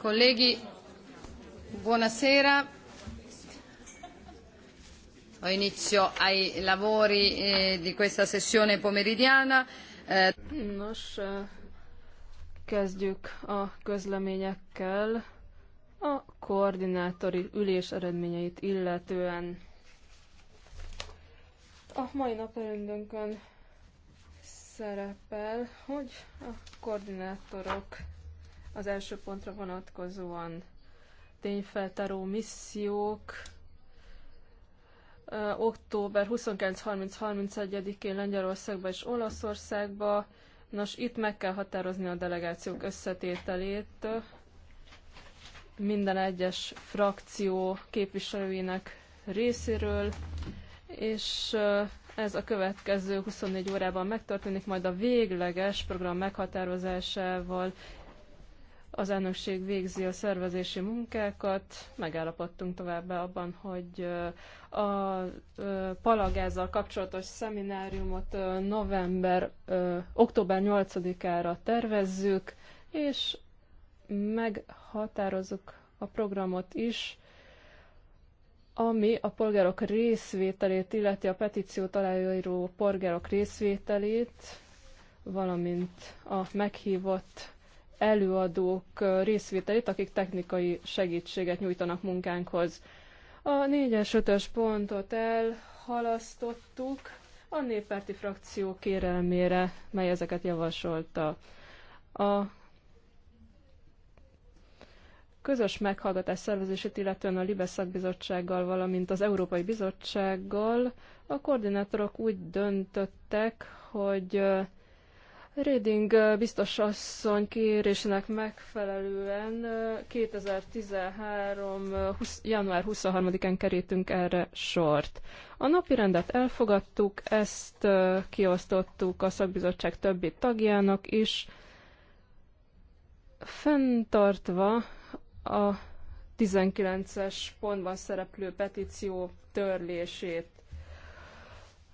Colleghi, buonasera. Ho inizio ai lavori eh, di questa sessione pomeridiana. Eh... Nos, eh, kezdjük a közleményekkel a koordinátori ülés eredményeit illetően. A mai napelendőnkön szerepel, hogy a koordinátorok az első pontra vonatkozóan tényfeltáró missziók ö, október 29-30-31-én Lengyelországba és Olaszországba. Nos, itt meg kell határozni a delegációk összetételét. Minden egyes frakció képviselőinek részéről és ez a következő 24 órában megtörténik, majd a végleges program meghatározásával az elnökség végzi a szervezési munkákat. Megállapodtunk továbbá abban, hogy a palagázzal kapcsolatos szemináriumot november, október 8-ára tervezzük, és meghatározzuk a programot is, ami a polgárok részvételét illeti, a petíciót aláíró polgárok részvételét, valamint a meghívott előadók részvételét, akik technikai segítséget nyújtanak munkánkhoz. A 4-es, 5-ös pontot elhalasztottuk a néppárti frakció kérelmére, mely ezeket javasolta. A közös meghallgatás szervezését, illetően a Libe szakbizottsággal, valamint az Európai Bizottsággal a koordinátorok úgy döntöttek, hogy Reding biztos asszony kérésének megfelelően 2013. 20, január 23-án kerítünk erre sort. A napi rendet elfogadtuk, ezt kiosztottuk a szakbizottság többi tagjának is, fenntartva a 19-es pontban szereplő petíció törlését.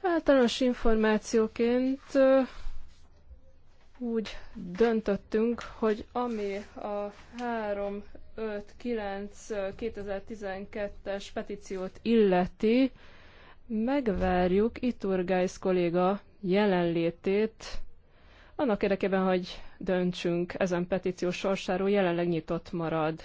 Általános információként úgy döntöttünk, hogy ami a 359-2012-es petíciót illeti, megvárjuk Iturgáis kolléga jelenlétét, annak érdekében, hogy döntsünk ezen petíció sorsáról, jelenleg nyitott marad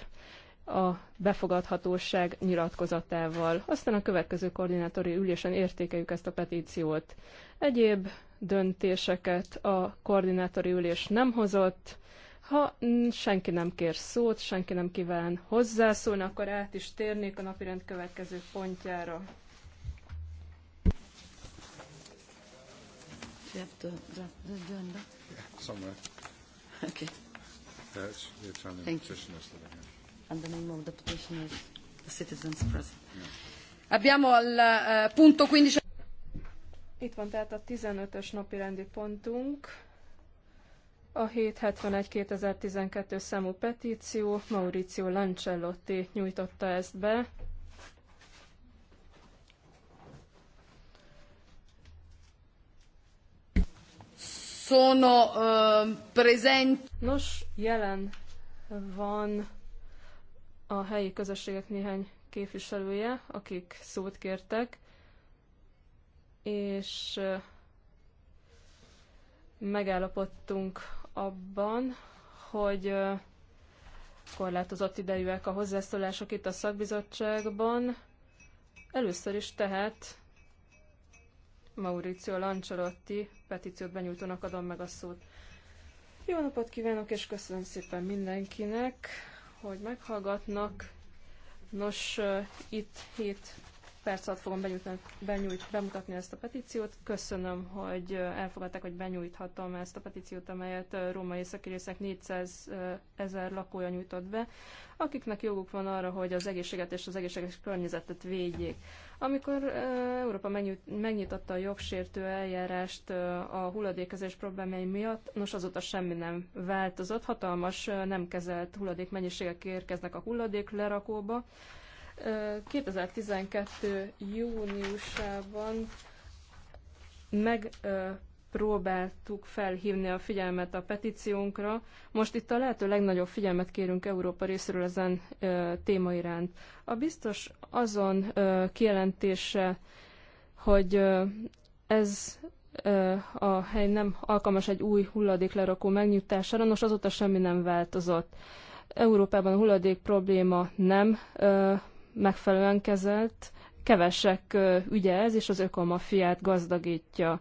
a befogadhatóság nyilatkozatával. Aztán a következő koordinátori ülésen értékeljük ezt a petíciót. Egyéb döntéseket a koordinátori ülés nem hozott. Ha senki nem kér szót, senki nem kíván hozzászólni, akkor át is térnék a napirend következő pontjára. Yeah, somewhere. Okay. Yeah, it's, it's an Thank you name of the the citizens present. Abbiamo al eh, punto 15. Itt van tehát a 15-ös napi rendi pontunk, a 771-2012 számú petíció, Mauricio Lancellotti nyújtotta ezt be. Sono uh, eh, present. Nos, jelen van a helyi közösségek néhány képviselője, akik szót kértek, és megállapodtunk abban, hogy korlátozott idejűek a hozzászólások itt a szakbizottságban. Először is tehát Mauricio Lancsolotti petíciót benyújtónak adom meg a szót. Jó napot kívánok, és köszönöm szépen mindenkinek! hogy meghallgatnak. Nos, itt 7 perc alatt fogom benyújt, bemutatni ezt a petíciót. Köszönöm, hogy elfogadták, hogy benyújthattam ezt a petíciót, amelyet római szakirészek 400 ezer lakója nyújtott be, akiknek joguk van arra, hogy az egészséget és az egészséges környezetet védjék. Amikor Európa megnyitotta a jogsértő eljárást a hulladékezés problémái miatt, nos azóta semmi nem változott, hatalmas nem kezelt hulladék mennyiségek érkeznek a hulladék lerakóba. 2012. júniusában meg próbáltuk felhívni a figyelmet a petíciónkra. Most itt a lehető legnagyobb figyelmet kérünk Európa részéről ezen ö, téma iránt. A biztos azon ö, kijelentése, hogy ö, ez ö, a hely nem alkalmas egy új hulladéklerakó megnyugtására, nos azóta semmi nem változott. Európában a hulladék probléma nem ö, megfelelően kezelt, kevesek ügye ez, és az ökomafiát gazdagítja.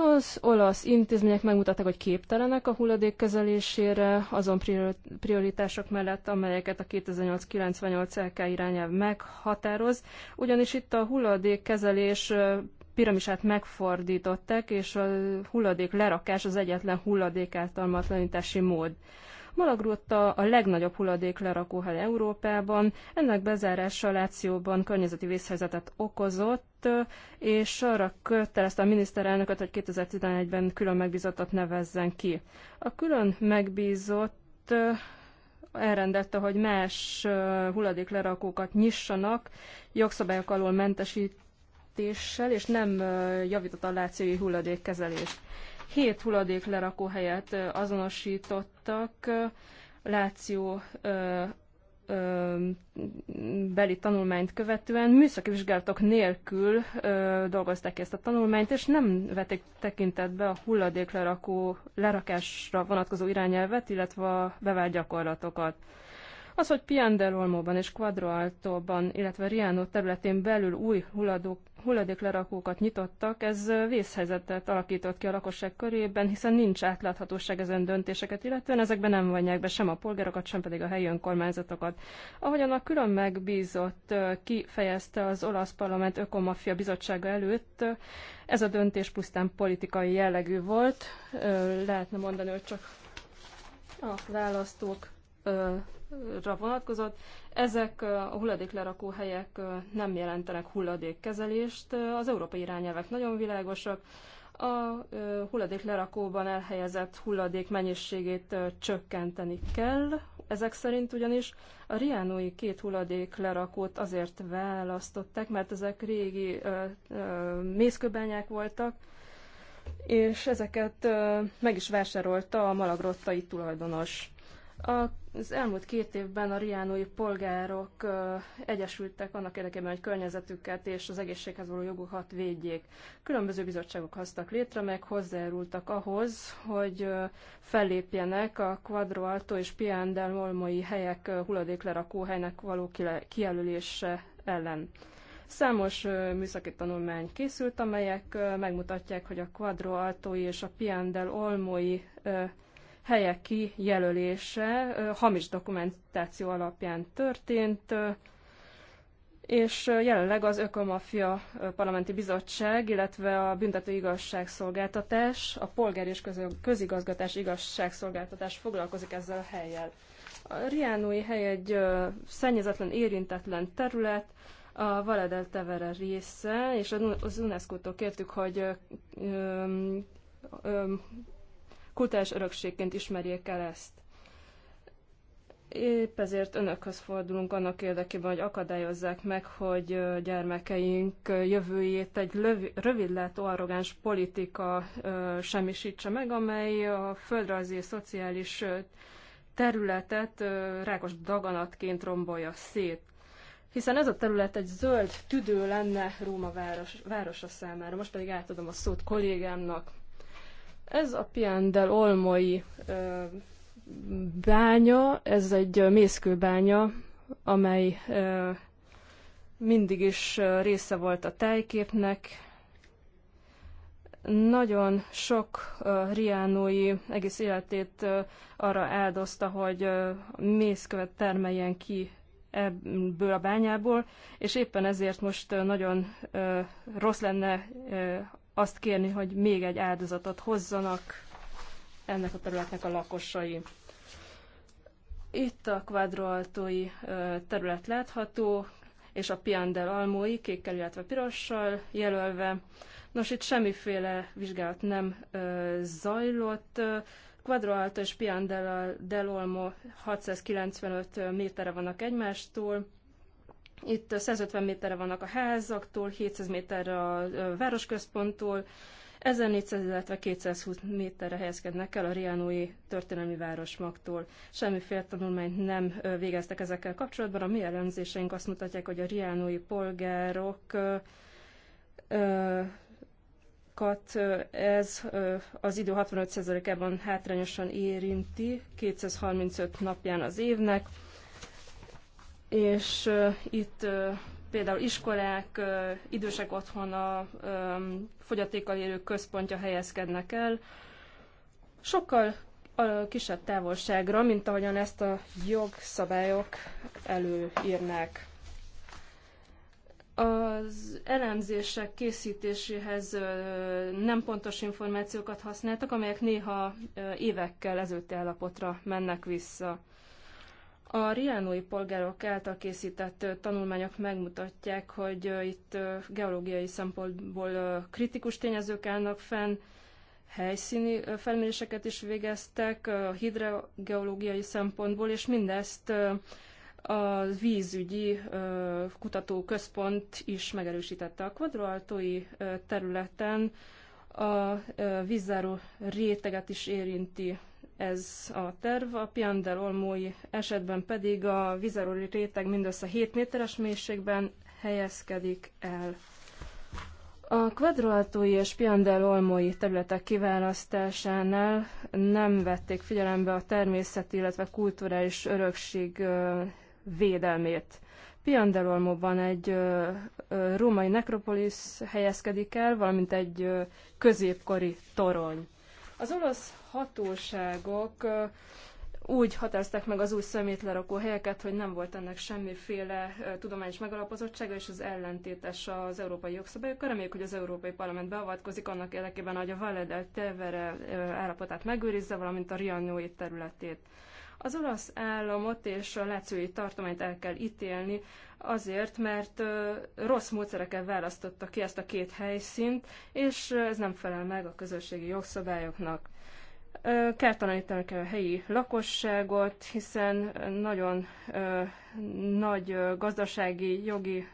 Az olasz intézmények megmutatták, hogy képtelenek a hulladék kezelésére azon prioritások mellett, amelyeket a 2008-98 LK irányelv meghatároz, ugyanis itt a hulladék kezelés piramisát megfordították, és a hulladék lerakás az egyetlen hulladék általmatlanítási mód. Malagrutta a legnagyobb hulladék lerakóhely Európában, ennek bezárása Lációban környezeti vészhelyzetet okozott, és arra kötelezte a miniszterelnököt, hogy 2011-ben külön megbízottat nevezzen ki. A külön megbízott eh, elrendelte, hogy más eh, hulladéklerakókat nyissanak, jogszabályok alól mentesítéssel, és nem eh, javított a lációi hulladékkezelést. Hét hulladék lerakóhelyet azonosítottak, Láció beli tanulmányt követően műszaki vizsgálatok nélkül ö, dolgozták ezt a tanulmányt, és nem vették tekintetbe a hulladék lerakó lerakásra vonatkozó irányelvet, illetve a bevált gyakorlatokat. Az, hogy Pian del Olmóban és Quadro Alto-ban, illetve Riano területén belül új hulladók, hulladéklerakókat nyitottak, ez vészhelyzetet alakított ki a lakosság körében, hiszen nincs átláthatóság ezen döntéseket, illetően ezekben nem vonják be sem a polgárokat, sem pedig a helyi önkormányzatokat. Ahogyan a külön megbízott kifejezte az olasz parlament ökomafia bizottsága előtt, ez a döntés pusztán politikai jellegű volt. Lehetne mondani, hogy csak a választók vonatkozott. Ezek a hulladéklerakó helyek nem jelentenek hulladékkezelést. Az európai irányelvek nagyon világosak. A hulladéklerakóban elhelyezett hulladék mennyiségét csökkenteni kell. Ezek szerint ugyanis a riánói két hulladéklerakót azért választották, mert ezek régi ö, ö, mészkőbányák voltak, és ezeket ö, meg is vásárolta a malagrottai tulajdonos. Az elmúlt két évben a riánói polgárok egyesültek annak érdekében, hogy környezetüket és az egészséghez való jogukat védjék. Különböző bizottságok hoztak létre, meg hozzájárultak ahhoz, hogy fellépjenek a Quadro Alto és Pian del Molmoi helyek hulladéklerakóhelynek való kijelölése ellen. Számos műszaki tanulmány készült, amelyek megmutatják, hogy a Quadro Altói és a piandel del Olmoi helyek kijelölése hamis dokumentáció alapján történt, és jelenleg az Ökomafia Parlamenti Bizottság, illetve a Büntető Igazságszolgáltatás, a Polgár és Közigazgatás Igazságszolgáltatás foglalkozik ezzel a helyjel. A Riánói hely egy szennyezetlen, érintetlen terület, a Valedel Tevere része, és az UNESCO-tól kértük, hogy kultás örökségként ismerjék el ezt. Épp ezért önökhöz fordulunk annak érdekében, hogy akadályozzák meg, hogy gyermekeink jövőjét egy rövidlátó, arrogáns politika semmisítse meg, amely a földrajzi, szociális területet rákos daganatként rombolja szét. Hiszen ez a terület egy zöld tüdő lenne Róma város, városa számára. Most pedig átadom a szót kollégámnak. Ez a del Olmoi bánya, ez egy mészkőbánya, amely mindig is része volt a tájképnek. Nagyon sok uh, riánói egész életét uh, arra áldozta, hogy uh, mészkövet termeljen ki ebből a bányából, és éppen ezért most nagyon rossz lenne azt kérni, hogy még egy áldozatot hozzanak ennek a területnek a lakosai. Itt a kvadroaltói terület látható, és a Piandel almói kékkel, illetve pirossal jelölve. Nos, itt semmiféle vizsgálat nem ö, zajlott. Quadroalto és piandel del, del Olmo 695 méterre vannak egymástól. Itt 150 méterre vannak a házaktól, 700 méterre a városközponttól, 1400, illetve 220 méterre helyezkednek el a Riánói történelmi városmagtól. Semmiféle tanulmányt nem végeztek ezekkel kapcsolatban. A mi elemzéseink azt mutatják, hogy a Riánói polgárok ez az idő 65%-ában hátrányosan érinti, 235 napján az évnek és itt például iskolák, idősek otthona, fogyatékkal élők központja helyezkednek el, sokkal kisebb távolságra, mint ahogyan ezt a jogszabályok előírnák. Az elemzések készítéséhez nem pontos információkat használtak, amelyek néha évekkel ezőtti állapotra mennek vissza. A riánói polgárok által készített tanulmányok megmutatják, hogy itt geológiai szempontból kritikus tényezők állnak fenn, helyszíni felméréseket is végeztek hidrogeológiai szempontból, és mindezt a vízügyi kutatóközpont is megerősítette a kvadroaltói területen. A vízzáró réteget is érinti ez a terv. A Piandel Olmói esetben pedig a vizeróri réteg mindössze 7 méteres mélységben helyezkedik el. A kvadroaltói és Piandel Olmói területek kiválasztásánál nem vették figyelembe a természeti, illetve kulturális örökség védelmét. Piandelolmóban egy ö, római nekropolisz helyezkedik el, valamint egy középkori torony. Az olasz hatóságok úgy határozták meg az új szemétlerakó helyeket, hogy nem volt ennek semmiféle tudományos megalapozottsága, és az ellentétes az európai jogszabályokkal. Reméljük, hogy az Európai Parlament beavatkozik annak érdekében, hogy a Valedel Tevere állapotát megőrizze, valamint a Rianói területét. Az olasz államot és a lecői tartományt el kell ítélni, azért, mert rossz módszerekkel választotta ki ezt a két helyszínt, és ez nem felel meg a közösségi jogszabályoknak. Kártalanítani kell a helyi lakosságot, hiszen nagyon nagy gazdasági, jogi,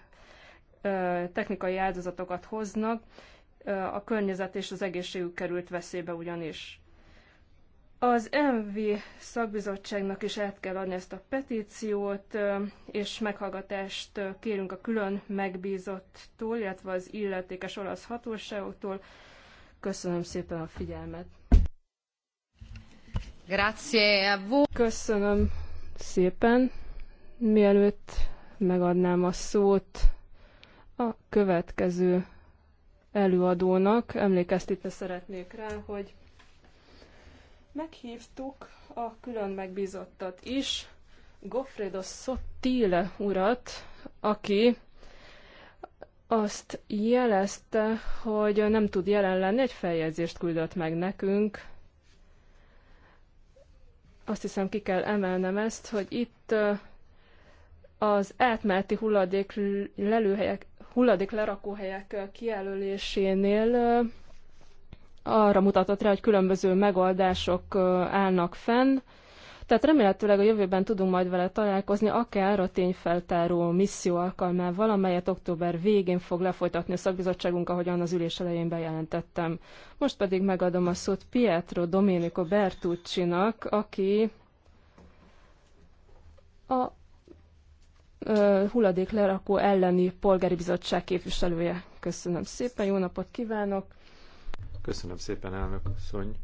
technikai áldozatokat hoznak, a környezet és az egészségük került veszélybe ugyanis. Az MV szakbizottságnak is át kell adni ezt a petíciót, és meghallgatást kérünk a külön megbízottól, illetve az illetékes olasz hatóságoktól. Köszönöm szépen a figyelmet. Grazie a Köszönöm szépen. Mielőtt megadnám a szót a következő előadónak, emlékeztetni szeretnék rá, hogy Meghívtuk a külön megbízottat is, Goffredo Sottile urat, aki azt jelezte, hogy nem tud jelen lenni, egy feljegyzést küldött meg nekünk. Azt hiszem, ki kell emelnem ezt, hogy itt az átmeneti hulladék lelőhelyek, hulladék lerakóhelyek kijelölésénél arra mutatott rá, hogy különböző megoldások állnak fenn, tehát remélhetőleg a jövőben tudunk majd vele találkozni, akár a tényfeltáró misszió alkalmával, amelyet október végén fog lefolytatni a szakbizottságunk, ahogyan az ülés elején bejelentettem. Most pedig megadom a szót Pietro Domenico bertucci aki a ö, hulladéklerakó elleni polgári bizottság képviselője. Köszönöm szépen, jó napot kívánok! Köszönöm szépen, elnök szony,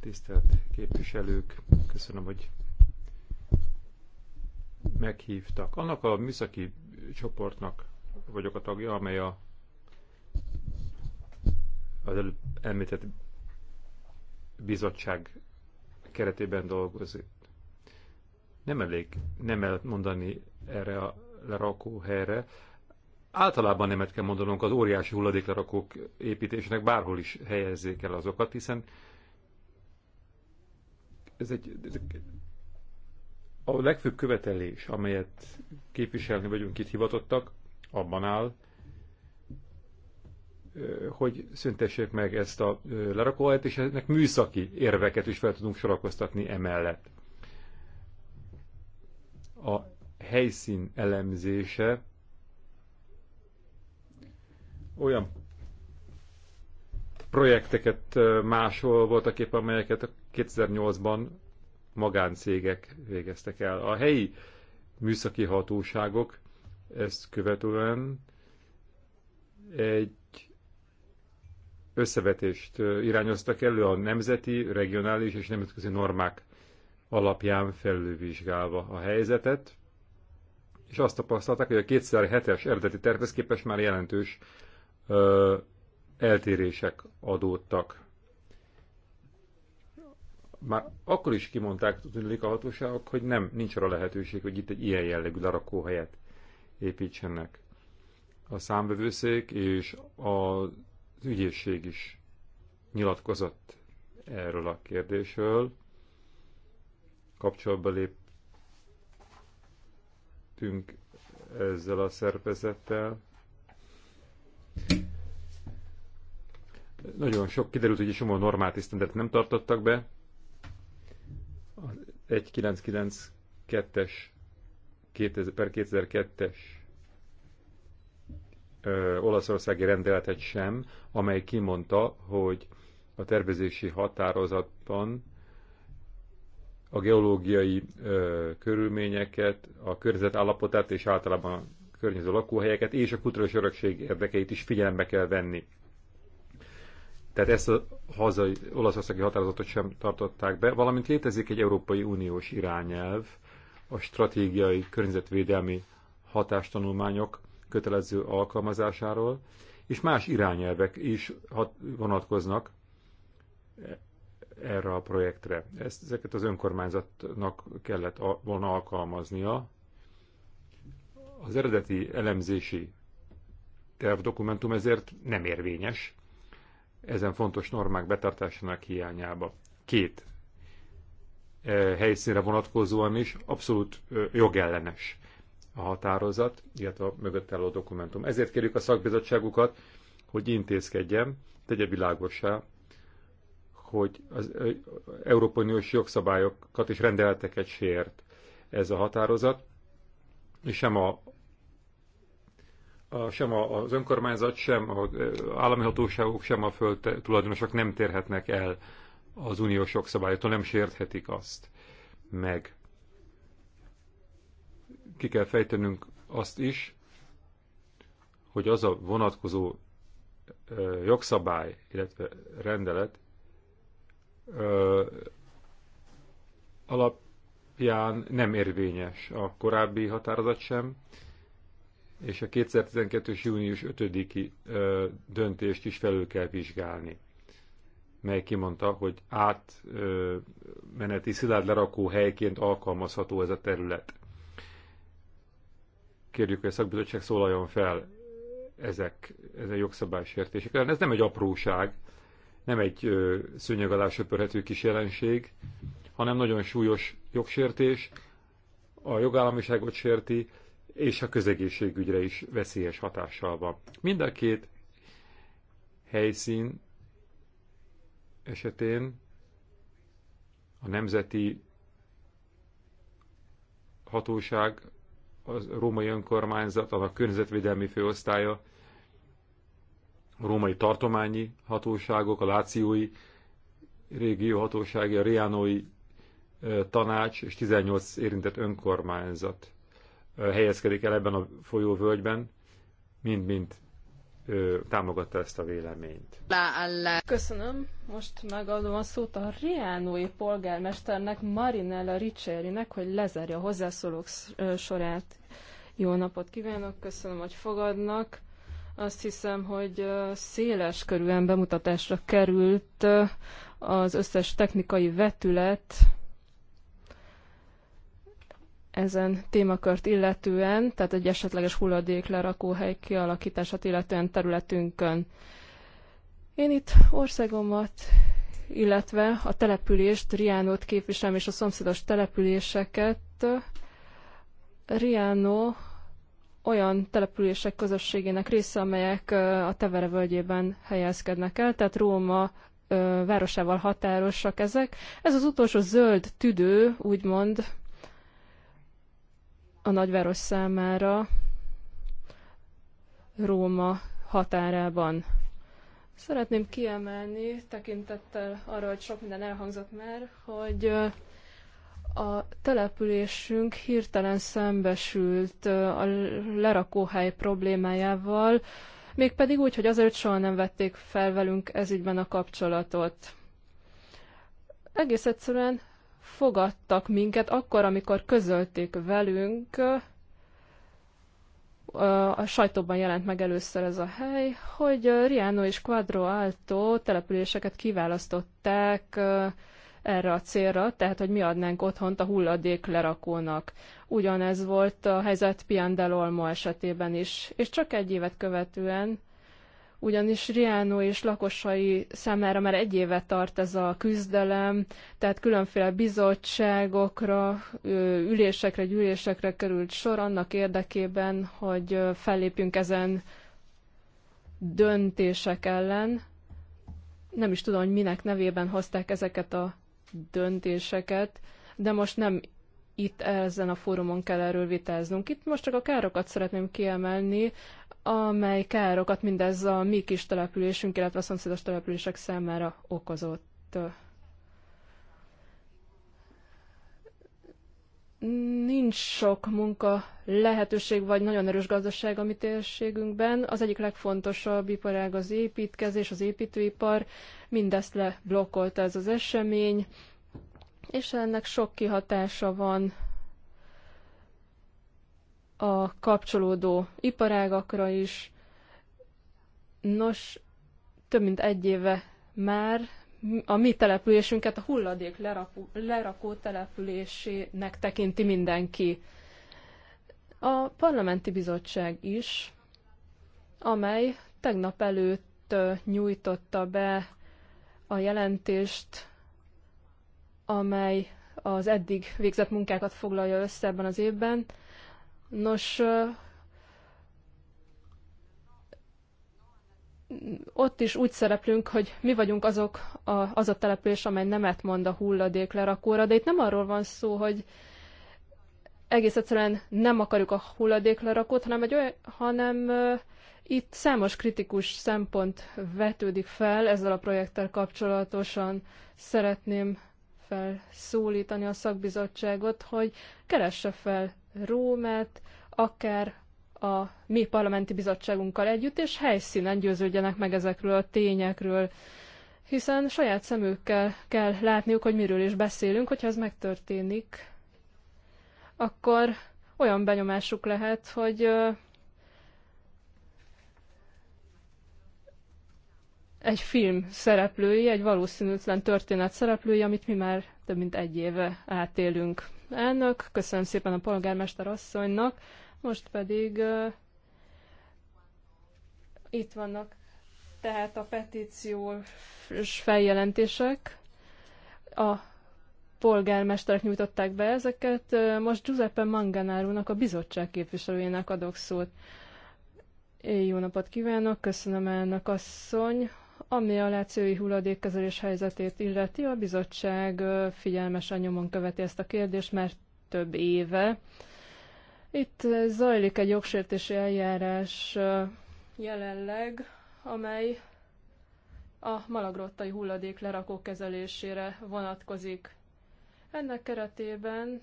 tisztelt képviselők, köszönöm, hogy meghívtak. Annak a műszaki csoportnak vagyok a tagja, amely a, az előbb említett bizottság keretében dolgozik. Nem elég nem elmondani erre a lerakó helyre, Általában nemet kell mondanunk az óriási hulladéklerakók építésének, bárhol is helyezzék el azokat, hiszen ez egy, ez egy a legfőbb követelés, amelyet képviselni vagyunk itt hivatottak, abban áll, hogy szüntessék meg ezt a lerakóhelyet, és ennek műszaki érveket is fel tudunk sorakoztatni emellett. A helyszín elemzése olyan projekteket máshol voltak éppen, amelyeket 2008-ban magáncégek végeztek el. A helyi műszaki hatóságok ezt követően egy összevetést irányoztak elő a nemzeti, regionális és nemzetközi normák alapján felülvizsgálva a helyzetet, és azt tapasztalták, hogy a 2007-es eredeti tervhez képest már jelentős eltérések adódtak. Már akkor is kimondták tudnék a hatóságok, hogy nem, nincs arra lehetőség, hogy itt egy ilyen jellegű lerakóhelyet építsenek. A számbevőszék és az ügyészség is nyilatkozott erről a kérdésről. Kapcsolatba léptünk ezzel a szervezettel Nagyon sok kiderült, hogy egy csomó normát nem tartottak be. Az 1992-es, per 2002-es olaszországi rendeletet sem, amely kimondta, hogy a tervezési határozatban a geológiai ö, körülményeket, a környezet állapotát és általában a környező lakóhelyeket és a kulturális örökség érdekeit is figyelembe kell venni. Tehát ezt a hazai olaszországi határozatot sem tartották be, valamint létezik egy Európai Uniós irányelv, a stratégiai környezetvédelmi hatástanulmányok kötelező alkalmazásáról, és más irányelvek is hat, vonatkoznak erre a projektre. Ezt, ezeket az önkormányzatnak kellett a, volna alkalmaznia. Az eredeti elemzési tervdokumentum ezért nem érvényes, ezen fontos normák betartásának hiányába. Két e, helyszínre vonatkozóan is abszolút e, jogellenes a határozat, illetve a mögött álló dokumentum. Ezért kérjük a szakbizottságukat, hogy intézkedjen, tegye világosá, hogy az e, Európai Uniós jogszabályokat és rendeleteket sért ez a határozat, és sem a a, sem az önkormányzat, sem az állami hatóságok, sem a föld tulajdonosok nem térhetnek el az uniós jogszabálytól, nem sérthetik azt meg. Ki kell fejtenünk azt is, hogy az a vonatkozó jogszabály, illetve rendelet alapján nem érvényes a korábbi határozat sem, és a 2012. június 5-i döntést is felül kell vizsgálni, mely kimondta, hogy átmeneti szilárd lerakó helyként alkalmazható ez a terület. Kérjük, hogy a szakbizottság szólaljon fel ezek, ezen jogszabálysértések ellen. Ez nem egy apróság, nem egy szőnyeg alá söpörhető kis jelenség, hanem nagyon súlyos jogsértés, a jogállamiságot sérti, és a közegészségügyre is veszélyes hatással van. Mind a két helyszín esetén a nemzeti hatóság, a római önkormányzat, a környezetvédelmi főosztálya, a római tartományi hatóságok, a lációi régió hatósági, a riánói tanács és 18 érintett önkormányzat helyezkedik el ebben a folyóvölgyben, mind-mind támogatta ezt a véleményt. Köszönöm. Most megadom a szót a Riánói polgármesternek, Marinella Ricserinek, hogy lezárja a hozzászólók sorát. Jó napot kívánok, köszönöm, hogy fogadnak. Azt hiszem, hogy széles körűen bemutatásra került az összes technikai vetület, ezen témakört illetően, tehát egy esetleges hulladék lerakóhely kialakítását illetően területünkön. Én itt országomat, illetve a települést, Riánót képviselem, és a szomszédos településeket. Riánó olyan települések közösségének része, amelyek a Tevere völgyében helyezkednek el, tehát Róma városával határosak ezek. Ez az utolsó zöld tüdő, úgymond, a nagyváros számára Róma határában. Szeretném kiemelni, tekintettel arra, hogy sok minden elhangzott már, hogy a településünk hirtelen szembesült a lerakóhely problémájával, mégpedig úgy, hogy azért soha nem vették fel velünk ezügyben a kapcsolatot. Egész egyszerűen fogadtak minket akkor, amikor közölték velünk, a sajtóban jelent meg először ez a hely, hogy Riano és Quadro Alto településeket kiválasztották erre a célra, tehát hogy mi adnánk otthont a hulladék lerakónak. Ugyanez volt a helyzet Pian Olmo esetében is, és csak egy évet követően ugyanis Riano és lakosai számára már egy éve tart ez a küzdelem, tehát különféle bizottságokra, ülésekre, gyűlésekre került sor annak érdekében, hogy fellépjünk ezen döntések ellen. Nem is tudom, hogy minek nevében hozták ezeket a döntéseket, de most nem itt ezen a fórumon kell erről vitáznunk. Itt most csak a károkat szeretném kiemelni, amely károkat mindez a mi kis településünk, illetve a szomszédos települések számára okozott. Nincs sok munka lehetőség, vagy nagyon erős gazdaság a mi térségünkben. Az egyik legfontosabb iparág az építkezés, az építőipar. Mindezt leblokkolta ez az esemény, és ennek sok kihatása van a kapcsolódó iparágakra is. Nos, több mint egy éve már a mi településünket a hulladék lerakó, lerakó településének tekinti mindenki. A parlamenti bizottság is, amely tegnap előtt nyújtotta be a jelentést, amely az eddig végzett munkákat foglalja össze ebben az évben, Nos, ott is úgy szereplünk, hogy mi vagyunk azok a, az a település, amely nemet mond a hulladék lerakóra, de itt nem arról van szó, hogy egész egyszerűen nem akarjuk a hulladék lerakót, hanem, egy olyan, hanem itt számos kritikus szempont vetődik fel ezzel a projekttel kapcsolatosan. Szeretném felszólítani a szakbizottságot, hogy keresse fel Rómet, akár a mi parlamenti bizottságunkkal együtt, és helyszínen győződjenek meg ezekről a tényekről, hiszen saját szemükkel kell látniuk, hogy miről is beszélünk, hogyha ez megtörténik, akkor olyan benyomásuk lehet, hogy egy film szereplői, egy valószínűtlen történet szereplői, amit mi már több mint egy éve átélünk elnök, köszönöm szépen a polgármester asszonynak, most pedig uh, itt vannak tehát a petíciós feljelentések. A polgármesterek nyújtották be ezeket. Most Giuseppe Manganárónak, a bizottság képviselőjének adok szót. Jó napot kívánok, köszönöm elnök asszony, ami a lációi hulladékkezelés helyzetét illeti, a bizottság figyelmesen nyomon követi ezt a kérdést, mert több éve. Itt zajlik egy jogsértési eljárás jelenleg, amely a malagrottai hulladék lerakó kezelésére vonatkozik. Ennek keretében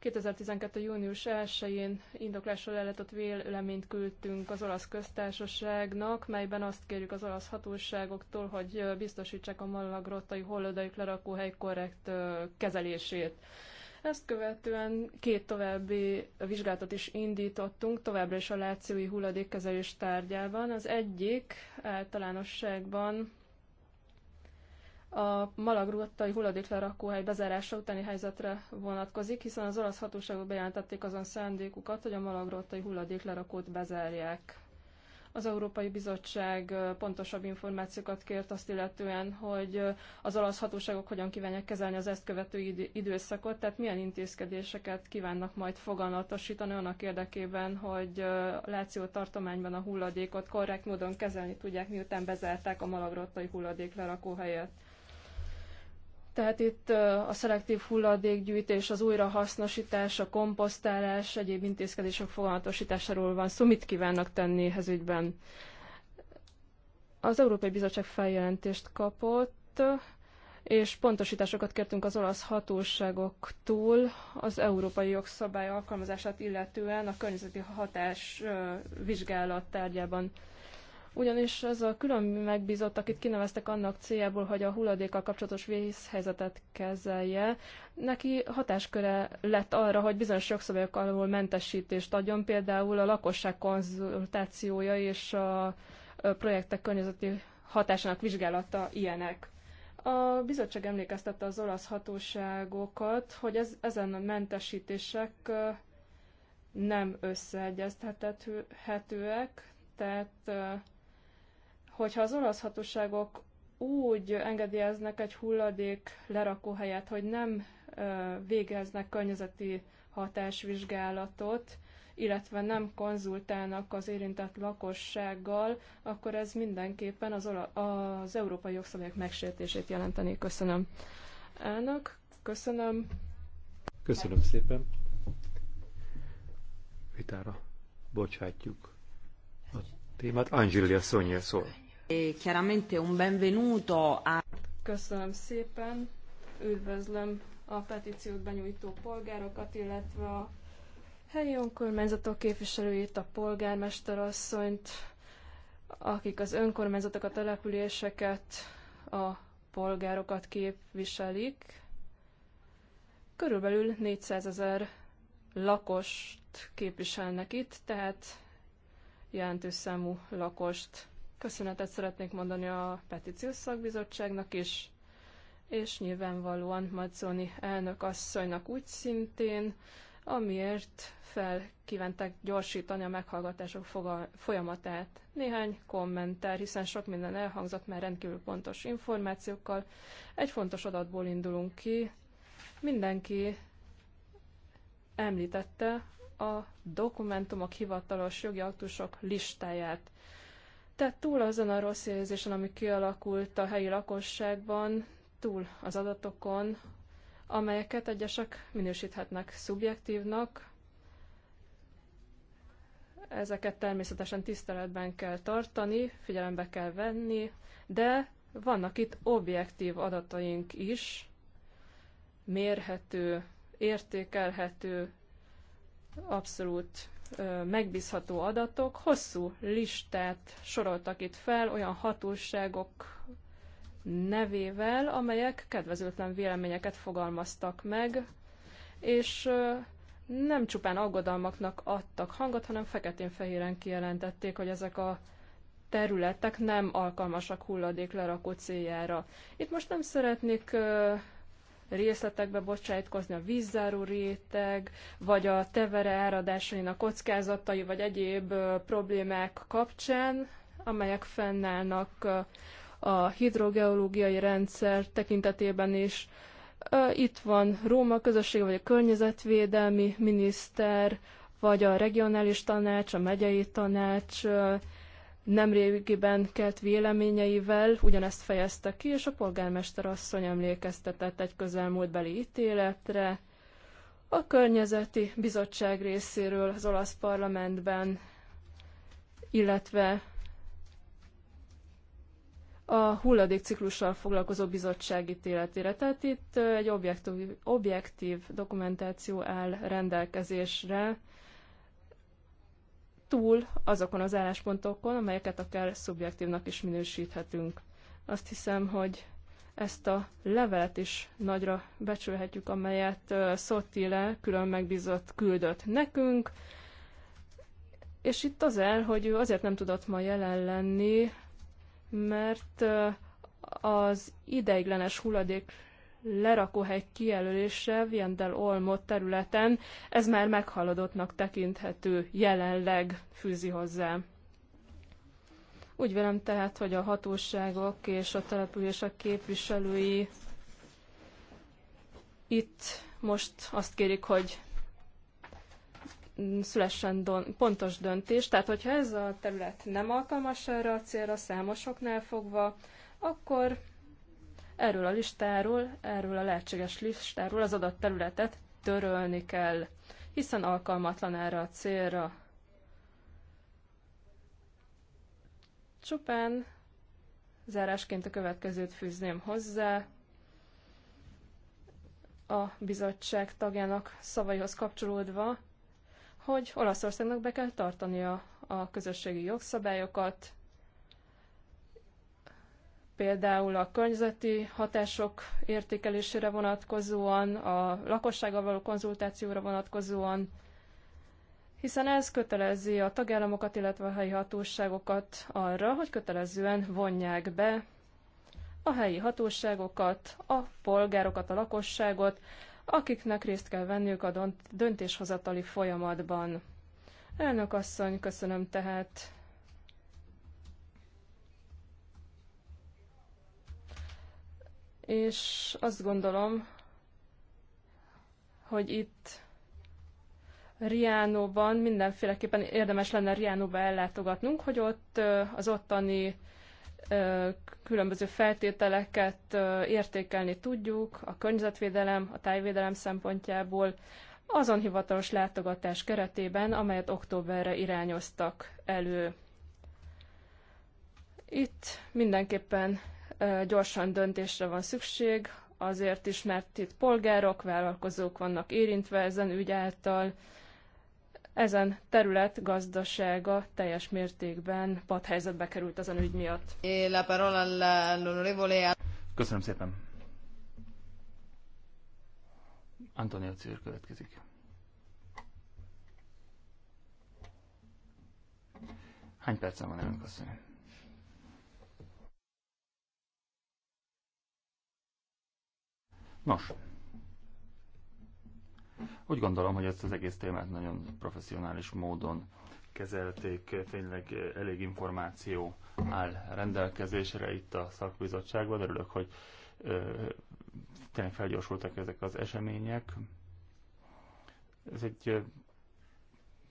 2012. június 1-én indoklásról ellátott véleményt küldtünk az olasz köztársaságnak, melyben azt kérjük az olasz hatóságoktól, hogy biztosítsák a malagrottai hollodaik lerakóhely korrekt kezelését. Ezt követően két további vizsgálatot is indítottunk, továbbra is a lációi hulladékkezelés tárgyában. Az egyik általánosságban a malagrottai hulladéklerakóhely bezárása utáni helyzetre vonatkozik, hiszen az olasz hatóságok bejelentették azon szándékukat, hogy a malagrottai hulladéklerakót bezárják. Az Európai Bizottság pontosabb információkat kért azt illetően, hogy az olasz hatóságok hogyan kívánják kezelni az ezt követő időszakot, tehát milyen intézkedéseket kívánnak majd foganatosítani annak érdekében, hogy Láció tartományban a hulladékot korrekt módon kezelni tudják, miután bezárták a malagrottai hulladéklerakóhelyet. Tehát itt a szelektív hulladékgyűjtés, az újrahasznosítás, a komposztálás, egyéb intézkedések foganatosításáról van szó. Szóval mit kívánnak tenni ehhez ügyben? Az Európai Bizottság feljelentést kapott, és pontosításokat kértünk az olasz hatóságoktól az európai jogszabály alkalmazását illetően a környezeti hatás vizsgálat tárgyában ugyanis ez a külön megbízott, akit kineveztek annak céljából, hogy a hulladékkal kapcsolatos vészhelyzetet kezelje, neki hatásköre lett arra, hogy bizonyos jogszabályok alól mentesítést adjon, például a lakosság konzultációja és a projektek környezeti hatásának vizsgálata ilyenek. A bizottság emlékeztette az olasz hatóságokat, hogy ez, ezen a mentesítések nem összeegyeztethetőek, tehát hogyha az olasz hatóságok úgy engedélyeznek egy hulladék lerakóhelyet, hogy nem végeznek környezeti hatásvizsgálatot, illetve nem konzultálnak az érintett lakossággal, akkor ez mindenképpen az, az európai jogszabályok megsértését jelenteni. Köszönöm. Elnök, köszönöm. Köszönöm szépen. Vitára bocsátjuk a témát. Angelia Szonya szól. E chiaramente un benvenuto a... Köszönöm szépen, üdvözlöm a petíciót benyújtó polgárokat, illetve a helyi önkormányzatok képviselőit, a polgármesterasszonyt, akik az önkormányzatokat, a településeket, a polgárokat képviselik. Körülbelül 400 ezer lakost képviselnek itt, tehát jelentős számú lakost. Köszönetet szeretnék mondani a petíciós szakbizottságnak is, és nyilvánvalóan Mazzoni elnök asszonynak úgy szintén, amiért felkívántak gyorsítani a meghallgatások folyamatát. Néhány kommentár, hiszen sok minden elhangzott már rendkívül pontos információkkal. Egy fontos adatból indulunk ki. Mindenki említette a dokumentumok hivatalos jogi aktusok listáját. Tehát túl azon a rossz érzésen, ami kialakult a helyi lakosságban, túl az adatokon, amelyeket egyesek minősíthetnek szubjektívnak, ezeket természetesen tiszteletben kell tartani, figyelembe kell venni, de vannak itt objektív adataink is, mérhető, értékelhető, abszolút megbízható adatok. Hosszú listát soroltak itt fel olyan hatóságok nevével, amelyek kedvezőtlen véleményeket fogalmaztak meg, és nem csupán aggodalmaknak adtak hangot, hanem feketén-fehéren kijelentették, hogy ezek a területek nem alkalmasak hulladék lerakó céljára. Itt most nem szeretnék részletekbe bocsájtkozni, a vízzáró réteg, vagy a tevere áradásainak kockázatai, vagy egyéb problémák kapcsán, amelyek fennállnak a hidrogeológiai rendszer tekintetében is. Itt van Róma közösség, vagy a környezetvédelmi miniszter, vagy a regionális tanács, a megyei tanács, nemrégiben kelt véleményeivel ugyanezt fejezte ki, és a polgármester asszony emlékeztetett egy közelmúltbeli ítéletre. A környezeti bizottság részéről az olasz parlamentben, illetve a ciklussal foglalkozó bizottság ítéletére. Tehát itt egy objektív, objektív dokumentáció áll rendelkezésre túl azokon az álláspontokon, amelyeket akár szubjektívnak is minősíthetünk. Azt hiszem, hogy ezt a levelet is nagyra becsülhetjük, amelyet Szottile külön megbízott küldött nekünk, és itt az el, hogy ő azért nem tudott ma jelen lenni, mert az ideiglenes hulladék lerakóhely kijelölése Viendel Olmot területen, ez már meghaladottnak tekinthető jelenleg fűzi hozzá. Úgy vélem tehát, hogy a hatóságok és a települések képviselői itt most azt kérik, hogy szülessen don- pontos döntés. Tehát, hogyha ez a terület nem alkalmas erre a célra számosoknál fogva, akkor Erről a listáról, erről a lehetséges listáról az adott területet törölni kell, hiszen alkalmatlan erre a célra. Csupán zárásként a következőt fűzném hozzá. A bizottság tagjának szavaihoz kapcsolódva, hogy Olaszországnak be kell tartania a közösségi jogszabályokat, például a környezeti hatások értékelésére vonatkozóan, a lakossággal való konzultációra vonatkozóan, hiszen ez kötelezi a tagállamokat, illetve a helyi hatóságokat arra, hogy kötelezően vonják be a helyi hatóságokat, a polgárokat, a lakosságot, akiknek részt kell venniük a döntéshozatali folyamatban. Elnök asszony, köszönöm tehát és azt gondolom, hogy itt Riánóban mindenféleképpen érdemes lenne Riánóba ellátogatnunk, hogy ott az ottani különböző feltételeket értékelni tudjuk, a környezetvédelem, a tájvédelem szempontjából, azon hivatalos látogatás keretében, amelyet októberre irányoztak elő. Itt mindenképpen gyorsan döntésre van szükség, azért is, mert itt polgárok, vállalkozók vannak érintve ezen ügy által. Ezen terület gazdasága teljes mértékben padhelyzetbe került ezen ügy miatt. E Köszönöm szépen. Antonio Cír következik. Hány percen van elnök asszony? Nos, úgy gondolom, hogy ezt az egész témát nagyon professzionális módon kezelték, tényleg elég információ áll rendelkezésre itt a szakbizottságban. Örülök, hogy ö, tényleg felgyorsultak ezek az események. Ez egy ö,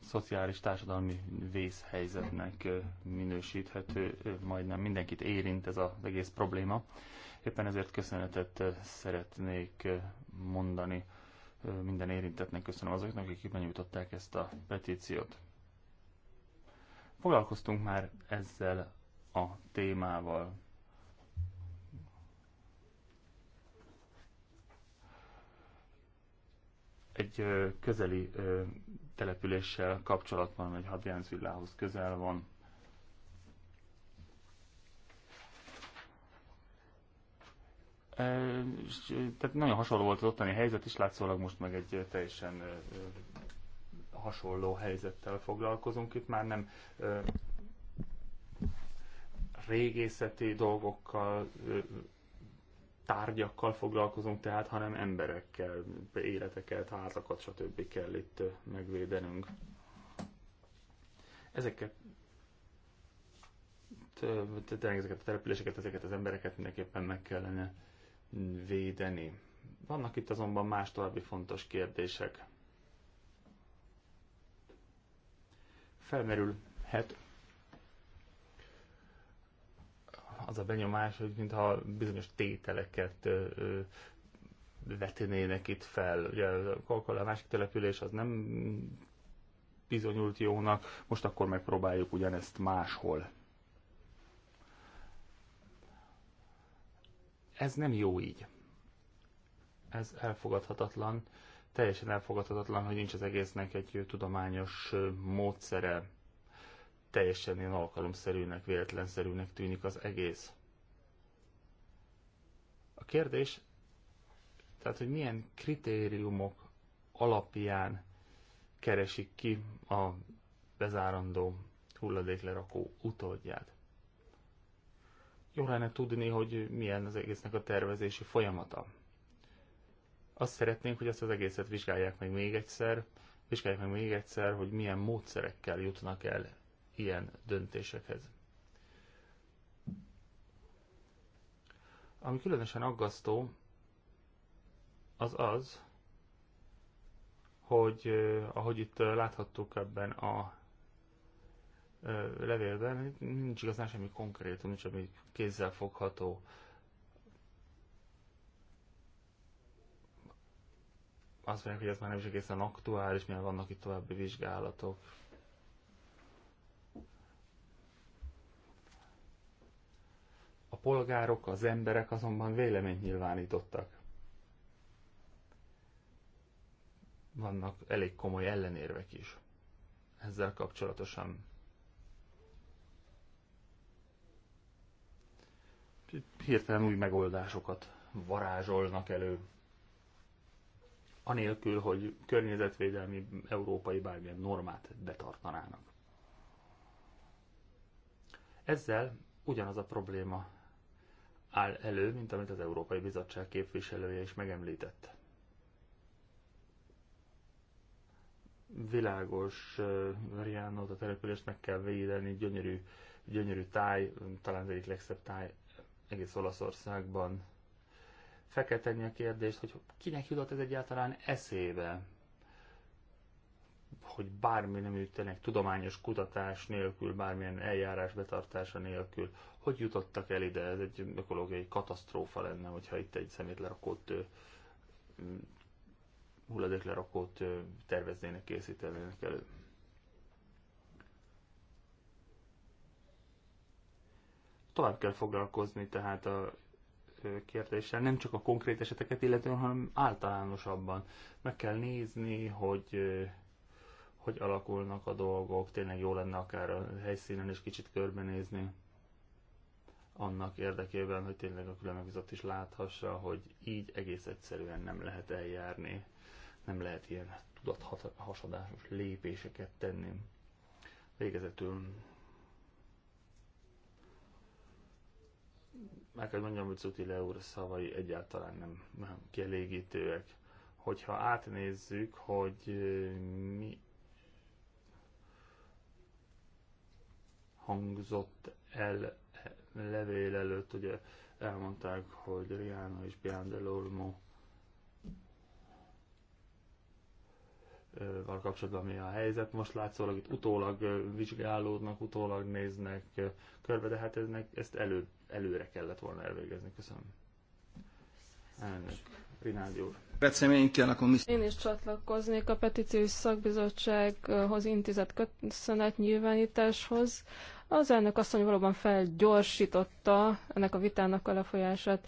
szociális társadalmi vészhelyzetnek ö, minősíthető, ö, majdnem mindenkit érint ez az egész probléma. Éppen ezért köszönetet szeretnék mondani minden érintettnek. Köszönöm azoknak, akik benyújtották ezt a petíciót. Foglalkoztunk már ezzel a témával. Egy közeli településsel kapcsolatban, egy hadjáncvillához közel van. tehát nagyon hasonló volt az ottani helyzet, és látszólag most meg egy teljesen hasonló helyzettel foglalkozunk. Itt már nem régészeti dolgokkal, tárgyakkal foglalkozunk tehát, hanem emberekkel, életeket, házakat, stb. kell itt megvédenünk. Ezeket tényleg ezeket a településeket, ezeket az embereket mindenképpen meg kellene védeni. Vannak itt azonban más további fontos kérdések. Felmerülhet az a benyomás, hogy mintha bizonyos tételeket vetenének itt fel. Ugye a másik település az nem bizonyult jónak, most akkor megpróbáljuk ugyanezt máshol Ez nem jó így. Ez elfogadhatatlan, teljesen elfogadhatatlan, hogy nincs az egésznek egy tudományos módszere. Teljesen ilyen alkalomszerűnek, véletlenszerűnek tűnik az egész. A kérdés, tehát hogy milyen kritériumok alapján keresik ki a bezárandó hulladéklerakó utódját jó lenne tudni, hogy milyen az egésznek a tervezési folyamata. Azt szeretnénk, hogy ezt az egészet vizsgálják meg még egyszer, vizsgálják meg még egyszer, hogy milyen módszerekkel jutnak el ilyen döntésekhez. Ami különösen aggasztó, az az, hogy eh, ahogy itt eh, láthattuk ebben a levélben nincs igazán semmi konkrétum, nincs semmi kézzel fogható. Azt mondják, hogy ez már nem is egészen aktuális, mivel vannak itt további vizsgálatok. A polgárok, az emberek azonban véleményt nyilvánítottak. Vannak elég komoly ellenérvek is ezzel kapcsolatosan. hirtelen új megoldásokat varázsolnak elő, anélkül, hogy környezetvédelmi európai bármilyen normát betartanának. Ezzel ugyanaz a probléma áll elő, mint amit az Európai Bizottság képviselője is megemlített. Világos Mariano, a települést meg kell védeni, gyönyörű, gyönyörű táj, talán az egyik legszebb táj egész Olaszországban. Feketenni a kérdést, hogy kinek jutott ez egyáltalán eszébe, hogy bármi nem ütenek, tudományos kutatás nélkül, bármilyen eljárás betartása nélkül, hogy jutottak el ide, ez egy ökológiai katasztrófa lenne, hogyha itt egy szemétlerakót hulladéklerakót terveznének, készítenének elő. tovább kell foglalkozni tehát a kérdéssel, nem csak a konkrét eseteket illetően, hanem általánosabban. Meg kell nézni, hogy hogy alakulnak a dolgok, tényleg jó lenne akár a helyszínen is kicsit körbenézni annak érdekében, hogy tényleg a különbözőt is láthassa, hogy így egész egyszerűen nem lehet eljárni, nem lehet ilyen tudathasadásos lépéseket tenni. Végezetül meg kell mondjam, hogy Zutile úr szavai egyáltalán nem, nem kielégítőek. Hogyha átnézzük, hogy mi hangzott el e, levél előtt, ugye elmondták, hogy Rihanna és Bian de Lormo van kapcsolatban mi a helyzet. Most látszólag itt utólag vizsgálódnak, utólag néznek körbe, de hát eznek, ezt előbb előre kellett volna elvégezni. Köszönöm. Elnök, Rinaldi úr. Én is csatlakoznék a petíciós szakbizottsághoz intézett köszönet nyilvánításhoz. Az elnök asszony valóban felgyorsította ennek a vitának a lefolyását,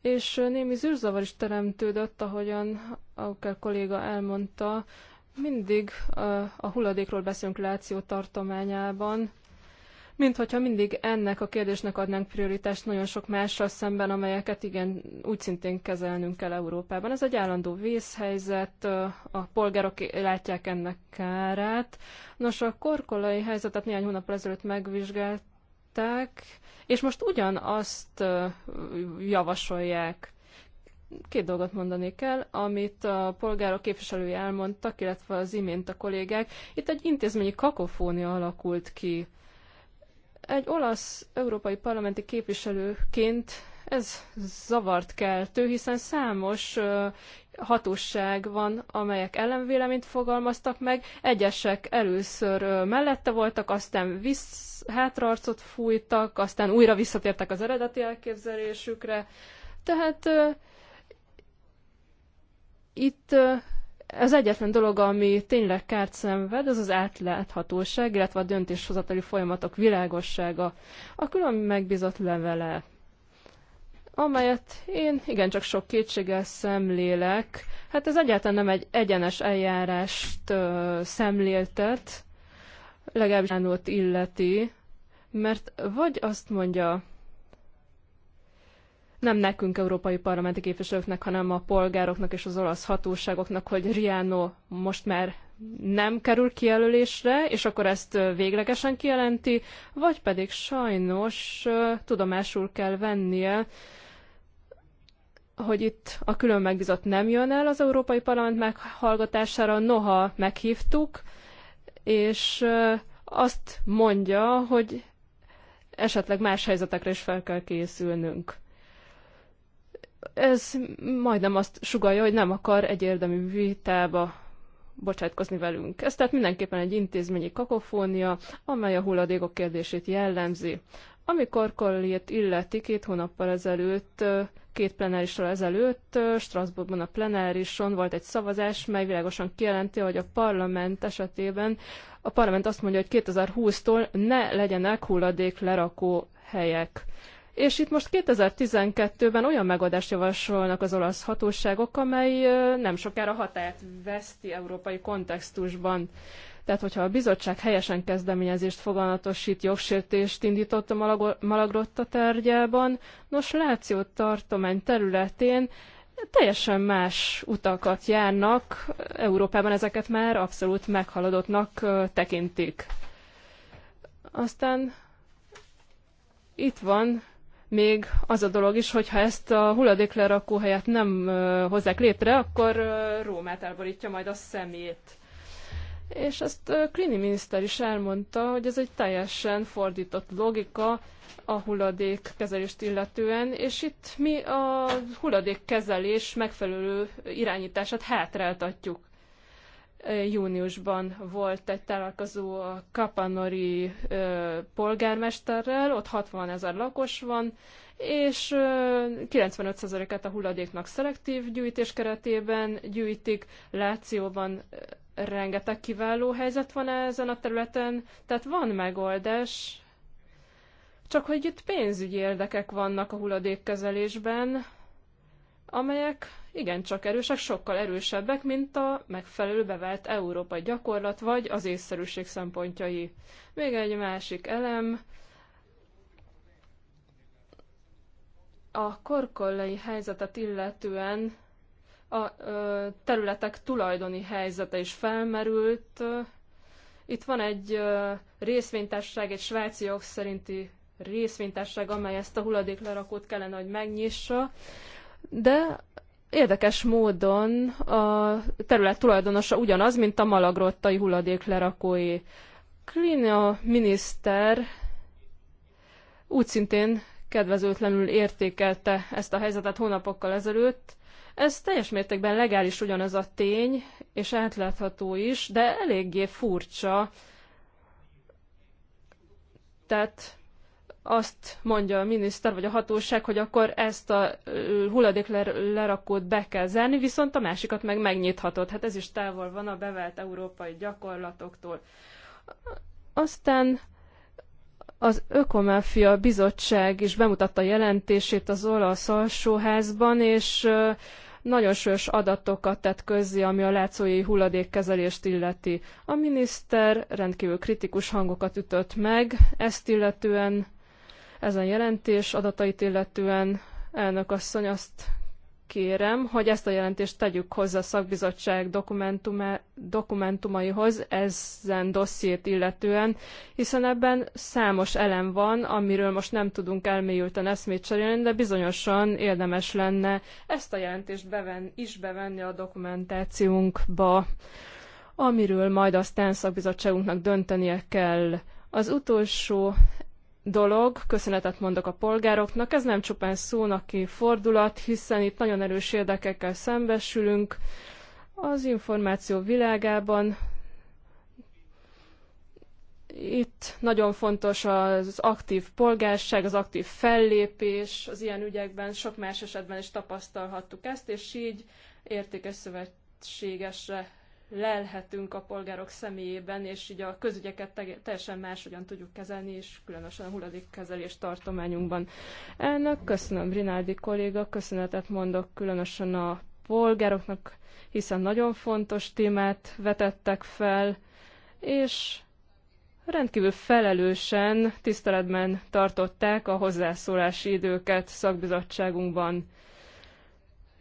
és némi zűrzavar is teremtődött, ahogyan Auker kolléga elmondta, mindig a hulladékról beszélünk Láció tartományában, mint hogyha mindig ennek a kérdésnek adnánk prioritást nagyon sok mással szemben, amelyeket igen úgy szintén kezelnünk kell Európában. Ez egy állandó vészhelyzet, a polgárok látják ennek kárát. Nos, a korkolai helyzetet néhány hónap ezelőtt megvizsgálták, és most ugyanazt javasolják két dolgot mondani kell, amit a polgárok képviselői elmondtak, illetve az imént a kollégák. Itt egy intézményi kakofónia alakult ki. Egy olasz európai parlamenti képviselőként ez zavart keltő, hiszen számos hatóság van, amelyek ellenvéleményt fogalmaztak meg. Egyesek először mellette voltak, aztán vissz, hátraarcot fújtak, aztán újra visszatértek az eredeti elképzelésükre. Tehát itt az egyetlen dolog, ami tényleg kárt szenved, az az átláthatóság, illetve a döntéshozatali folyamatok világossága, a külön megbízott levele, amelyet én igencsak sok kétséggel szemlélek. Hát ez egyáltalán nem egy egyenes eljárást ö, szemléltet, legalábbis illeti, mert vagy azt mondja, nem nekünk, európai parlamenti képviselőknek, hanem a polgároknak és az olasz hatóságoknak, hogy Riano most már nem kerül kijelölésre, és akkor ezt véglegesen kijelenti, vagy pedig sajnos tudomásul kell vennie, hogy itt a külön megbízott nem jön el az Európai Parlament meghallgatására, noha meghívtuk, és azt mondja, hogy esetleg más helyzetekre is fel kell készülnünk ez majdnem azt sugalja, hogy nem akar egy érdemű vitába bocsátkozni velünk. Ez tehát mindenképpen egy intézményi kakofónia, amely a hulladékok kérdését jellemzi. Amikor Kolliet illeti két hónappal ezelőtt, két plenárisról ezelőtt, Strasbourgban a plenárison volt egy szavazás, mely világosan kijelenti, hogy a parlament esetében a parlament azt mondja, hogy 2020-tól ne legyenek hulladék lerakó helyek. És itt most 2012-ben olyan megoldást javasolnak az olasz hatóságok, amely nem sokára hatályát veszti európai kontextusban. Tehát, hogyha a bizottság helyesen kezdeményezést foganatosít, jogsértést indított a Malagrotta tárgyában, nos, Láció tartomány területén teljesen más utakat járnak, Európában ezeket már abszolút meghaladottnak tekintik. Aztán itt van még az a dolog is, hogyha ezt a hulladéklerakó helyet nem hozzák létre, akkor Rómát elborítja majd a szemét. És ezt Klini miniszter is elmondta, hogy ez egy teljesen fordított logika a hulladékkezelést illetően, és itt mi a hulladékkezelés megfelelő irányítását hátráltatjuk júniusban volt egy találkozó a Kapanori polgármesterrel, ott 60 ezer lakos van, és 95 et a hulladéknak szelektív gyűjtés keretében gyűjtik. Lációban rengeteg kiváló helyzet van ezen a területen, tehát van megoldás, csak hogy itt pénzügyi érdekek vannak a hulladékkezelésben, amelyek igencsak erősek, sokkal erősebbek, mint a megfelelő bevált európai gyakorlat, vagy az észszerűség szempontjai. Még egy másik elem, a korkollai helyzetet illetően a ö, területek tulajdoni helyzete is felmerült. Itt van egy ö, egy svájci jog szerinti részvénytárság, amely ezt a hulladéklerakót kellene, hogy megnyissa, de Érdekes módon a terület tulajdonosa ugyanaz, mint a malagrottai hulladéklerakói. Klinia miniszter úgy szintén kedvezőtlenül értékelte ezt a helyzetet hónapokkal ezelőtt. Ez teljes mértékben legális ugyanaz a tény, és átlátható is, de eléggé furcsa. Tehát azt mondja a miniszter vagy a hatóság, hogy akkor ezt a hulladéklerakót be kell zárni, viszont a másikat meg megnyithatod. Hát ez is távol van a bevelt európai gyakorlatoktól. Aztán az Ökomáfia Bizottság is bemutatta jelentését az olasz alsóházban, és nagyon sős adatokat tett közzé, ami a látszói hulladékkezelést illeti. A miniszter rendkívül kritikus hangokat ütött meg, ezt illetően ezen jelentés adatait illetően. Elnök asszony, azt kérem, hogy ezt a jelentést tegyük hozzá a szakbizottság dokumentumaihoz ezen dossziét illetően, hiszen ebben számos elem van, amiről most nem tudunk elmélyülten eszmét cserélni, de bizonyosan érdemes lenne ezt a jelentést beven, is bevenni a dokumentációnkba, amiről majd aztán szakbizottságunknak döntenie kell. Az utolsó dolog, köszönetet mondok a polgároknak, ez nem csupán szónaki fordulat, hiszen itt nagyon erős érdekekkel szembesülünk az információ világában. Itt nagyon fontos az aktív polgárság, az aktív fellépés, az ilyen ügyekben sok más esetben is tapasztalhattuk ezt, és így értékes szövetségesre lelhetünk a polgárok személyében, és így a közügyeket teljesen máshogyan tudjuk kezelni, és különösen a hulladékkezelés tartományunkban. Elnök, köszönöm Rinaldi kolléga, köszönetet mondok különösen a polgároknak, hiszen nagyon fontos témát vetettek fel, és rendkívül felelősen tiszteletben tartották a hozzászólási időket szakbizottságunkban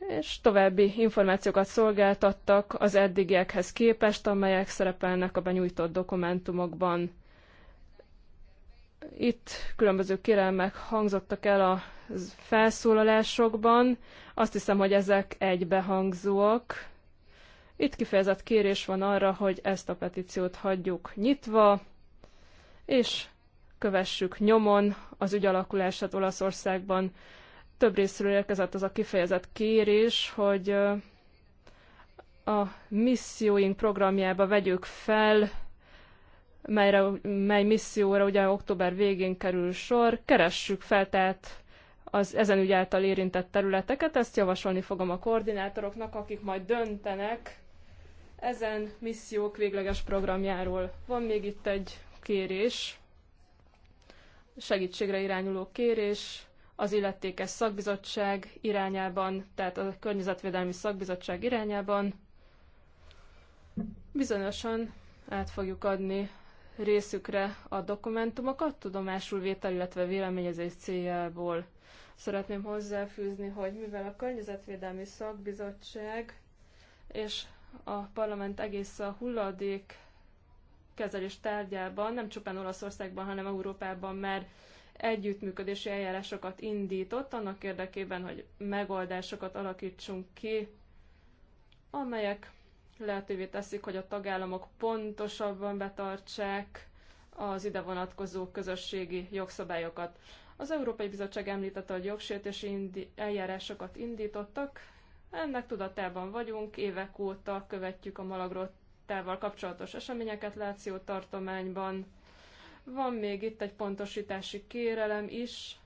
és további információkat szolgáltattak az eddigiekhez képest, amelyek szerepelnek a benyújtott dokumentumokban. Itt különböző kérelmek hangzottak el a felszólalásokban. Azt hiszem, hogy ezek egybehangzóak. Itt kifejezett kérés van arra, hogy ezt a petíciót hagyjuk nyitva, és kövessük nyomon az ügy alakulását Olaszországban. Több részről érkezett az a kifejezett kérés, hogy a misszióink programjába vegyük fel, melyre, mely misszióra ugye október végén kerül sor, keressük fel, tehát az ezen ügy által érintett területeket, ezt javasolni fogom a koordinátoroknak, akik majd döntenek ezen missziók végleges programjáról. Van még itt egy kérés, segítségre irányuló kérés, az illetékes szakbizottság irányában, tehát a környezetvédelmi szakbizottság irányában bizonyosan át fogjuk adni részükre a dokumentumokat tudomásul vétel, illetve véleményezés céljából. Szeretném hozzáfűzni, hogy mivel a Környezetvédelmi Szakbizottság és a parlament egész a hulladék kezelés tárgyában, nem csupán Olaszországban, hanem Európában már együttműködési eljárásokat indított annak érdekében, hogy megoldásokat alakítsunk ki, amelyek lehetővé teszik, hogy a tagállamok pontosabban betartsák az ide vonatkozó közösségi jogszabályokat. Az Európai Bizottság említette, hogy jogsértési indi- eljárásokat indítottak. Ennek tudatában vagyunk, évek óta követjük a malagrottával kapcsolatos eseményeket Láció tartományban. Van még itt egy pontosítási kérelem is.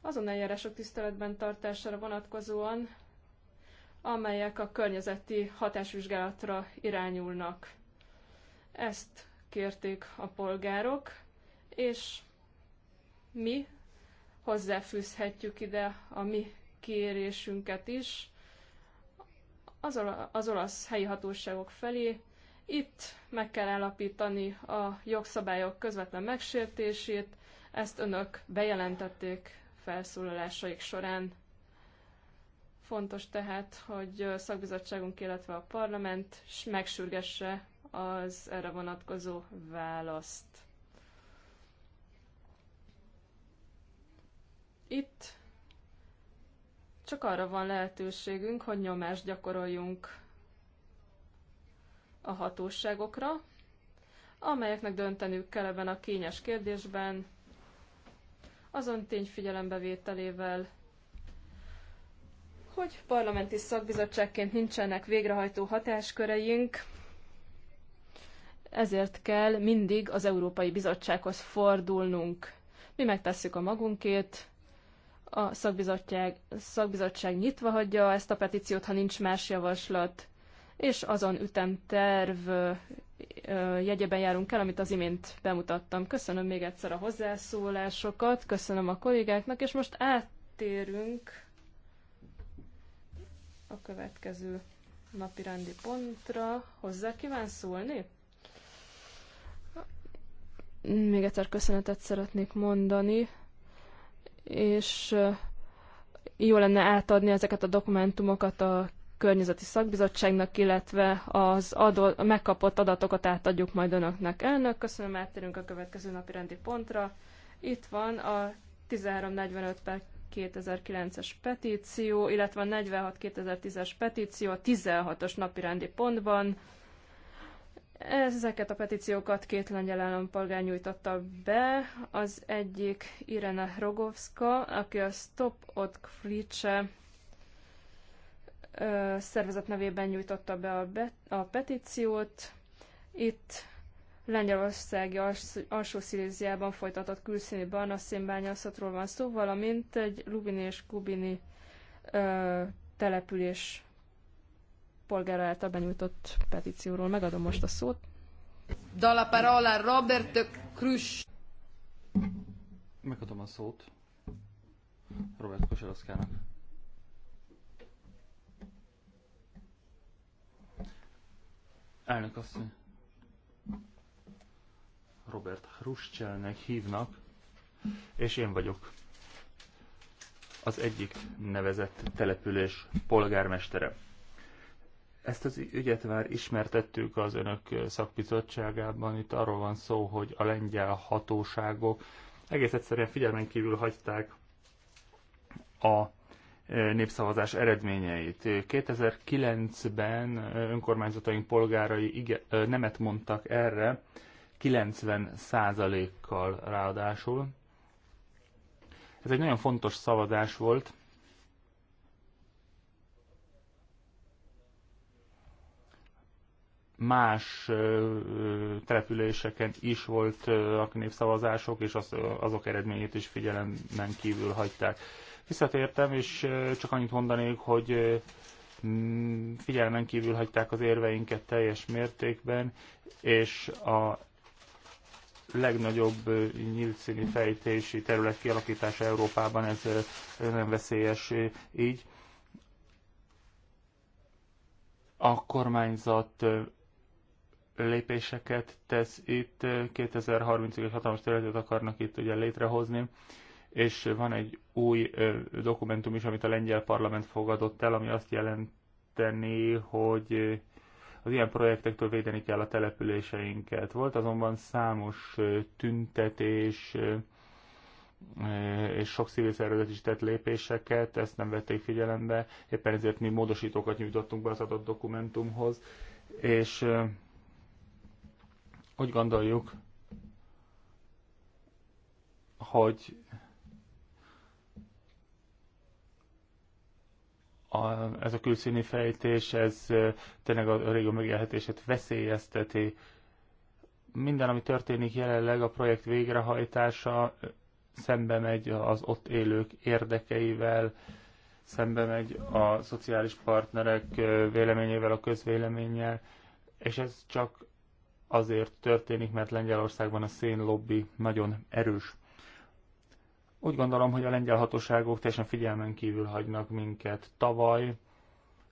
Azon eljárások tiszteletben tartására vonatkozóan, amelyek a környezeti hatásvizsgálatra irányulnak. Ezt kérték a polgárok, és mi hozzáfűzhetjük ide a mi kérésünket is az, olasz helyi hatóságok felé, itt meg kell állapítani a jogszabályok közvetlen megsértését, ezt önök bejelentették felszólalásaik során. Fontos tehát, hogy szakbizottságunk, illetve a parlament megsürgesse az erre vonatkozó választ. Itt csak arra van lehetőségünk, hogy nyomást gyakoroljunk a hatóságokra, amelyeknek dönteniük kell ebben a kényes kérdésben, azon tény figyelembevételével, hogy parlamenti szakbizottságként nincsenek végrehajtó hatásköreink, ezért kell mindig az Európai Bizottsághoz fordulnunk. Mi megtesszük a magunkét, a szakbizottság, szakbizottság nyitva hagyja ezt a petíciót, ha nincs más javaslat és azon ütemterv jegyeben járunk el, amit az imént bemutattam. Köszönöm még egyszer a hozzászólásokat, köszönöm a kollégáknak, és most áttérünk a következő napi rendi pontra. Hozzá kíván szólni? Még egyszer köszönetet szeretnék mondani, és jó lenne átadni ezeket a dokumentumokat a környezeti szakbizottságnak, illetve az adó, megkapott adatokat átadjuk majd önöknek. Elnök, köszönöm, áttérünk a következő napi rendi pontra. Itt van a 1345 per 2009-es petíció, illetve a 46 2010-es petíció a 16-os napi rendi pontban. Ezeket a petíciókat két lengyel állampolgár nyújtotta be. Az egyik Irene Rogovska, aki a Stop Ott Klice szervezet nevében nyújtotta be a, be, a petíciót. Itt Lengyelországi alsó sziléziában folytatott külszíni barna szénbányászatról van szó, valamint egy Lubini és Kubini ö, település polgára által benyújtott petícióról. Megadom most a szót. Dalla parola Robert Krüsch. Megadom a szót Robert Kosaroszkának. Elnök asszony. Robert Hruscselnek hívnak, és én vagyok az egyik nevezett település polgármestere. Ezt az ügyet már ismertettük az önök szakbizottságában, itt arról van szó, hogy a lengyel hatóságok egész egyszerűen figyelmen kívül hagyták a népszavazás eredményeit. 2009-ben önkormányzataink polgárai igen, nemet mondtak erre, 90%-kal ráadásul. Ez egy nagyon fontos szavazás volt. Más településeken is volt a népszavazások, és az, azok eredményét is figyelemben kívül hagyták. Visszatértem, és csak annyit mondanék, hogy figyelmen kívül hagyták az érveinket teljes mértékben, és a legnagyobb nyílt színi fejtési terület kialakítása Európában, ez nem veszélyes így. A kormányzat lépéseket tesz itt, 2030-ig egy hatalmas területet akarnak itt ugye létrehozni, és van egy új dokumentum is, amit a lengyel parlament fogadott el, ami azt jelenteni, hogy az ilyen projektektől védeni kell a településeinket. Volt azonban számos tüntetés, és sok civil szervezet is tett lépéseket, ezt nem vették figyelembe, éppen ezért mi módosítókat nyújtottunk be az adott dokumentumhoz, és úgy gondoljuk, hogy a, ez a külszíni fejtés, ez tényleg a régió megélhetését veszélyezteti. Minden, ami történik jelenleg, a projekt végrehajtása szembe megy az ott élők érdekeivel, szembe megy a szociális partnerek véleményével, a közvéleménnyel, és ez csak azért történik, mert Lengyelországban a szénlobbi nagyon erős. Úgy gondolom, hogy a lengyel hatóságok teljesen figyelmen kívül hagynak minket. Tavaly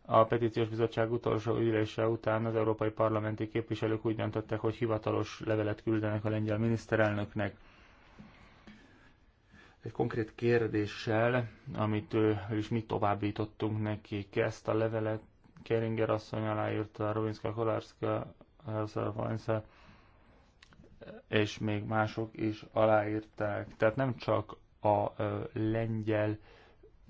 a petíciós bizottság utolsó ülése után az európai parlamenti képviselők úgy döntöttek, hogy hivatalos levelet küldenek a lengyel miniszterelnöknek. Egy konkrét kérdéssel, amit is mi továbbítottunk nekik, ezt a levelet Keringer asszony aláírta, Rovinska Kolárska, Valensza, és még mások is aláírták. Tehát nem csak a lengyel,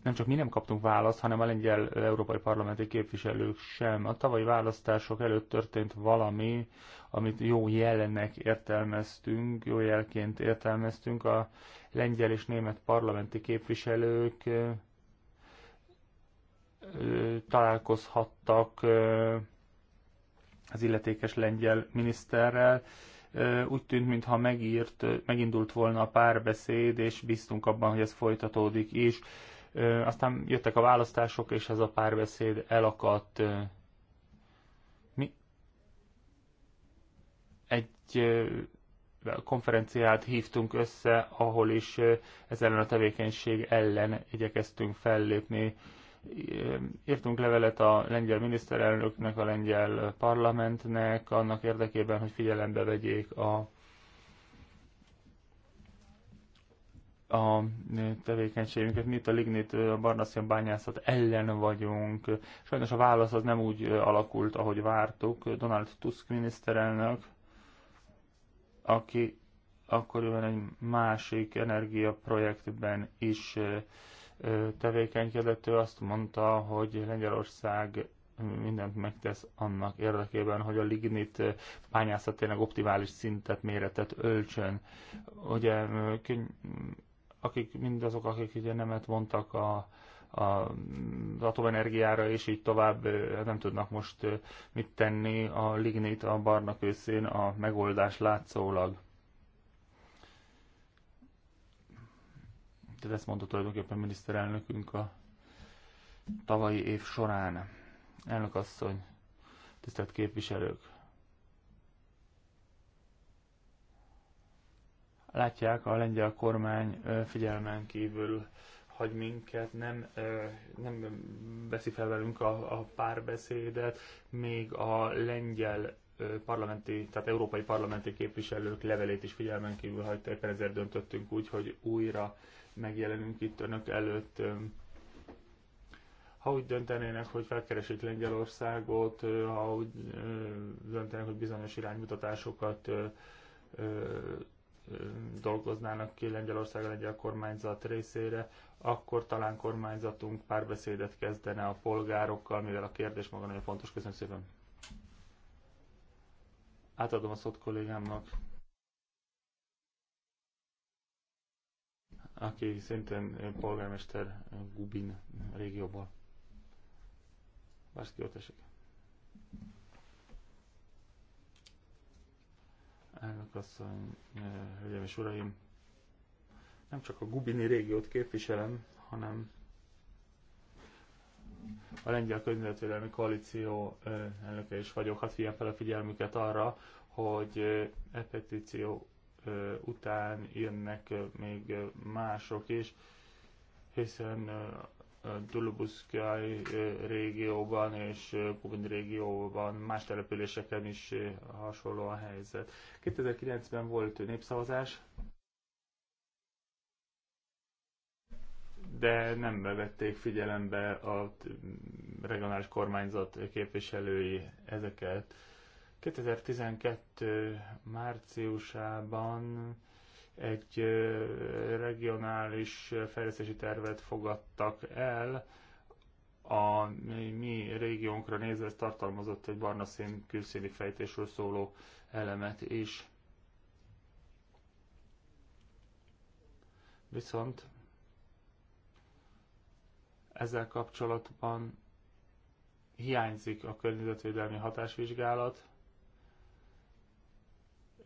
nem csak mi nem kaptunk választ, hanem a lengyel európai parlamenti képviselők sem. A tavalyi választások előtt történt valami, amit jó jelennek értelmeztünk, jó jelként értelmeztünk. A lengyel és német parlamenti képviselők találkozhattak az illetékes lengyel miniszterrel, úgy tűnt, mintha megírt, megindult volna a párbeszéd, és bíztunk abban, hogy ez folytatódik is. Aztán jöttek a választások, és ez a párbeszéd elakadt. Mi egy konferenciát hívtunk össze, ahol is ezzel a tevékenység ellen igyekeztünk fellépni írtunk levelet a lengyel miniszterelnöknek, a lengyel parlamentnek, annak érdekében, hogy figyelembe vegyék a a tevékenységünket, mi itt a lignit, a barnaszén bányászat ellen vagyunk. Sajnos a válasz az nem úgy alakult, ahogy vártuk. Donald Tusk miniszterelnök, aki akkoriban egy másik energiaprojektben is tevékenykedett, ő azt mondta, hogy Lengyelország mindent megtesz annak érdekében, hogy a lignit bányászat tényleg optimális szintet, méretet öltsön, Ugye, akik, mindazok, akik ugye nemet vontak a, a, az atomenergiára, és így tovább nem tudnak most mit tenni. A lignit a barna a megoldás látszólag. Tehát ezt mondta tulajdonképpen miniszterelnökünk a tavalyi év során. Elnök asszony, tisztelt képviselők! Látják, a lengyel kormány figyelmen kívül hagy minket, nem, nem veszi fel velünk a, a párbeszédet, még a lengyel parlamenti, tehát európai parlamenti képviselők levelét is figyelmen kívül hagyta, éppen ezért döntöttünk úgy, hogy újra megjelenünk itt önök előtt. Ha úgy döntenének, hogy felkeresik Lengyelországot, ha úgy döntenének, hogy bizonyos iránymutatásokat dolgoznának ki Lengyelország a lengyel kormányzat részére, akkor talán kormányzatunk párbeszédet kezdene a polgárokkal, mivel a kérdés maga nagyon fontos. Köszönöm szépen. Átadom a szót kollégámnak. aki szintén polgármester Gubin régióból. Bárszki esik. Elnök asszony, hölgyeim és uraim, nem csak a Gubini régiót képviselem, hanem a Lengyel Környezetvédelmi Koalíció elnöke is vagyok. Hadd hívjam fel a figyelmüket arra, hogy e petíció után jönnek még mások is, hiszen Dulubuszkai régióban és Kubin régióban más településeken is hasonló a helyzet. 2009-ben volt népszavazás, de nem bevették figyelembe a regionális kormányzat képviselői ezeket. 2012 márciusában egy regionális fejlesztési tervet fogadtak el, a mi régiónkra nézve ez tartalmazott egy barna szín külszíni fejtésről szóló elemet is. Viszont ezzel kapcsolatban hiányzik a környezetvédelmi hatásvizsgálat,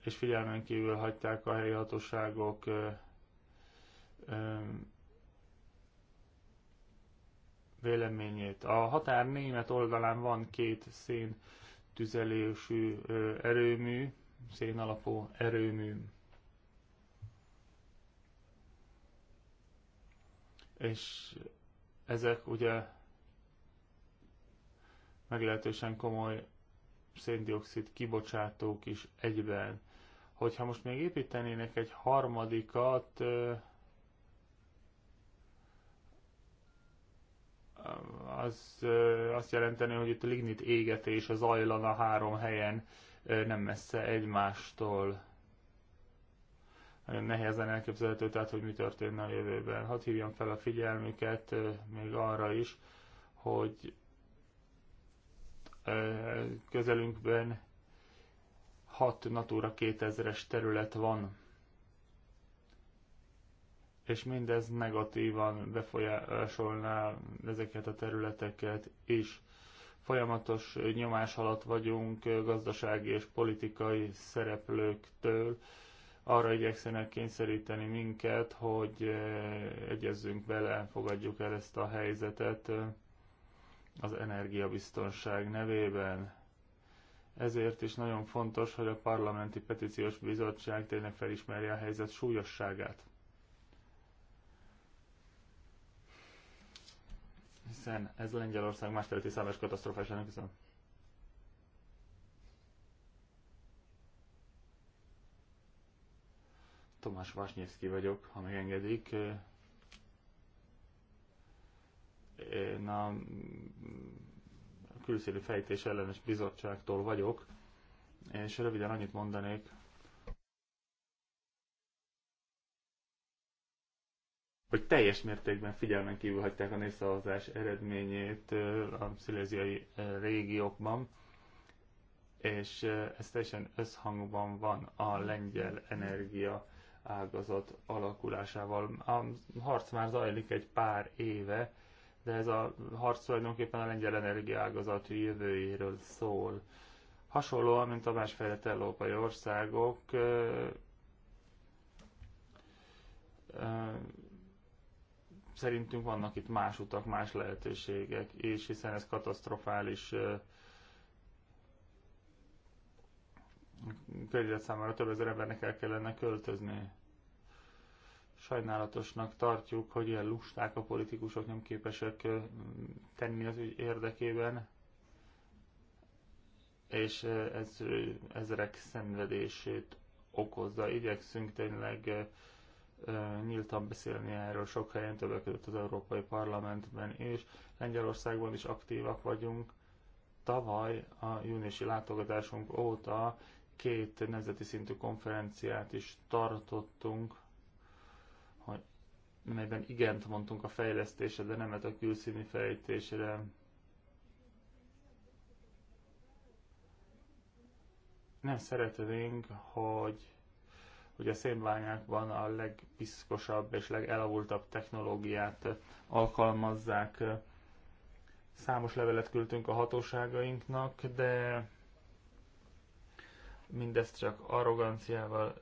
és figyelmen kívül hagyták a helyi hatóságok véleményét. A határ német oldalán van két szén tüzelésű erőmű, szén alapú erőmű. És ezek ugye meglehetősen komoly széndiokszid kibocsátók is egyben hogyha most még építenének egy harmadikat, az azt jelenteni, hogy itt a lignit égetés az ajlana három helyen nem messze egymástól. Nagyon nehezen elképzelhető, tehát hogy mi történne a jövőben. Hadd hívjam fel a figyelmüket még arra is, hogy közelünkben 6 Natura 2000-es terület van, és mindez negatívan befolyásolná ezeket a területeket is. Folyamatos nyomás alatt vagyunk gazdasági és politikai szereplőktől, arra igyekszenek kényszeríteni minket, hogy eh, egyezzünk bele, fogadjuk el ezt a helyzetet eh, az energiabiztonság nevében. Ezért is nagyon fontos, hogy a Parlamenti Petíciós Bizottság tényleg felismerje a helyzet súlyosságát. Hiszen ez Lengyelország más területi számos katasztrofásának hiszem. Tomás Vasnyevszki vagyok, ha megengedik. Én a külszíli fejtés ellenes bizottságtól vagyok, és röviden annyit mondanék, hogy teljes mértékben figyelmen kívül hagyták a népszavazás eredményét a sziléziai régiókban, és ez teljesen összhangban van a lengyel energia ágazat alakulásával. A harc már zajlik egy pár éve, de ez a harc tulajdonképpen a lengyel energiaágazat jövőjéről szól. Hasonlóan, mint a más fejlett európai országok, szerintünk vannak itt más utak, más lehetőségek, és hiszen ez katasztrofális környezet számára több ezer embernek el kellene költözni sajnálatosnak tartjuk, hogy ilyen lusták a politikusok nem képesek tenni az ügy érdekében, és ez ezerek szenvedését okozza. Igyekszünk tényleg nyíltan beszélni erről sok helyen, többek között az Európai Parlamentben és Lengyelországban is aktívak vagyunk. Tavaly a júniusi látogatásunk óta két nemzeti szintű konferenciát is tartottunk melyben igent mondtunk a fejlesztésre, de nemet a külszíni fejlesztésre. Nem szeretnénk, hogy, hogy a szénbányákban a legpiszkosabb és legelavultabb technológiát alkalmazzák. Számos levelet küldtünk a hatóságainknak, de mindezt csak arroganciával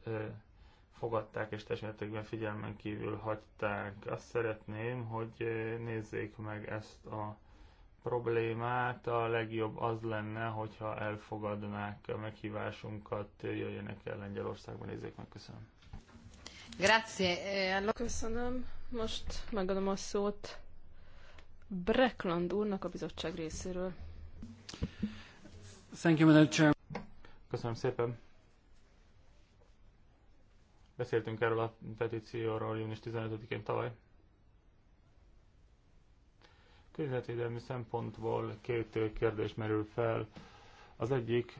fogadták és testmértékben figyelmen kívül hagyták. Azt szeretném, hogy eh, nézzék meg ezt a problémát. A legjobb az lenne, hogyha elfogadnák a meghívásunkat, jöjjenek el Lengyelországba, nézzék meg, köszönöm. Grazie. Eh, köszönöm. Most megadom a szót Brekland úrnak a bizottság részéről. Thank you, Madam Chair. Köszönöm szépen. Beszéltünk erről a petícióról június 15-én tavaly. Környezetvédelmi szempontból két kérdés merül fel. Az egyik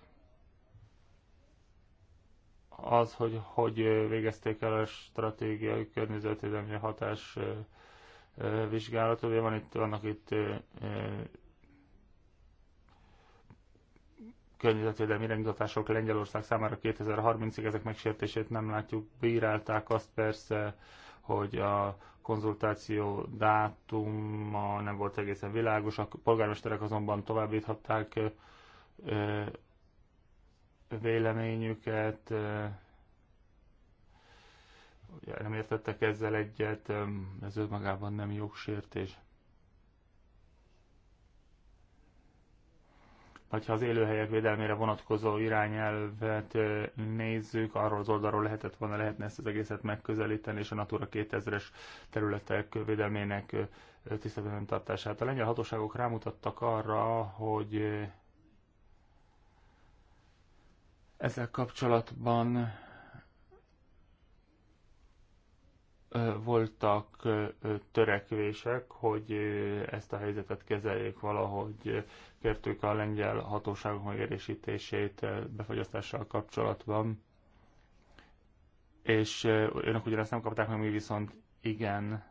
az, hogy hogy végezték el a stratégiai környezetvédelmi hatás vizsgálatot. Ugye van itt, vannak itt környezetvédelmi iránymutatások Lengyelország számára 2030-ig ezek megsértését nem látjuk. Bírálták azt persze, hogy a konzultáció dátuma nem volt egészen világos, a polgármesterek azonban továbbíthatták véleményüket, nem értettek ezzel egyet, ez önmagában nem jogsértés. Hogyha az élőhelyek védelmére vonatkozó irányelvet nézzük, arról az oldalról lehetett volna, lehetne ezt az egészet megközelíteni, és a Natura 2000-es területek védelmének tiszteletben tartását. A lengyel hatóságok rámutattak arra, hogy ezzel kapcsolatban voltak törekvések, hogy ezt a helyzetet kezeljék valahogy kértük a lengyel hatóságok megerősítését eh, befogyasztással kapcsolatban, és eh, önök ugyanezt nem kapták meg, mi viszont igen.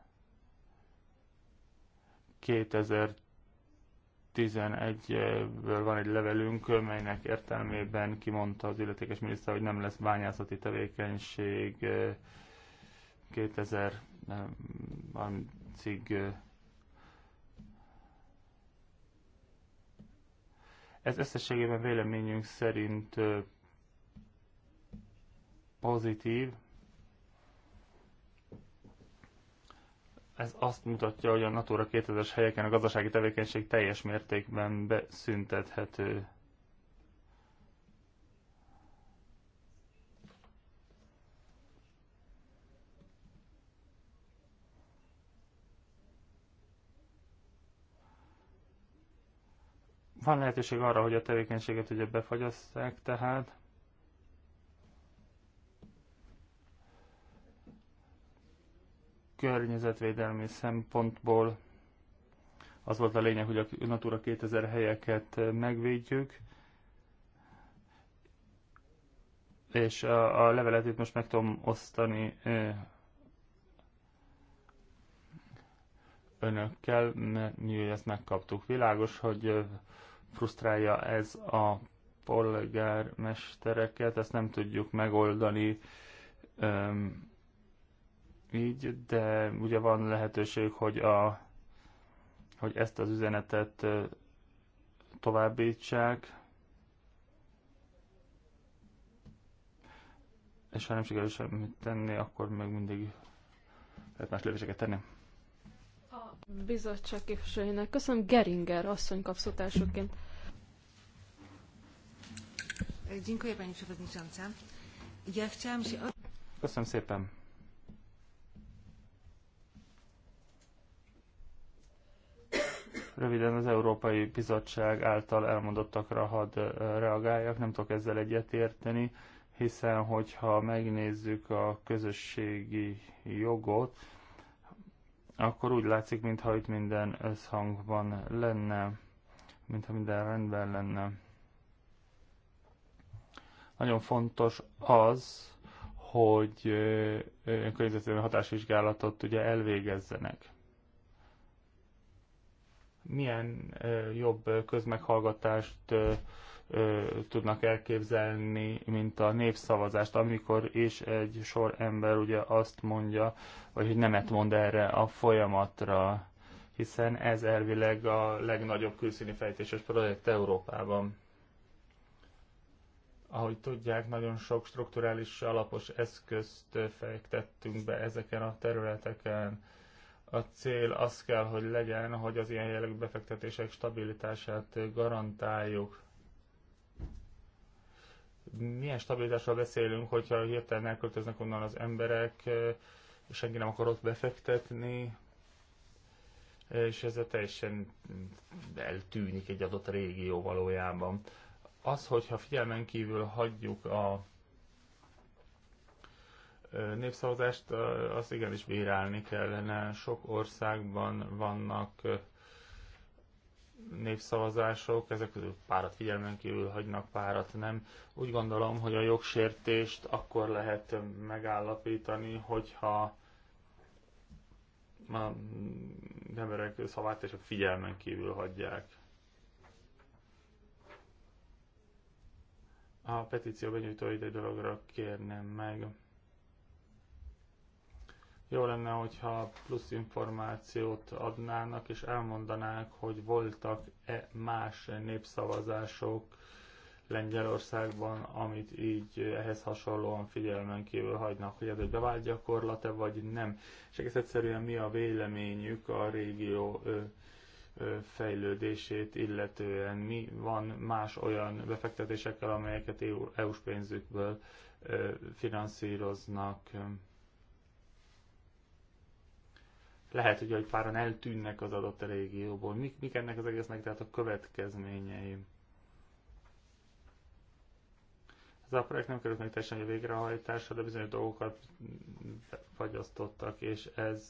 2011-ből van egy levelünk, melynek értelmében kimondta az illetékes miniszter, hogy nem lesz bányászati tevékenység 2030-ig eh, Ez összességében véleményünk szerint pozitív. Ez azt mutatja, hogy a Natura 2000-es helyeken a gazdasági tevékenység teljes mértékben beszüntethető. Van lehetőség arra, hogy a tevékenységet ugye befagyasszák, tehát környezetvédelmi szempontból az volt a lényeg, hogy a Natura 2000 helyeket megvédjük, és a, a levelet itt most meg tudom osztani önökkel, mert mi ezt megkaptuk. Világos, hogy frusztrálja ez a polgármestereket, ezt nem tudjuk megoldani öm, így, de ugye van lehetőség, hogy, a, hogy ezt az üzenetet továbbítsák, és ha nem sikerül semmit tenni, akkor még mindig lehet más lépéseket tenni a bizottság képviselőjének. Köszönöm, Geringer asszony kapszótársaként. Dziękuję Pani Przewodnicząca. Ja chciałam się... Köszönöm szépen. Röviden az Európai Bizottság által elmondottakra hadd reagáljak, nem tudok ezzel egyetérteni, hiszen hogyha megnézzük a közösségi jogot, akkor úgy látszik, mintha itt minden összhangban lenne, mintha minden rendben lenne. Nagyon fontos az, hogy környezetvédelmi hatásvizsgálatot ugye elvégezzenek. Milyen jobb közmeghallgatást ö, tudnak elképzelni, mint a népszavazást, amikor is egy sor ember ugye azt mondja, vagy hogy nemet mond erre a folyamatra, hiszen ez elvileg a legnagyobb külszíni fejtéses projekt Európában. Ahogy tudják, nagyon sok strukturális alapos eszközt fektettünk be ezeken a területeken. A cél az kell, hogy legyen, hogy az ilyen jellegű befektetések stabilitását garantáljuk milyen stabilitásról beszélünk, hogyha hirtelen elköltöznek onnan az emberek, e, és senki nem akar ott befektetni, e, és ezzel teljesen eltűnik egy adott régió valójában. Az, hogyha figyelmen kívül hagyjuk a e, népszavazást, azt igenis bírálni kellene. Sok országban vannak népszavazások, ezek közül párat figyelmen kívül hagynak, párat nem. Úgy gondolom, hogy a jogsértést akkor lehet megállapítani, hogyha a emberek szavát és a figyelmen kívül hagyják. A petíció benyújtóid egy dologra kérnem meg. Jó lenne, hogyha plusz információt adnának, és elmondanák, hogy voltak-e más népszavazások Lengyelországban, amit így ehhez hasonlóan figyelmen kívül hagynak, hogy ez egy bevált gyakorlat-e, vagy nem. És egész egyszerűen mi a véleményük a régió ö, fejlődését illetően mi van más olyan befektetésekkel, amelyeket EU-s e pénzükből finanszíroznak lehet, hogy páran eltűnnek az adott régióból. Mik, mik ennek az egésznek tehát a következményei? Ez a projekt nem került meg teljesen a végrehajtásra, de bizonyos dolgokat fagyasztottak, és ez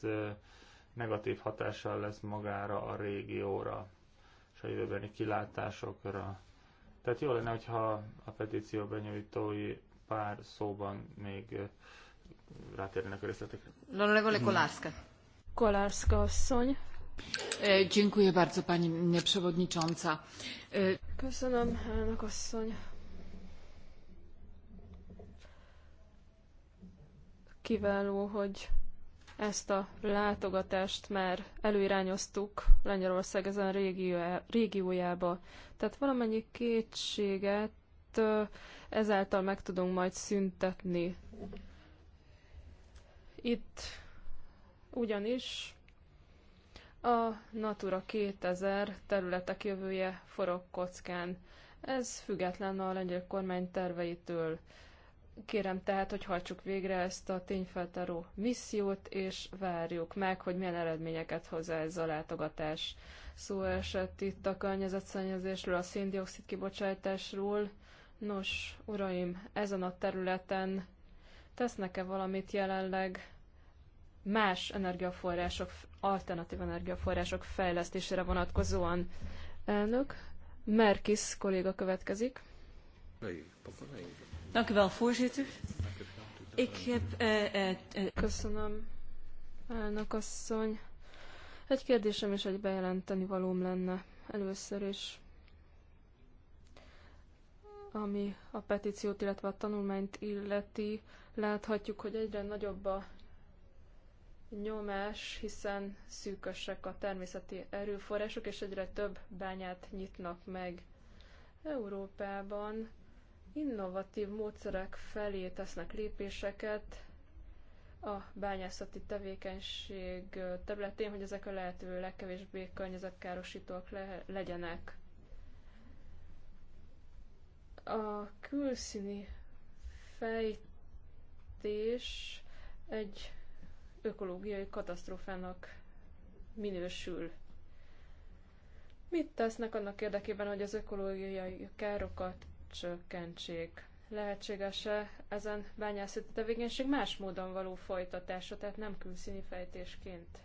negatív hatással lesz magára a régióra és a jövőbeni kilátásokra. Tehát jó lenne, hogyha a petíció benyújtói pár szóban még rátérnek a részletekre. L'onorevole Hmm. E, e, Köszönöm, elnök asszony. Kiváló, hogy ezt a látogatást már előirányoztuk Lengyelország ezen régiójába. Tehát valamennyi kétséget ezáltal meg tudunk majd szüntetni. Itt ugyanis a Natura 2000 területek jövője forog kockán. Ez független a lengyel kormány terveitől. Kérem tehát, hogy hajtsuk végre ezt a tényfeltáró missziót, és várjuk meg, hogy milyen eredményeket hozzá ez a látogatás. Szó esett itt a környezetszennyezésről, a széndiokszid kibocsátásról. Nos, uraim, ezen a területen tesznek-e valamit jelenleg más energiaforrások, alternatív energiaforrások fejlesztésére vonatkozóan. Elnök, Merkis kolléga következik. Dank u wel, voorzitter. Ik heb... Eh, eh, eh, Köszönöm, elnök asszony. Egy kérdésem és egy bejelenteni valóm lenne először is, ami a petíciót, illetve a tanulmányt illeti. Láthatjuk, hogy egyre nagyobb a nyomás, hiszen szűkösek a természeti erőforrások, és egyre több bányát nyitnak meg. Európában innovatív módszerek felé tesznek lépéseket a bányászati tevékenység területén, hogy ezek a lehető legkevésbé környezetkárosítóak le- legyenek. A külszíni fejtés egy ökológiai katasztrófának minősül. Mit tesznek annak érdekében, hogy az ökológiai károkat csökkentsék? Lehetséges-e ezen bányászati tevékenység más módon való folytatása, tehát nem külszíni fejtésként?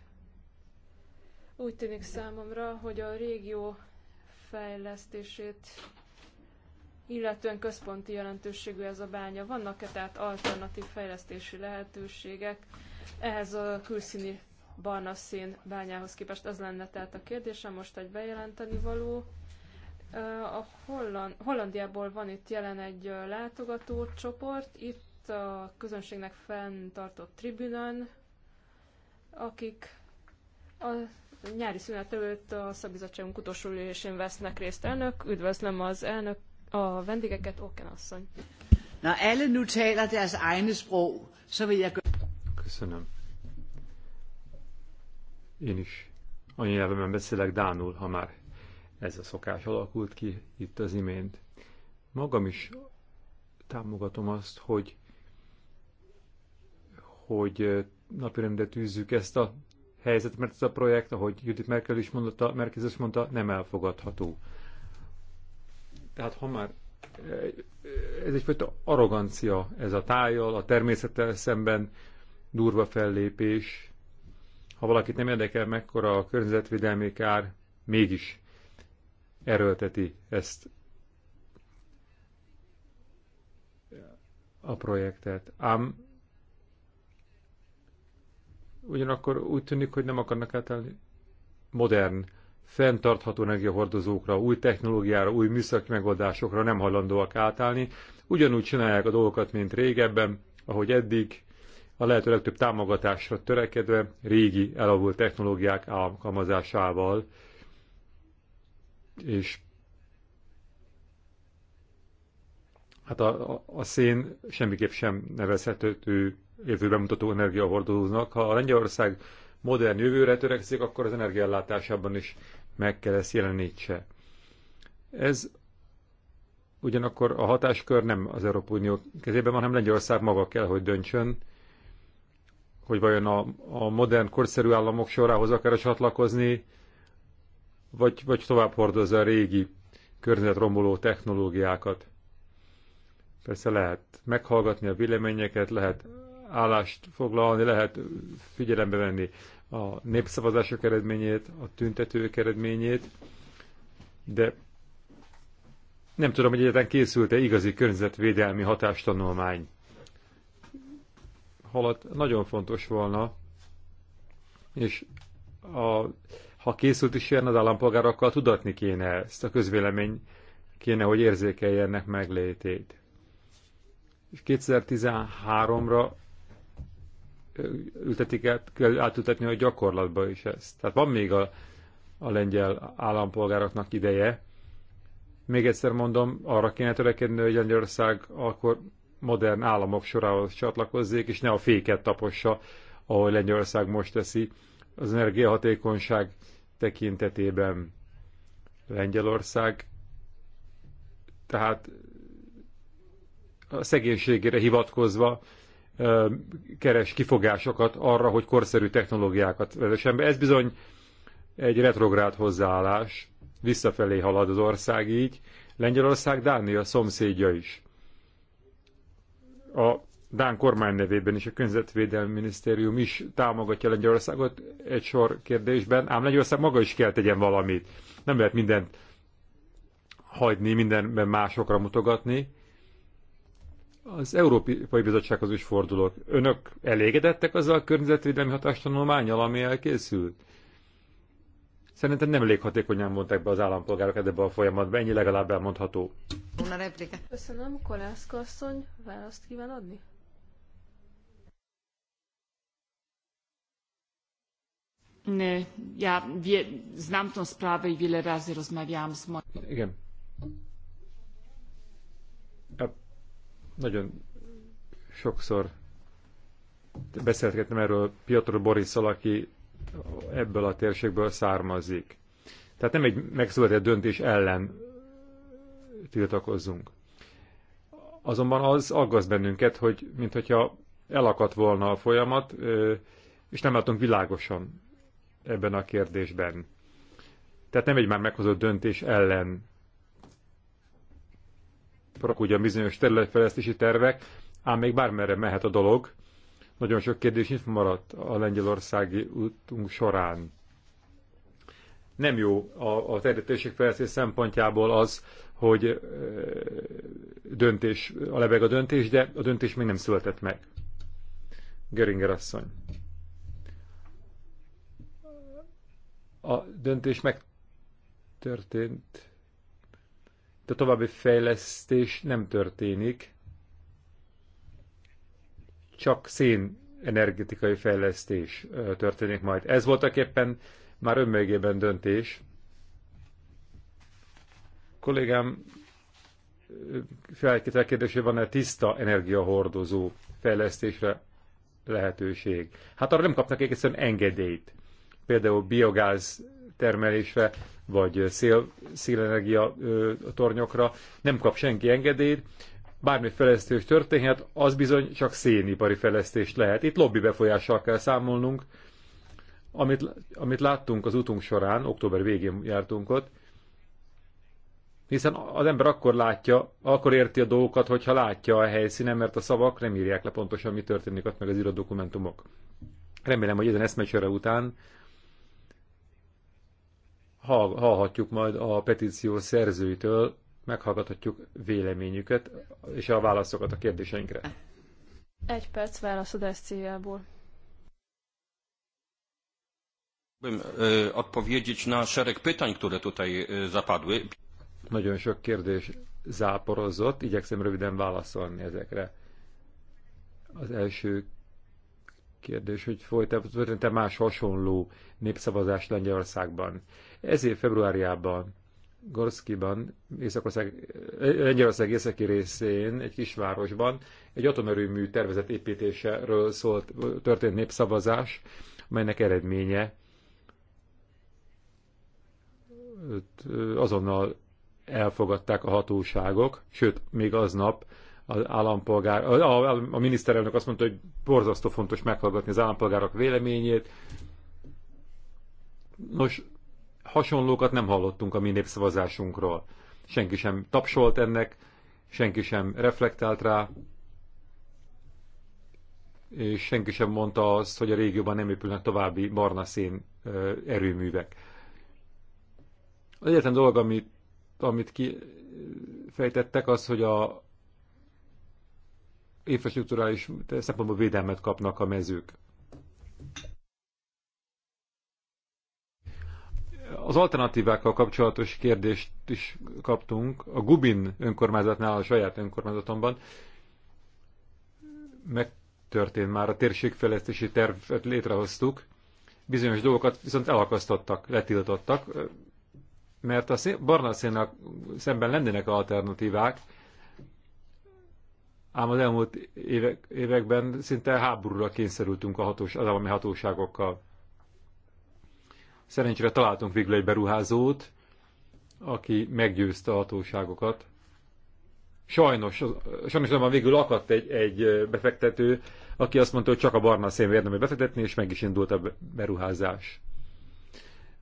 Úgy tűnik számomra, hogy a régió fejlesztését illetően központi jelentőségű ez a bánya. Vannak-e tehát alternatív fejlesztési lehetőségek, ehhez a külszíni barna szín bányához képest Az lenne tehát a kérdésem, most egy bejelenteni való. A Holland, Hollandiából van itt jelen egy látogatócsoport, itt a közönségnek fenntartott tribünön, akik a nyári szünet előtt a szabizottságunk utolsó ülésén vesznek részt elnök. Üdvözlöm az elnök, a vendégeket, Oken asszony. Na, alle nu taler deres egne sprog, så vil jeg Köszönöm. Én is anyanyelvemen beszélek Dánul, ha már ez a szokás alakult ki itt az imént. Magam is támogatom azt, hogy, hogy napirendre tűzzük ezt a helyzet, mert ez a projekt, ahogy Judith Merkel is mondta, Merkel is mondta, nem elfogadható. Tehát ha már ez egyfajta arrogancia ez a tájjal, a természettel szemben, durva fellépés. Ha valakit nem érdekel, mekkora a környezetvédelmi kár, mégis erőlteti ezt a projektet. Ám ugyanakkor úgy tűnik, hogy nem akarnak átállni modern, fenntartható energiahordozókra, új technológiára, új műszaki megoldásokra nem hajlandóak átállni. Ugyanúgy csinálják a dolgokat, mint régebben, ahogy eddig, a lehető legtöbb támogatásra törekedve régi elavult technológiák alkalmazásával, és hát a, a, a szén semmiképp sem nevezhető jövőben mutató energiahordozónak. Ha a Lengyelország modern jövőre törekszik, akkor az energiállátásában is meg kell ezt jelenítse. Ez ugyanakkor a hatáskör nem az Európai Unió kezében van, hanem Lengyelország maga kell, hogy döntsön, hogy vajon a, a modern, korszerű államok sorához akar csatlakozni, vagy, vagy tovább hordozza a régi környezetromboló technológiákat. Persze lehet meghallgatni a véleményeket, lehet állást foglalni, lehet figyelembe venni a népszavazások eredményét, a tüntetők eredményét, de nem tudom, hogy egyetlen készült-e igazi környezetvédelmi hatástanulmány halad nagyon fontos volna, és a, ha készült is ilyen, az állampolgárokkal tudatni kéne ezt, a közvélemény kéne, hogy érzékelje ennek meglétét. És 2013-ra ültetik át, kell átültetni a gyakorlatba is ezt. Tehát van még a, a lengyel állampolgároknak ideje. Még egyszer mondom, arra kéne törekedni, hogy Lengyelország akkor modern államok sorához csatlakozzék, és ne a féket tapossa, ahogy Lengyelország most teszi az energiahatékonyság tekintetében. Lengyelország tehát a szegénységére hivatkozva keres kifogásokat arra, hogy korszerű technológiákat vezessen be. Ez bizony egy retrográd hozzáállás, visszafelé halad az ország így, Lengyelország, Dánia szomszédja is a Dán kormány nevében is a Környezetvédelmi Minisztérium is támogatja Lengyelországot egy sor kérdésben, ám Lengyelország maga is kell tegyen valamit. Nem lehet mindent hagyni, mindenben másokra mutogatni. Az Európai Bizottsághoz is fordulok. Önök elégedettek azzal a környezetvédelmi hatástanulmányal, ami elkészült? Szerintem nem elég hatékonyan mondták be az állampolgárokat ebbe a folyamatba, ennyi legalább elmondható. Una replika. Köszönöm, Kolászka asszony, választ kíván adni? Ne, Ja wie, znam tą sprawę i wiele razy rozmawiałam z moim... Igen. Ja, nagyon sokszor beszélgettem erről Piotr Borisszal, aki ebből a térségből származik. Tehát nem egy megszületett döntés ellen tiltakozzunk. Azonban az aggaszt bennünket, hogy mintha elakadt volna a folyamat, és nem látunk világosan ebben a kérdésben. Tehát nem egy már meghozott döntés ellen ugyan bizonyos területfejlesztési tervek, ám még bármerre mehet a dolog, nagyon sok kérdés nyitva maradt a lengyelországi útunk során. Nem jó a, a terjedőségfejlesztés szempontjából az, hogy döntés, a lebeg a döntés, de a döntés még nem született meg. Göringer asszony. A döntés megtörtént, de további fejlesztés nem történik csak szén energetikai fejlesztés történik majd. Ez voltak éppen már önmegében döntés. Kollégám felkétel kérdésé van-e tiszta energiahordozó fejlesztésre lehetőség. Hát arra nem kapnak egyszerűen engedélyt. Például biogáz termelésre, vagy szél, szélenergia ö, tornyokra nem kap senki engedélyt, bármi fejlesztés történhet, az bizony csak szénipari fejlesztés lehet. Itt lobby befolyással kell számolnunk, amit, amit láttunk az utunk során, október végén jártunk ott, hiszen az ember akkor látja, akkor érti a dolgokat, hogyha látja a helyszínen, mert a szavak nem írják le pontosan, mi történik ott, meg az írott dokumentumok. Remélem, hogy ezen eszmecsőre után hallhatjuk majd a petíció szerzőitől meghallgathatjuk véleményüket és a válaszokat a kérdéseinkre. Egy perc válaszodás céljából. E, odpowiedzieć na szereg pytań, które tutaj e, zapadły. Nagyon sok kérdés záporozott, igyekszem röviden válaszolni ezekre. Az első kérdés, hogy folytatott más hasonló népszavazás Lengyelországban. Ezért februárjában Gorszkiban, Lengyelország északi részén, egy kisvárosban egy atomerőmű tervezett építéséről szólt, történt népszavazás, melynek eredménye azonnal elfogadták a hatóságok, sőt, még aznap az állampolgár, a, a, a miniszterelnök azt mondta, hogy borzasztó fontos meghallgatni az állampolgárok véleményét. Nos, hasonlókat nem hallottunk a mi népszavazásunkról. Senki sem tapsolt ennek, senki sem reflektált rá, és senki sem mondta azt, hogy a régióban nem épülnek további barna szén erőművek. Az egyetlen dolog, amit, amit kifejtettek, az, hogy a infrastruktúrális szempontból védelmet kapnak a mezők. az alternatívákkal kapcsolatos kérdést is kaptunk. A Gubin önkormányzatnál, a saját önkormányzatomban megtörtént már a térségfejlesztési tervet létrehoztuk. Bizonyos dolgokat viszont elakasztottak, letiltottak, mert a barna szénnel szemben lennének alternatívák, ám az elmúlt évek, években szinte háborúra kényszerültünk a hatós, az állami hatóságokkal. Szerencsére találtunk végül egy beruházót, aki meggyőzte a hatóságokat. Sajnos, sajnos azonban végül akadt egy, egy befektető, aki azt mondta, hogy csak a barna szén érdemes befektetni, és meg is indult a beruházás.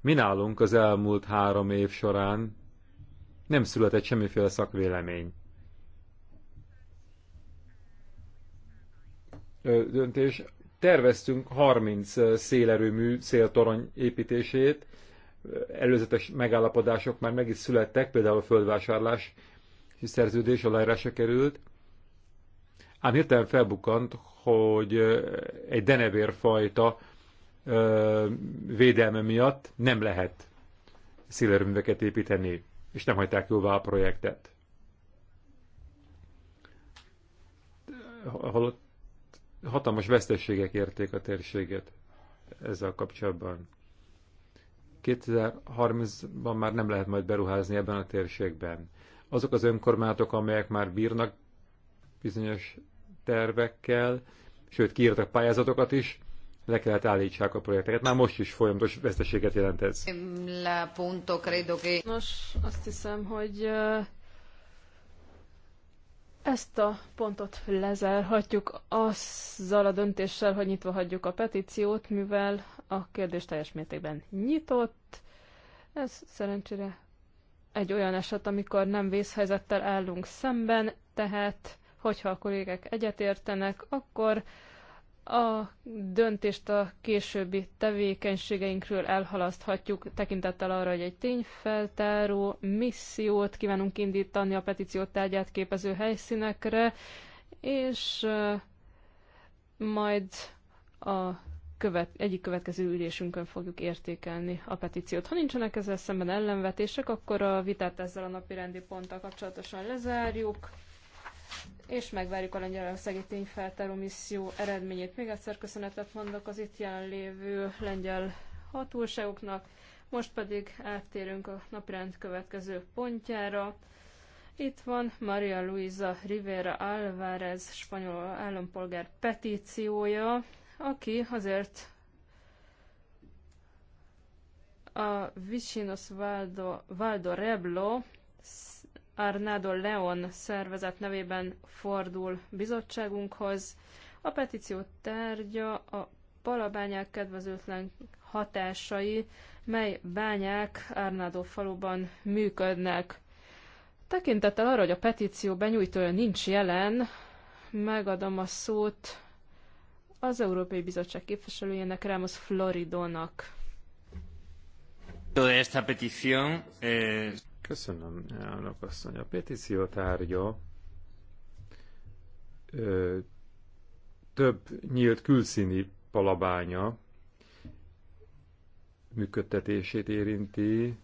Mi nálunk az elmúlt három év során nem született semmiféle szakvélemény. Döntés terveztünk 30 szélerőmű széltorony építését, előzetes megállapodások már meg is születtek, például a földvásárlás és szerződés aláírása került. Ám hirtelen felbukkant, hogy egy denevérfajta védelme miatt nem lehet szélerőműveket építeni, és nem hagyták jóvá a projektet. Halott hatalmas vesztességek érték a térséget ezzel kapcsolatban. 2030-ban már nem lehet majd beruházni ebben a térségben. Azok az önkormányzatok, amelyek már bírnak bizonyos tervekkel, sőt kiírtak pályázatokat is, le kellett állítsák a projekteket. Már most is folyamatos veszteséget jelent ez. Nos, azt hiszem, hogy ezt a pontot lezárhatjuk azzal a döntéssel, hogy nyitva hagyjuk a petíciót, mivel a kérdés teljes mértékben nyitott. Ez szerencsére egy olyan eset, amikor nem vészhelyzettel állunk szemben, tehát hogyha a kollégek egyetértenek, akkor a döntést a későbbi tevékenységeinkről elhalaszthatjuk, tekintettel arra, hogy egy tényfeltáró missziót kívánunk indítani a petíciót tárgyát képező helyszínekre, és majd a követ, egyik következő ülésünkön fogjuk értékelni a petíciót. Ha nincsenek ezzel szemben ellenvetések, akkor a vitát ezzel a napi rendi ponttal kapcsolatosan lezárjuk és megvárjuk a lengyelországi tényfeltáró misszió eredményét. Még egyszer köszönetet mondok az itt jelenlévő lengyel hatóságoknak, most pedig áttérünk a naprend következő pontjára. Itt van Maria Luisa Rivera Alvarez, spanyol állampolgár petíciója, aki azért a Vicinos Valdo, Valdo Reblo Arnado Leon szervezet nevében fordul bizottságunkhoz. A petíció tárgya a palabányák kedvezőtlen hatásai, mely bányák Arnado faluban működnek. Tekintettel arra, hogy a petíció benyújtója nincs jelen, megadom a szót az Európai Bizottság képviselőjének, Ramos Floridónak. Toda esta petición, eh... Köszönöm, elnök asszony. A petíció tárgya ö, több nyílt külszíni palabánya működtetését érinti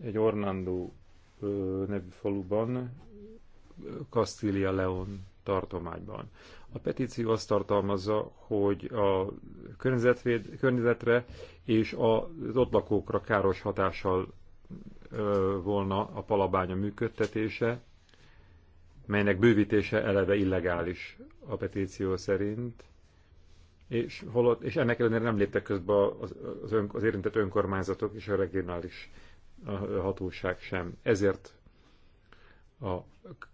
egy Ornandó nevű faluban, Kastília Leon tartományban. A petíció azt tartalmazza, hogy a környezetre és az ott lakókra káros hatással volna a palabánya működtetése, melynek bővítése eleve illegális a petíció szerint, és, holott, és ennek ellenére nem léptek közbe az, az, ön, az érintett önkormányzatok és a regionális hatóság sem. Ezért a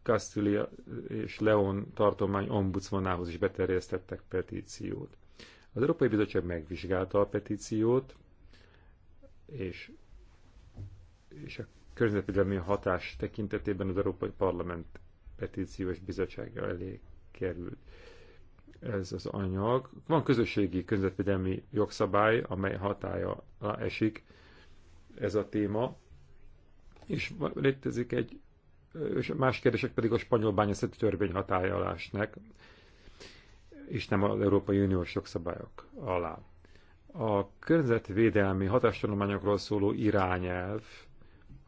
Castilla és Leon tartomány ombudsmanához is beterjesztettek petíciót. Az Európai Bizottság megvizsgálta a petíciót, és és a környezetvédelmi hatás tekintetében az Európai Parlament petíciós bizottsága elé került ez az anyag. Van közösségi környezetvédelmi jogszabály, amely hatája esik ez a téma, és létezik egy, és más kérdések pedig a spanyol bányászati törvény hatája alá esnek, és nem az Európai Uniós jogszabályok alá. A környezetvédelmi hatástanulmányokról szóló irányelv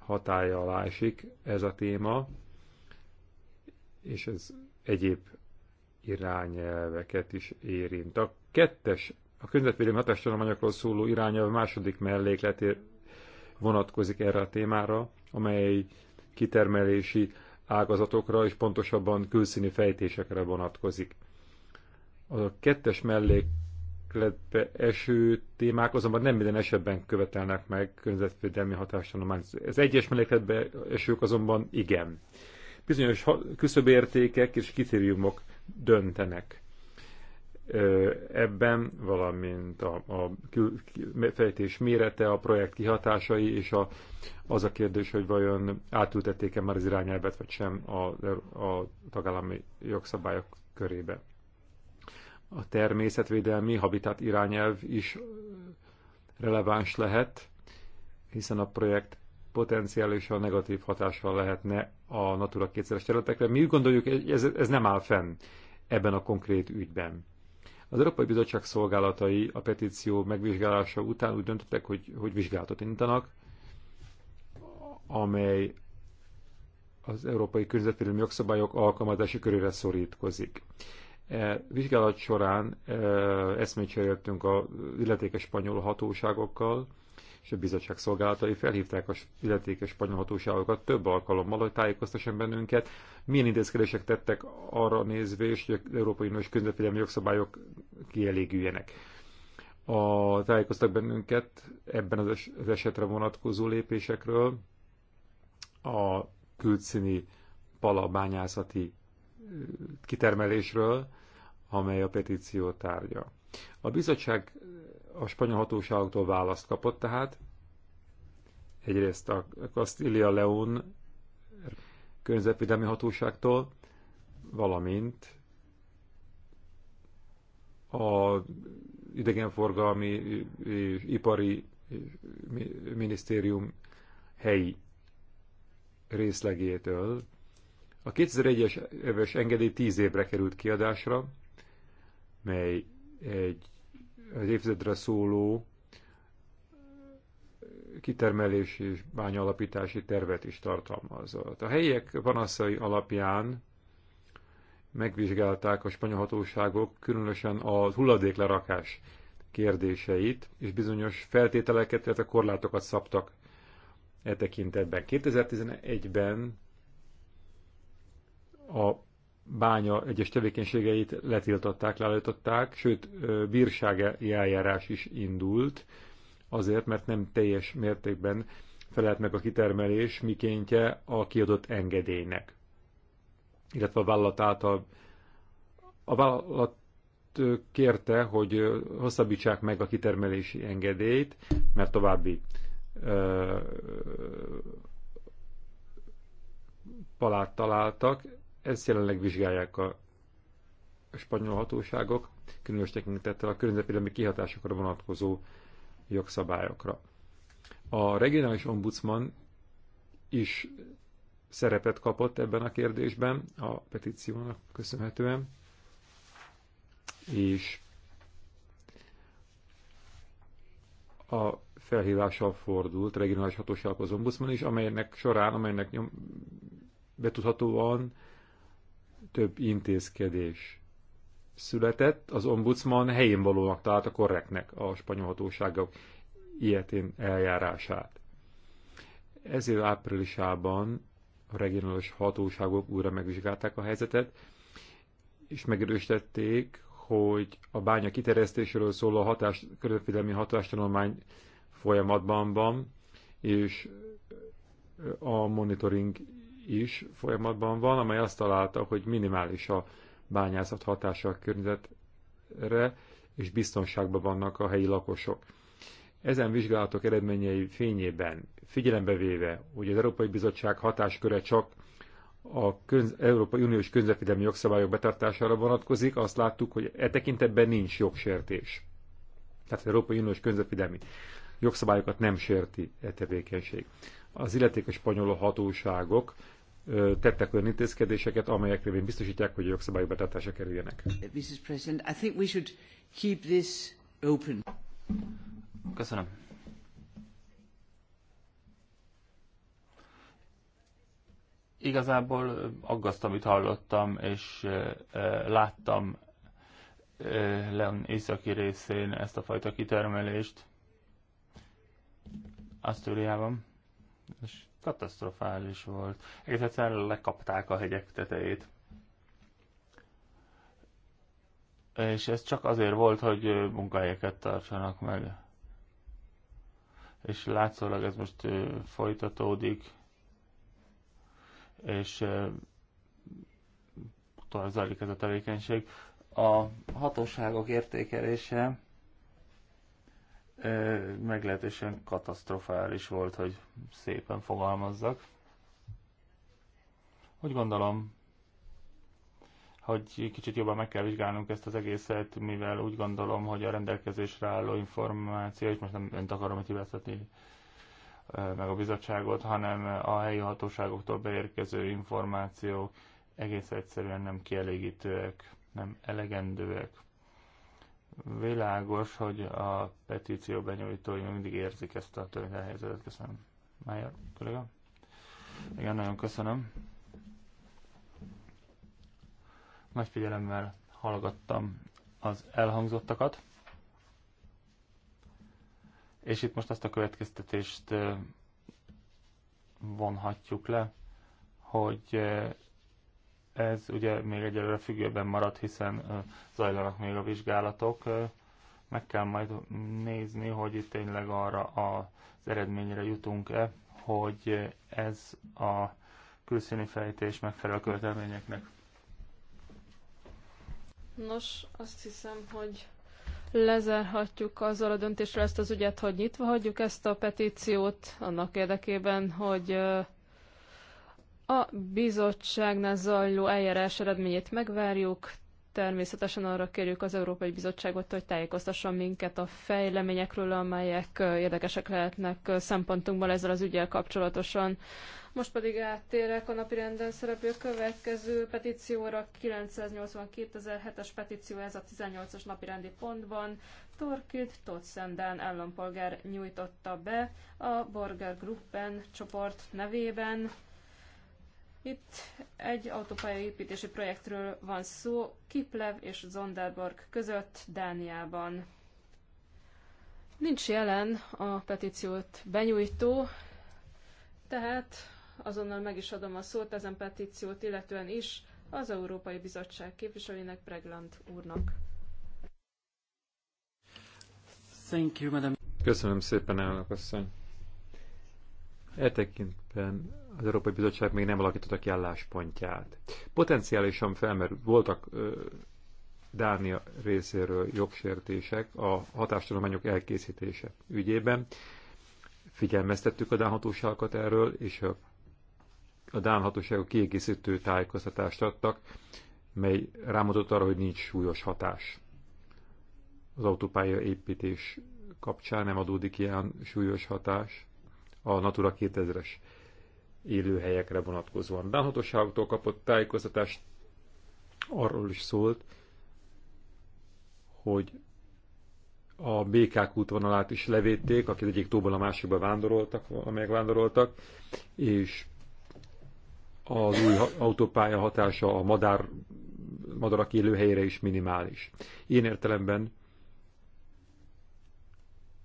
hatája alá esik ez a téma, és ez egyéb irányelveket is érint. A kettes, a környezetvédelmi hatástalananyagról szóló irányelv második mellékletére vonatkozik erre a témára, amely kitermelési ágazatokra és pontosabban külszíni fejtésekre vonatkozik. A kettes mellék mellékletbe eső témák azonban nem minden esetben követelnek meg környezetvédelmi hatástanulmányt. Az egyes mellékletbe esők azonban igen. Bizonyos küszöbértékek és kritériumok döntenek ebben, valamint a, a fejtés mérete, a projekt kihatásai, és a, az a kérdés, hogy vajon átültették-e már az irányelvet, vagy sem a, a tagállami jogszabályok körébe a természetvédelmi habitat irányelv is releváns lehet, hiszen a projekt potenciálisan negatív hatással lehetne a Natura 2000 területekre. Mi úgy gondoljuk, ez, ez nem áll fenn ebben a konkrét ügyben. Az Európai Bizottság szolgálatai a petíció megvizsgálása után úgy döntöttek, hogy, hogy vizsgálatot indítanak, amely az európai környezetvédelmi jogszabályok alkalmazási körére szorítkozik. E, vizsgálat során e, eszmét jöttünk a illetékes spanyol hatóságokkal, és a bizottság szolgálatai felhívták a illetékes spanyol hatóságokat több alkalommal, hogy tájékoztasson bennünket, milyen intézkedések tettek arra és hogy az Európai Uniós Környezetvédelmi jogszabályok kielégüljenek. A, tájékoztak bennünket ebben az esetre vonatkozó lépésekről a külcini palabányászati kitermelésről, amely a petíció tárgya. A bizottság a spanyol hatóságoktól választ kapott tehát, egyrészt a Castilla León környezetvédelmi hatóságtól, valamint a idegenforgalmi és ipari minisztérium helyi részlegétől, a 2001-es éves engedély 10 évre került kiadásra, mely egy az évtizedre szóló kitermelési és bányalapítási tervet is tartalmazott. A helyiek panaszai alapján megvizsgálták a spanyol hatóságok különösen a hulladéklerakás kérdéseit, és bizonyos feltételeket, illetve korlátokat szabtak e tekintetben. 2011-ben a bánya egyes tevékenységeit letiltották, leállították, sőt bírsági eljárás is indult, azért, mert nem teljes mértékben felelt meg a kitermelés mikéntje a kiadott engedélynek, illetve a vállalat által a vállalat kérte, hogy hosszabbítsák meg a kitermelési engedélyt, mert további ö, palát találtak, ezt jelenleg vizsgálják a spanyol hatóságok, különös tekintettel a környezetvédelmi kihatásokra vonatkozó jogszabályokra. A regionális ombudsman is szerepet kapott ebben a kérdésben a petíciónak köszönhetően, és a felhívással fordult regionális hatósághoz ombudsman is, amelynek során, amelynek nyom, betudhatóan több intézkedés született, az ombudsman helyén valónak találta korrektnek a spanyol hatóságok ilyetén eljárását. Ezért áprilisában a regionális hatóságok újra megvizsgálták a helyzetet, és megerősítették, hogy a bánya kiterjesztéséről szóló hatás, körülfidelmi hatástanulmány folyamatban van, és a monitoring is folyamatban van, amely azt találta, hogy minimális a bányászat hatása a környezetre, és biztonságban vannak a helyi lakosok. Ezen vizsgálatok eredményei fényében, figyelembe véve, hogy az Európai Bizottság hatásköre csak a köz, Európai Uniós közvetvédelmi jogszabályok betartására vonatkozik, azt láttuk, hogy e tekintetben nincs jogsértés. Tehát az Európai Uniós közvetvédelmi jogszabályokat nem sérti e tevékenység. Az illetékes spanyol hatóságok tettek olyan intézkedéseket, amelyek révén biztosítják, hogy a jogszabályok betartása kerüljenek. Mrs. President, I think we should keep this open. Köszönöm. Igazából aggaszt, amit hallottam, és láttam Leon északi részén ezt a fajta kitermelést Asztóriában. És katasztrofális volt. Egész egyszerűen lekapták a hegyek tetejét. És ez csak azért volt, hogy munkahelyeket tartsanak meg. És látszólag ez most folytatódik, és tovább zajlik ez a tevékenység. A hatóságok értékelése meglehetősen katasztrofális volt, hogy szépen fogalmazzak. Úgy gondolom, hogy kicsit jobban meg kell vizsgálnunk ezt az egészet, mivel úgy gondolom, hogy a rendelkezésre álló információ, és most nem önt akarom hibáztatni meg a bizottságot, hanem a helyi hatóságoktól beérkező információk egész egyszerűen nem kielégítőek, nem elegendőek. Világos, hogy a petíció benyújtói mindig érzik ezt a törvényhelyzetet. Köszönöm. Mája, kollega? Igen, nagyon köszönöm. Nagy figyelemmel hallgattam az elhangzottakat. És itt most azt a következtetést vonhatjuk le, hogy ez ugye még egyelőre függőben marad, hiszen zajlanak még a vizsgálatok. Meg kell majd nézni, hogy itt tényleg arra az eredményre jutunk-e, hogy ez a külszíni fejtés megfelel a követelményeknek. Nos, azt hiszem, hogy lezárhatjuk azzal a döntésre ezt az ügyet, hogy nyitva hagyjuk ezt a petíciót annak érdekében, hogy a bizottságnál zajló eljárás eredményét megvárjuk, természetesen arra kérjük az Európai Bizottságot, hogy tájékoztasson minket a fejleményekről, amelyek érdekesek lehetnek szempontunkból ezzel az ügyel kapcsolatosan. Most pedig áttérek a napirenden szereplő következő petícióra, 982.007-es petíció, ez a 18-as napirendi pontban. Torkild Totszenden állampolgár nyújtotta be a Borger Gruppen csoport nevében itt egy autópálya építési projektről van szó Kiplev és Zonderborg között Dániában. Nincs jelen a petíciót benyújtó, tehát azonnal meg is adom a szót ezen petíciót, illetően is az Európai Bizottság képviselőjének Pregland úrnak. Thank you, madam. Köszönöm szépen, elnök asszony. E tekintben az Európai Bizottság még nem alakította ki álláspontját. Potenciálisan felmerült, voltak ö, Dánia részéről jogsértések a hatástudományok elkészítése ügyében. Figyelmeztettük a Dán hatóságokat erről, és a, a Dán hatóságok kiegészítő tájékoztatást adtak, mely rámutott arra, hogy nincs súlyos hatás. Az autópálya építés kapcsán nem adódik ilyen súlyos hatás a Natura 2000-es élőhelyekre vonatkozóan. Dán hatóságoktól kapott tájékoztatást arról is szólt, hogy a békák útvonalát is levédték, akik egyik tóból a másikba vándoroltak, amelyek vándoroltak, és az új autópálya hatása a madár, madarak élőhelyére is minimális. Én értelemben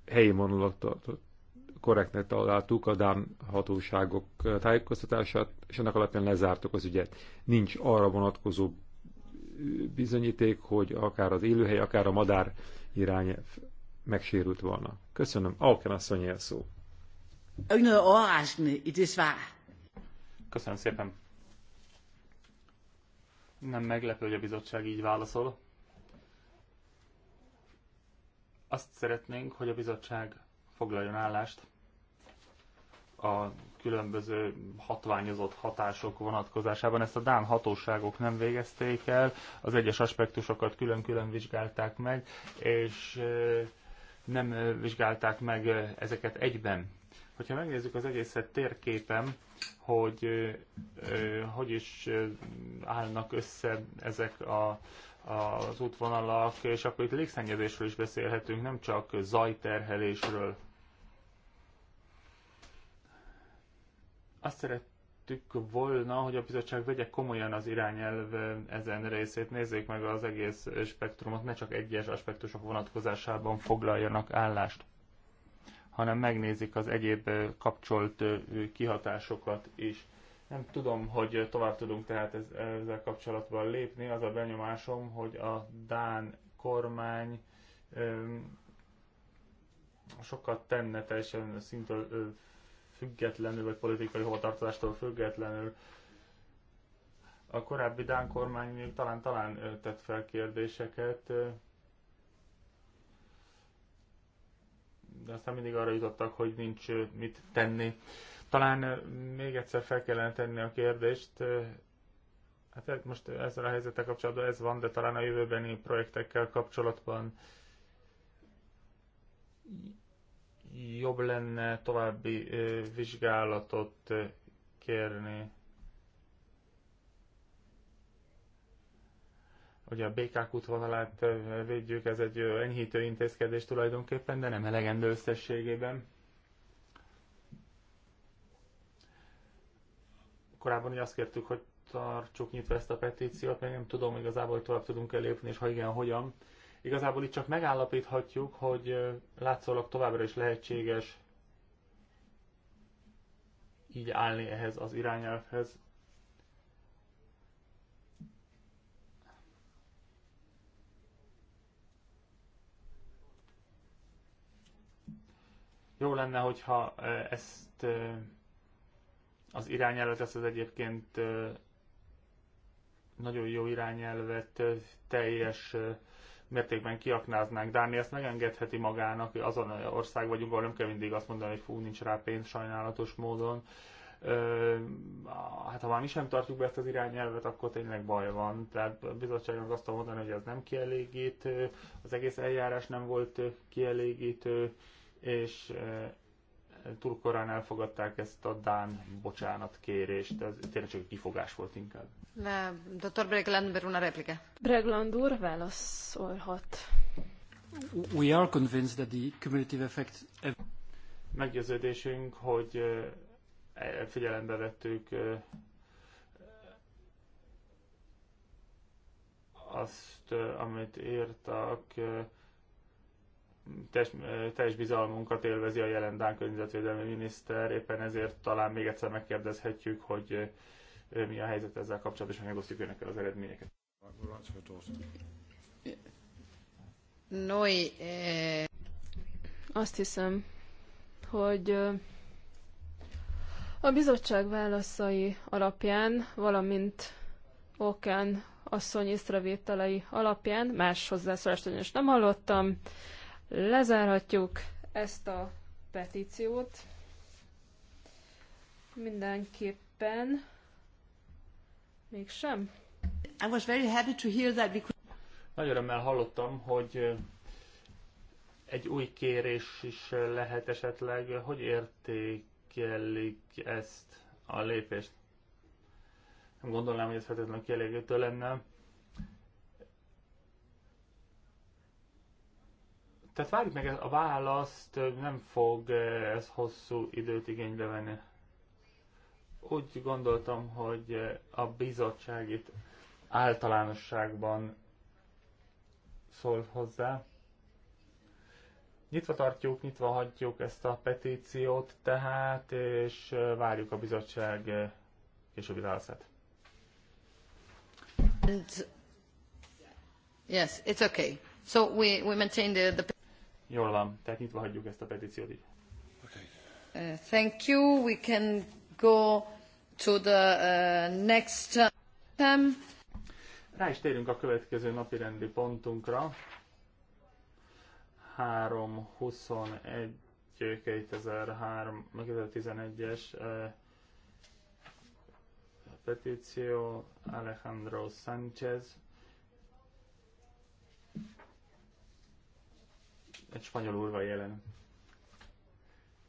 helyi monulatot korrektnek találtuk a Dán hatóságok tájékoztatását, és ennek alapján lezártuk az ügyet. Nincs arra vonatkozó bizonyíték, hogy akár az élőhely, akár a madár irány megsérült volna. Köszönöm. Alken asszony el szó. Er er Köszönöm szépen. Nem meglepő, hogy a bizottság így válaszol. Azt szeretnénk, hogy a bizottság foglaljon állást a különböző hatványozott hatások vonatkozásában. Ezt a Dán hatóságok nem végezték el, az egyes aspektusokat külön-külön vizsgálták meg, és nem vizsgálták meg ezeket egyben. Hogyha megnézzük az egészet térképen, hogy hogy is állnak össze ezek a, az útvonalak, és akkor itt légszennyezésről is beszélhetünk, nem csak zajterhelésről Azt szerettük volna, hogy a bizottság vegye komolyan az irányelv ezen részét, nézzék meg az egész spektrumot, ne csak egyes aspektusok vonatkozásában foglaljanak állást, hanem megnézik az egyéb kapcsolt kihatásokat is. Nem tudom, hogy tovább tudunk tehát ezzel kapcsolatban lépni. Az a benyomásom, hogy a Dán kormány sokat tenne teljesen szintől függetlenül, vagy politikai hovatartozástól függetlenül a korábbi Dán kormány még talán, talán tett fel kérdéseket, de aztán mindig arra jutottak, hogy nincs mit tenni. Talán még egyszer fel kellene tenni a kérdést, hát, hát most ezzel a helyzettel kapcsolatban ez van, de talán a jövőbeni projektekkel kapcsolatban jobb lenne további vizsgálatot kérni. Ugye a BKK útvonalát védjük, ez egy enyhítő intézkedés tulajdonképpen, de nem elegendő összességében. Korábban azt kértük, hogy tartsuk nyitva ezt a petíciót, még nem tudom igazából, tovább tudunk elépni, és ha igen, hogyan. Igazából itt csak megállapíthatjuk, hogy látszólag továbbra is lehetséges így állni ehhez az irányelvhez. Jó lenne, hogyha ezt az irányelvet, ezt az egyébként nagyon jó irányelvet teljes mértékben kiaknáznánk. Dánia ezt megengedheti magának, hogy azon ország vagyunk, ahol nem kell mindig azt mondani, hogy fú, nincs rá pénz sajnálatos módon. Ö, hát ha már mi sem tartjuk be ezt az irányelvet, akkor tényleg baj van. Tehát a bizottságnak azt mondani, hogy ez nem kielégítő, az egész eljárás nem volt kielégítő, és túl korán elfogadták ezt a Dán kérést, ez tényleg csak egy kifogás volt inkább. De, dr. Bregland, una replika. Bregland úr válaszolhat. We are convinced that the cumulative effect... Meggyőződésünk, hogy eh, e, figyelembe vettük eh, azt, eh, amit írtak, teljes, bizalmunkat élvezi a jelen Dán környezetvédelmi miniszter, éppen ezért talán még egyszer megkérdezhetjük, hogy mi a helyzet ezzel és megosztjuk önökkel az eredményeket. Noi, Azt hiszem, hogy a bizottság válaszai alapján, valamint Okán asszony észrevételei alapján, más hozzászólást nem hallottam, Lezárhatjuk ezt a petíciót. Mindenképpen mégsem. I was very happy to hear that because... Nagy örömmel hallottam, hogy egy új kérés is lehet esetleg. Hogy értékelik ezt a lépést? Nem gondolnám, hogy ez feltétlenül kielégítő lenne. Tehát várjuk meg a választ, nem fog ez hosszú időt igénybe venni. Úgy gondoltam, hogy a bizottság itt általánosságban szól hozzá. Nyitva tartjuk, nyitva hagyjuk ezt a petíciót tehát, és várjuk a bizottság későbbi válaszát. And, yes, it's okay. So we, we maintain the, the Jól van, tehát nyitva hagyjuk ezt a petíciót itt? Okay. Uh, thank you. We can go to the uh, next term. Rá is térünk a következő napi rendi pontunkra. 321 2003-2011-es uh, petíció Alejandro Sánchez Egy spanyol úr van jelen.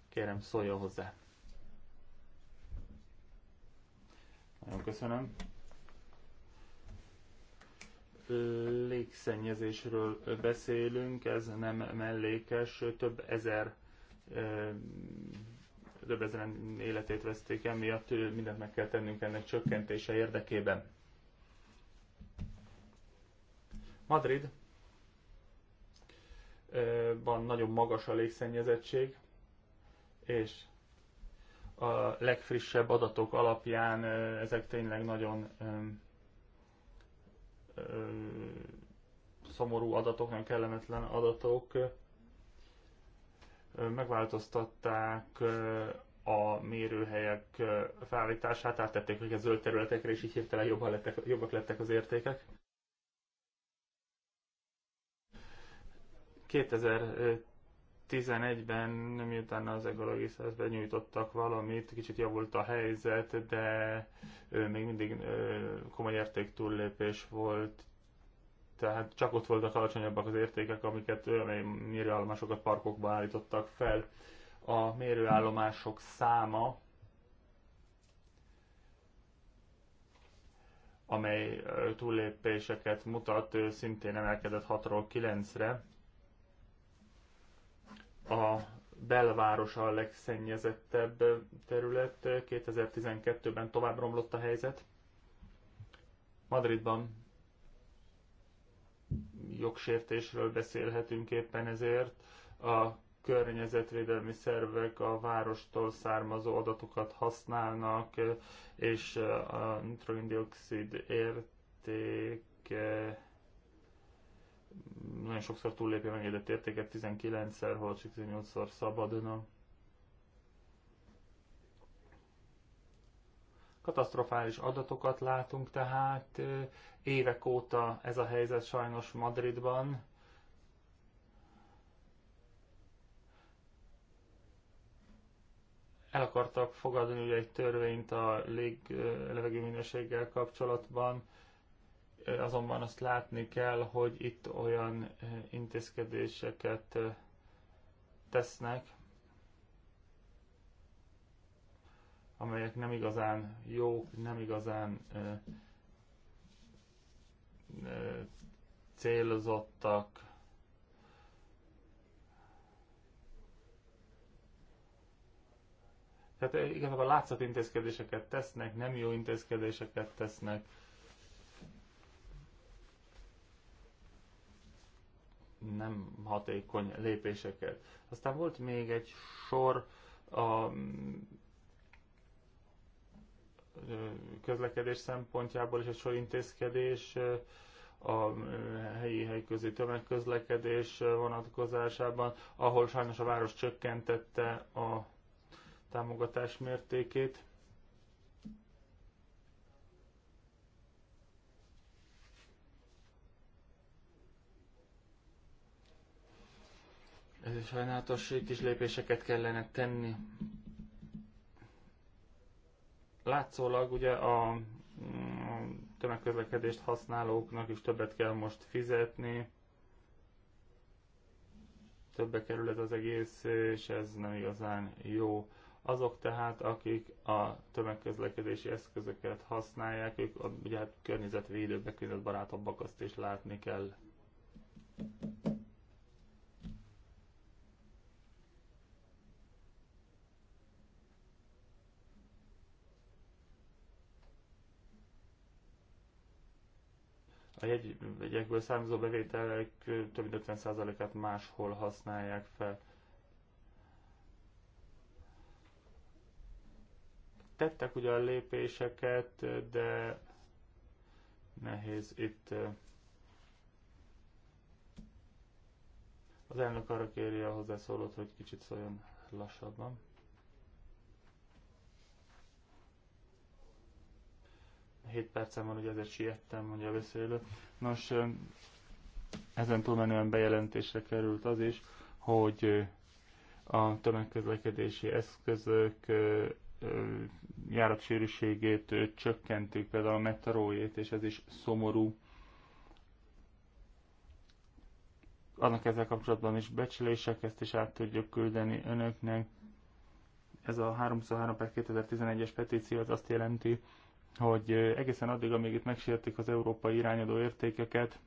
Kérem, szóljon hozzá. Nagyon köszönöm. Légszennyezésről beszélünk, ez nem mellékes. Több ezer több ezeren életét veszték emiatt, mindent meg kell tennünk ennek csökkentése érdekében. Madrid van nagyon magas a légszennyezettség, és a legfrissebb adatok alapján ezek tényleg nagyon szomorú adatok, nagyon kellemetlen adatok. Megváltoztatták a mérőhelyek felállítását, áttették őket zöld területekre, és így hirtelen jobbak jobbak lettek az értékek. 2011-ben, miután az Ecologistas nyújtottak valamit, kicsit javult a helyzet, de még mindig komoly érték túllépés volt, tehát csak ott voltak alacsonyabbak az értékek, amiket amely mérőállomásokat parkokban állítottak fel. A mérőállomások száma, amely túllépéseket mutat, szintén emelkedett 6-ról 9-re a belváros a legszennyezettebb terület. 2012-ben tovább romlott a helyzet. Madridban jogsértésről beszélhetünk éppen ezért. A környezetvédelmi szervek a várostól származó adatokat használnak, és a dioxid értéke nagyon sokszor túllépje a megengedett értéket, 19-szer, hol csak 18-szor szabadon. Katasztrofális adatokat látunk tehát, évek óta ez a helyzet sajnos Madridban. El akartak fogadni ugye egy törvényt a lég, levegőminőséggel kapcsolatban, azonban azt látni kell, hogy itt olyan eh, intézkedéseket eh, tesznek, amelyek nem igazán jók, nem igazán ö, eh, ö, célzottak. Tehát igazából látszat intézkedéseket tesznek, nem jó intézkedéseket tesznek. nem hatékony lépéseket. Aztán volt még egy sor a közlekedés szempontjából és egy sor intézkedés a helyi helyközi tömegközlekedés vonatkozásában, ahol sajnos a város csökkentette a támogatás mértékét. Ez sajnálatos, itt is lépéseket kellene tenni. Látszólag ugye a tömegközlekedést használóknak is többet kell most fizetni. Többe kerül ez az egész, és ez nem igazán jó. Azok tehát, akik a tömegközlekedési eszközöket használják, ők ugye hát környezetvédőbbek, környezetbarátabbak, azt is látni kell. jegyekből származó bevételek több mint 50%-át máshol használják fel. Tettek ugyan lépéseket, de nehéz itt az elnök arra kéri a hozzászólót, hogy kicsit szóljon lassabban. 7 percem van, hogy ezért siettem, mondja a beszélő. Nos, ezen túlmenően bejelentésre került az is, hogy a tömegközlekedési eszközök járatsűrűségét csökkentik, például a metarójét, és ez is szomorú. Annak ezzel kapcsolatban is becslések, ezt is át tudjuk küldeni önöknek. Ez a 323 2011-es petíció az azt jelenti, hogy egészen addig, amíg itt megsértik az európai irányadó értékeket,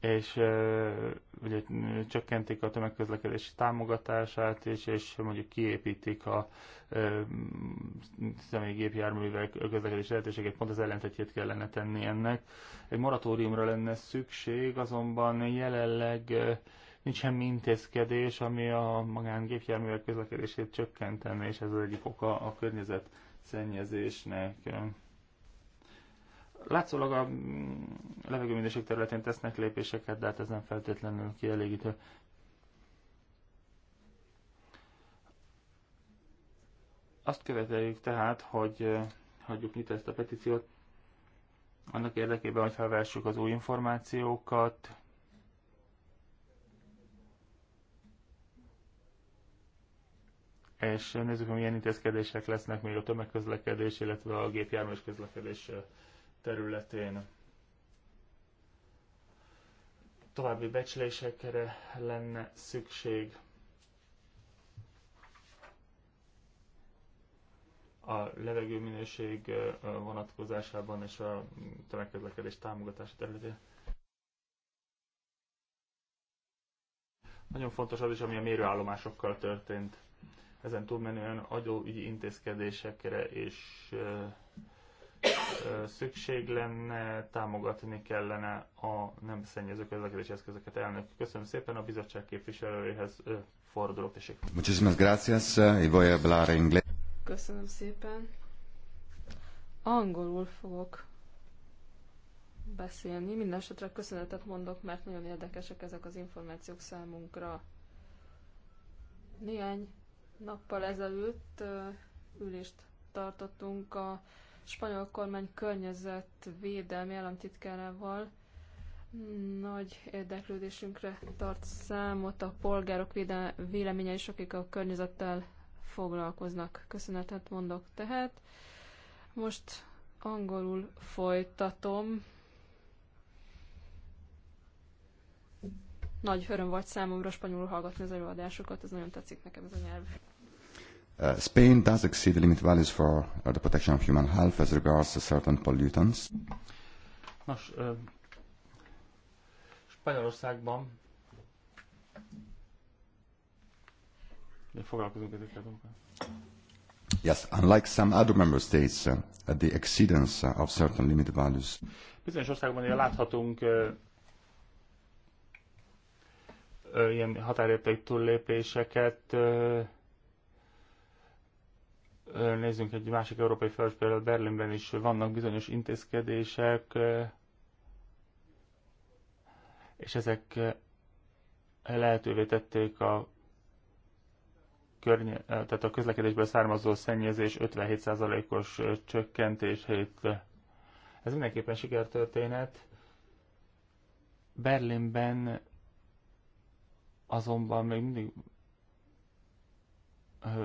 és ugye, csökkentik a tömegközlekedési támogatását, és, és mondjuk kiépítik a gépjárművek közlekedés lehetőségét, pont az ellentetjét kellene tenni ennek. Egy moratóriumra lenne szükség, azonban jelenleg nincs semmi intézkedés, ami a magángépjárművek közlekedését csökkentene, és ez az egyik oka a környezet szennyezésnek. Látszólag a levegőminőség területén tesznek lépéseket, de hát ez nem feltétlenül kielégítő. Azt követeljük tehát, hogy eh, hagyjuk nyitva ezt a petíciót, annak érdekében, hogy felvessük az új információkat, és nézzük, hogy milyen intézkedések lesznek még a tömegközlekedés, illetve a gépjármű közlekedés területén. További becslésekre lenne szükség. a levegőminőség vonatkozásában és a tömegközlekedés támogatása területén. Nagyon fontos az is, ami a mérőállomásokkal történt ezen túlmenően adóügyi intézkedésekre is szükség lenne, támogatni kellene a nem szennyező közlekedési eszközöket. Elnök, köszönöm szépen a bizottság képviselőjéhez fordulok, tessék. Eh, köszönöm szépen. Angolul fogok beszélni. Mindenesetre köszönetet mondok, mert nagyon érdekesek ezek az információk számunkra. Néhány nappal ezelőtt ülést tartottunk a spanyol kormány környezetvédelmi államtitkárával. Nagy érdeklődésünkre tart számot a polgárok véleménye is, akik a környezettel foglalkoznak. Köszönetet mondok tehát. Most angolul folytatom. Nagy öröm volt számomra spanyolul hallgatni az előadásokat, ez nagyon tetszik nekem ez a nyelv. Uh, Spain does exceed the limit values for uh, the protection of human health as regards certain pollutants. Nos, Spanyolországban foglalkozunk ezekkel Yes, unlike some other member states, uh, the exceedance uh, of certain limit values. Bizonyos országban ugye láthatunk uh, uh, ilyen határérték túllépéseket, uh, nézzünk egy másik európai felső, például Berlinben is vannak bizonyos intézkedések, és ezek lehetővé tették a, környe, tehát a közlekedésből származó szennyezés 57%-os csökkentését. Ez mindenképpen sikertörténet. Berlinben azonban még mindig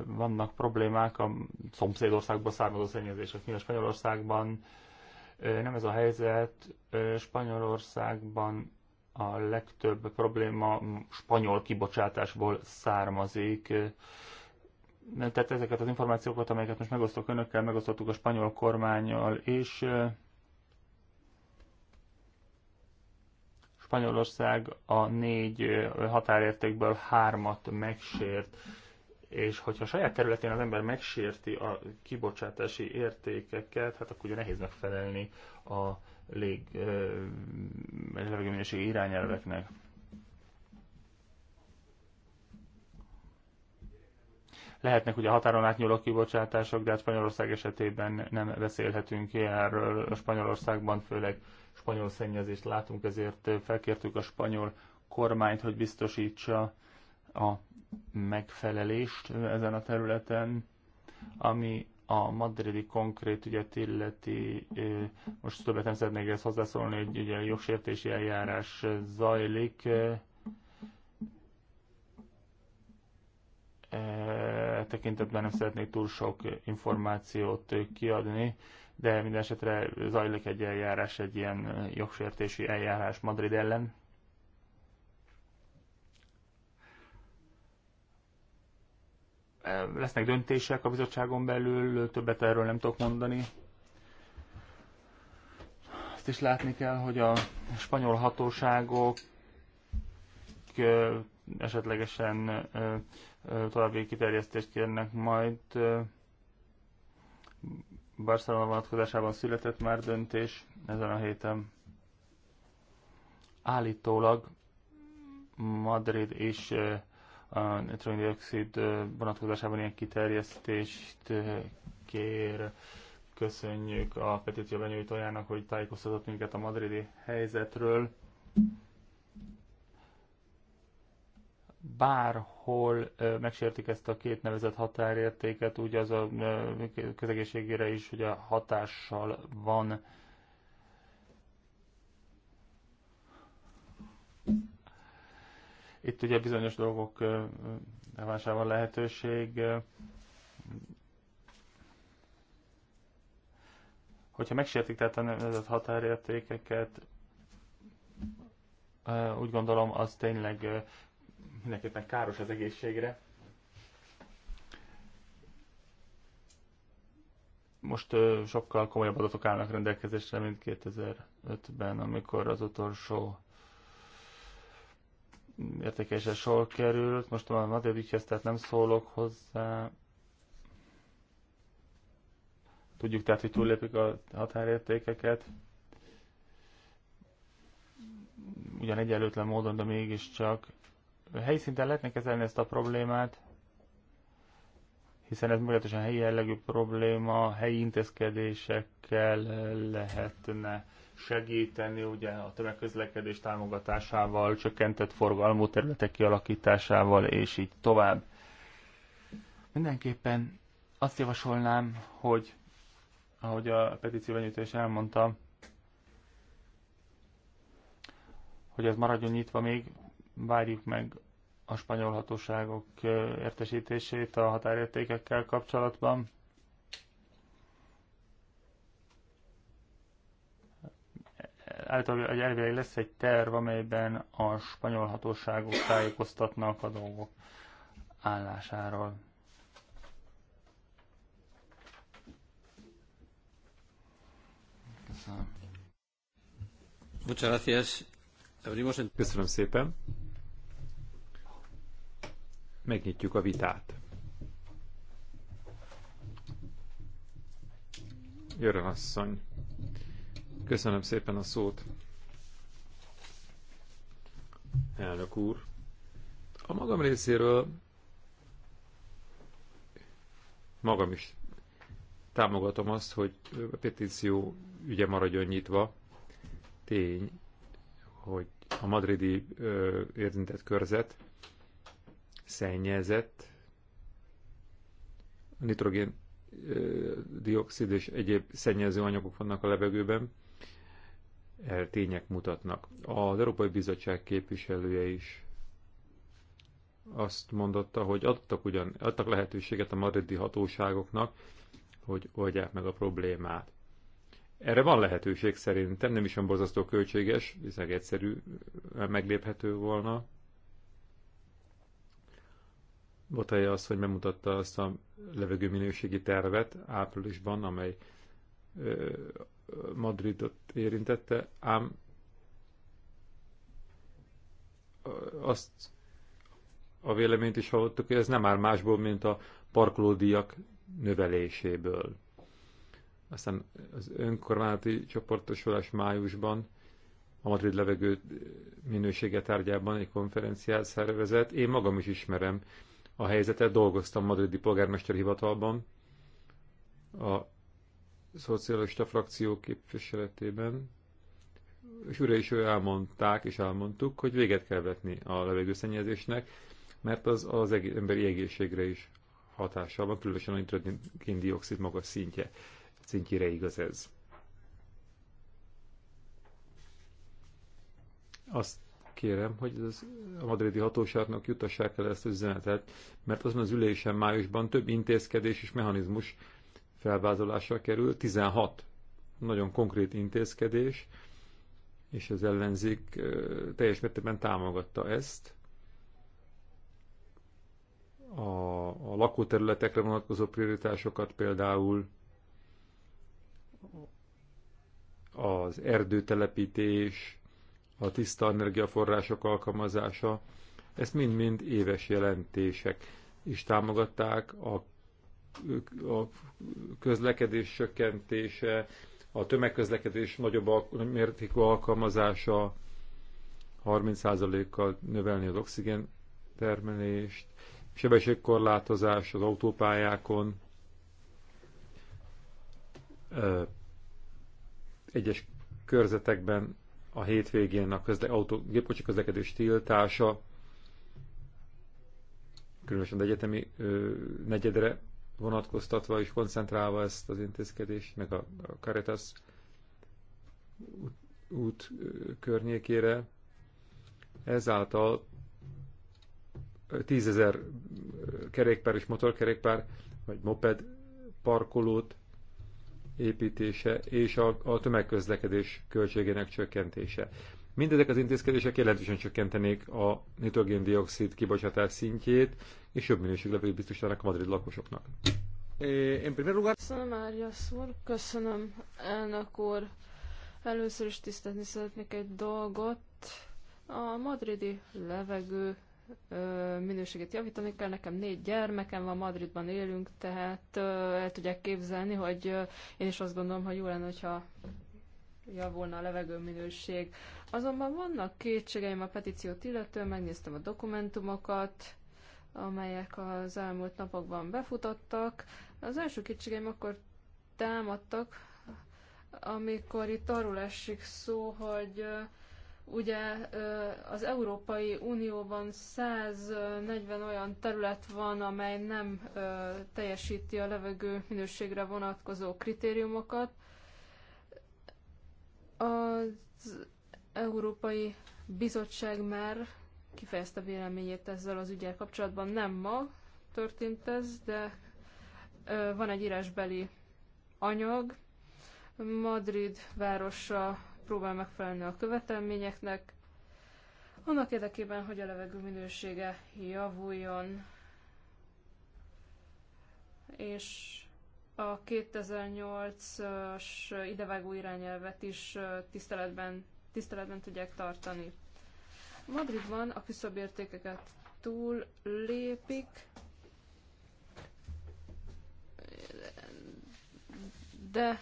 vannak problémák a szomszédországból származó szennyezések a Spanyolországban. Nem ez a helyzet. Spanyolországban a legtöbb probléma spanyol kibocsátásból származik. Tehát ezeket az információkat, amelyeket most megosztok önökkel, megosztottuk a spanyol kormányjal, és Spanyolország a négy határértékből hármat megsért és hogyha a saját területén az ember megsérti a kibocsátási értékeket, hát akkor ugye nehéz megfelelni a lég, levegőminőségi irányelveknek. Lehetnek ugye határon átnyúló kibocsátások, de hát Spanyolország esetében nem beszélhetünk erről. A Spanyolországban főleg spanyol szennyezést látunk, ezért felkértük a spanyol kormányt, hogy biztosítsa a megfelelést ezen a területen, ami a madridi konkrét ügyet illeti, most többet nem szeretnék ezt hozzászólni, hogy ugye jogsértési eljárás zajlik. E tekintetben nem szeretnék túl sok információt kiadni, de minden esetre zajlik egy eljárás, egy ilyen jogsértési eljárás Madrid ellen. lesznek döntések a bizottságon belül, többet erről nem tudok mondani. Azt is látni kell, hogy a spanyol hatóságok esetlegesen további kiterjesztést kérnek majd. Barcelona vonatkozásában született már döntés ezen a héten. Állítólag Madrid és a nitrogéndioxid vonatkozásában ilyen kiterjesztést kér. Köszönjük a petíció benyújtójának, hogy tájékoztatott minket a madridi helyzetről. Bárhol megsértik ezt a két nevezett határértéket, úgy az a közegészségére is ugye hatással van Itt ugye bizonyos dolgok elvásárolva lehetőség. Hogyha megsértik tehát a nevezett határértékeket, úgy gondolom az tényleg mindenképpen káros az egészségre. most sokkal komolyabb adatok állnak rendelkezésre, mint 2005-ben, amikor az utolsó értékelése sor került. Most már a ügyhez, tehát nem szólok hozzá. Tudjuk tehát, hogy túllépik a határértékeket. Ugyan egyenlőtlen módon, de mégiscsak helyszinten lehetne kezelni ezt a problémát, hiszen ez meglehetősen helyi jellegű probléma, helyi intézkedésekkel lehetne segíteni ugye a tömegközlekedés támogatásával, csökkentett forgalmú területek kialakításával, és így tovább. Mindenképpen azt javasolnám, hogy ahogy a petíció is elmondta, hogy ez maradjon nyitva még, várjuk meg a spanyol hatóságok értesítését a határértékekkel kapcsolatban. általában elvileg lesz egy terv, amelyben a spanyol hatóságok tájékoztatnak a dolgok állásáról. Köszönöm. szépen. Megnyitjuk a vitát. Jöjjön asszony. Köszönöm szépen a szót. Elnök úr. A magam részéről magam is támogatom azt, hogy a petíció ügye maradjon nyitva. Tény, hogy a madridi ö, érintett körzet szennyezett nitrogén, ö, dioxid és egyéb szennyező anyagok vannak a levegőben, tények mutatnak. Az Európai Bizottság képviselője is azt mondotta, hogy adtak, ugyan, adtak lehetőséget a madridi hatóságoknak, hogy oldják meg a problémát. Erre van lehetőség szerintem, nem is olyan borzasztó költséges, viszonylag egyszerű, megléphető volna. Botai az, hogy megmutatta azt a levegőminőségi tervet áprilisban, amely Madridot érintette, ám azt a véleményt is hallottuk, hogy ez nem áll másból, mint a parkolódíjak növeléséből. Aztán az önkormányzati csoportosulás májusban a Madrid levegő minősége tárgyában egy konferenciát szervezett. Én magam is ismerem a helyzetet, dolgoztam madridi polgármester hivatalban a szocialista frakció képviseletében, és újra is elmondták, és elmondtuk, hogy véget kell vetni a levegőszennyezésnek, mert az az egész, emberi egészségre is hatással van, különösen a nitrogén-dioxid magas szintje, szintjére igaz ez. Azt kérem, hogy az, a madridi hatóságnak jutassák el ezt az üzenetet, mert azon az ülésen májusban több intézkedés és mechanizmus felvázolásra kerül, 16 nagyon konkrét intézkedés, és az ellenzék teljes mértékben támogatta ezt. A, a lakóterületekre vonatkozó prioritásokat például az erdőtelepítés, a tiszta energiaforrások alkalmazása, ezt mind-mind éves jelentések is támogatták, a a közlekedés csökkentése, a tömegközlekedés nagyobb mértékű alkalmazása, 30%-kal növelni az oxigén termelést, sebességkorlátozás az autópályákon, egyes körzetekben a hétvégén a közle- autó, gépkocsi közlekedés tiltása, különösen az egyetemi ö, negyedre vonatkoztatva és koncentrálva ezt az intézkedést, meg a Caritas út, környékére. Ezáltal tízezer kerékpár és motorkerékpár, vagy moped parkolót építése és a, a tömegközlekedés költségének csökkentése. Mindezek az intézkedések jelentősen csökkentenék a nitrogén-dioxid kibocsátás szintjét, és jobb minőségű levegőt biztosítanak a madrid lakosoknak. Én eh, primer lugar... Köszönöm, Árjasz úr. Köszönöm, elnök úr. Először is tisztázni szeretnék egy dolgot. A madridi levegő minőségét javítani kell. Nekem négy gyermekem van, Madridban élünk, tehát el tudják képzelni, hogy én is azt gondolom, hogy jó lenne, hogyha javulna a levegő minőség. Azonban vannak kétségeim a petíciót illetően, megnéztem a dokumentumokat, amelyek az elmúlt napokban befutottak. Az első kétségeim akkor támadtak, amikor itt arról esik szó, hogy ugye az Európai Unióban 140 olyan terület van, amely nem teljesíti a levegő minőségre vonatkozó kritériumokat, az Európai Bizottság már kifejezte véleményét ezzel az ügyel kapcsolatban. Nem ma történt ez, de van egy írásbeli anyag. Madrid városa próbál megfelelni a követelményeknek, annak érdekében, hogy a levegő minősége javuljon, és a 2008-as idevágó irányelvet is tiszteletben, tiszteletben tudják tartani. Madridban a küszöbértékeket túl lépik, de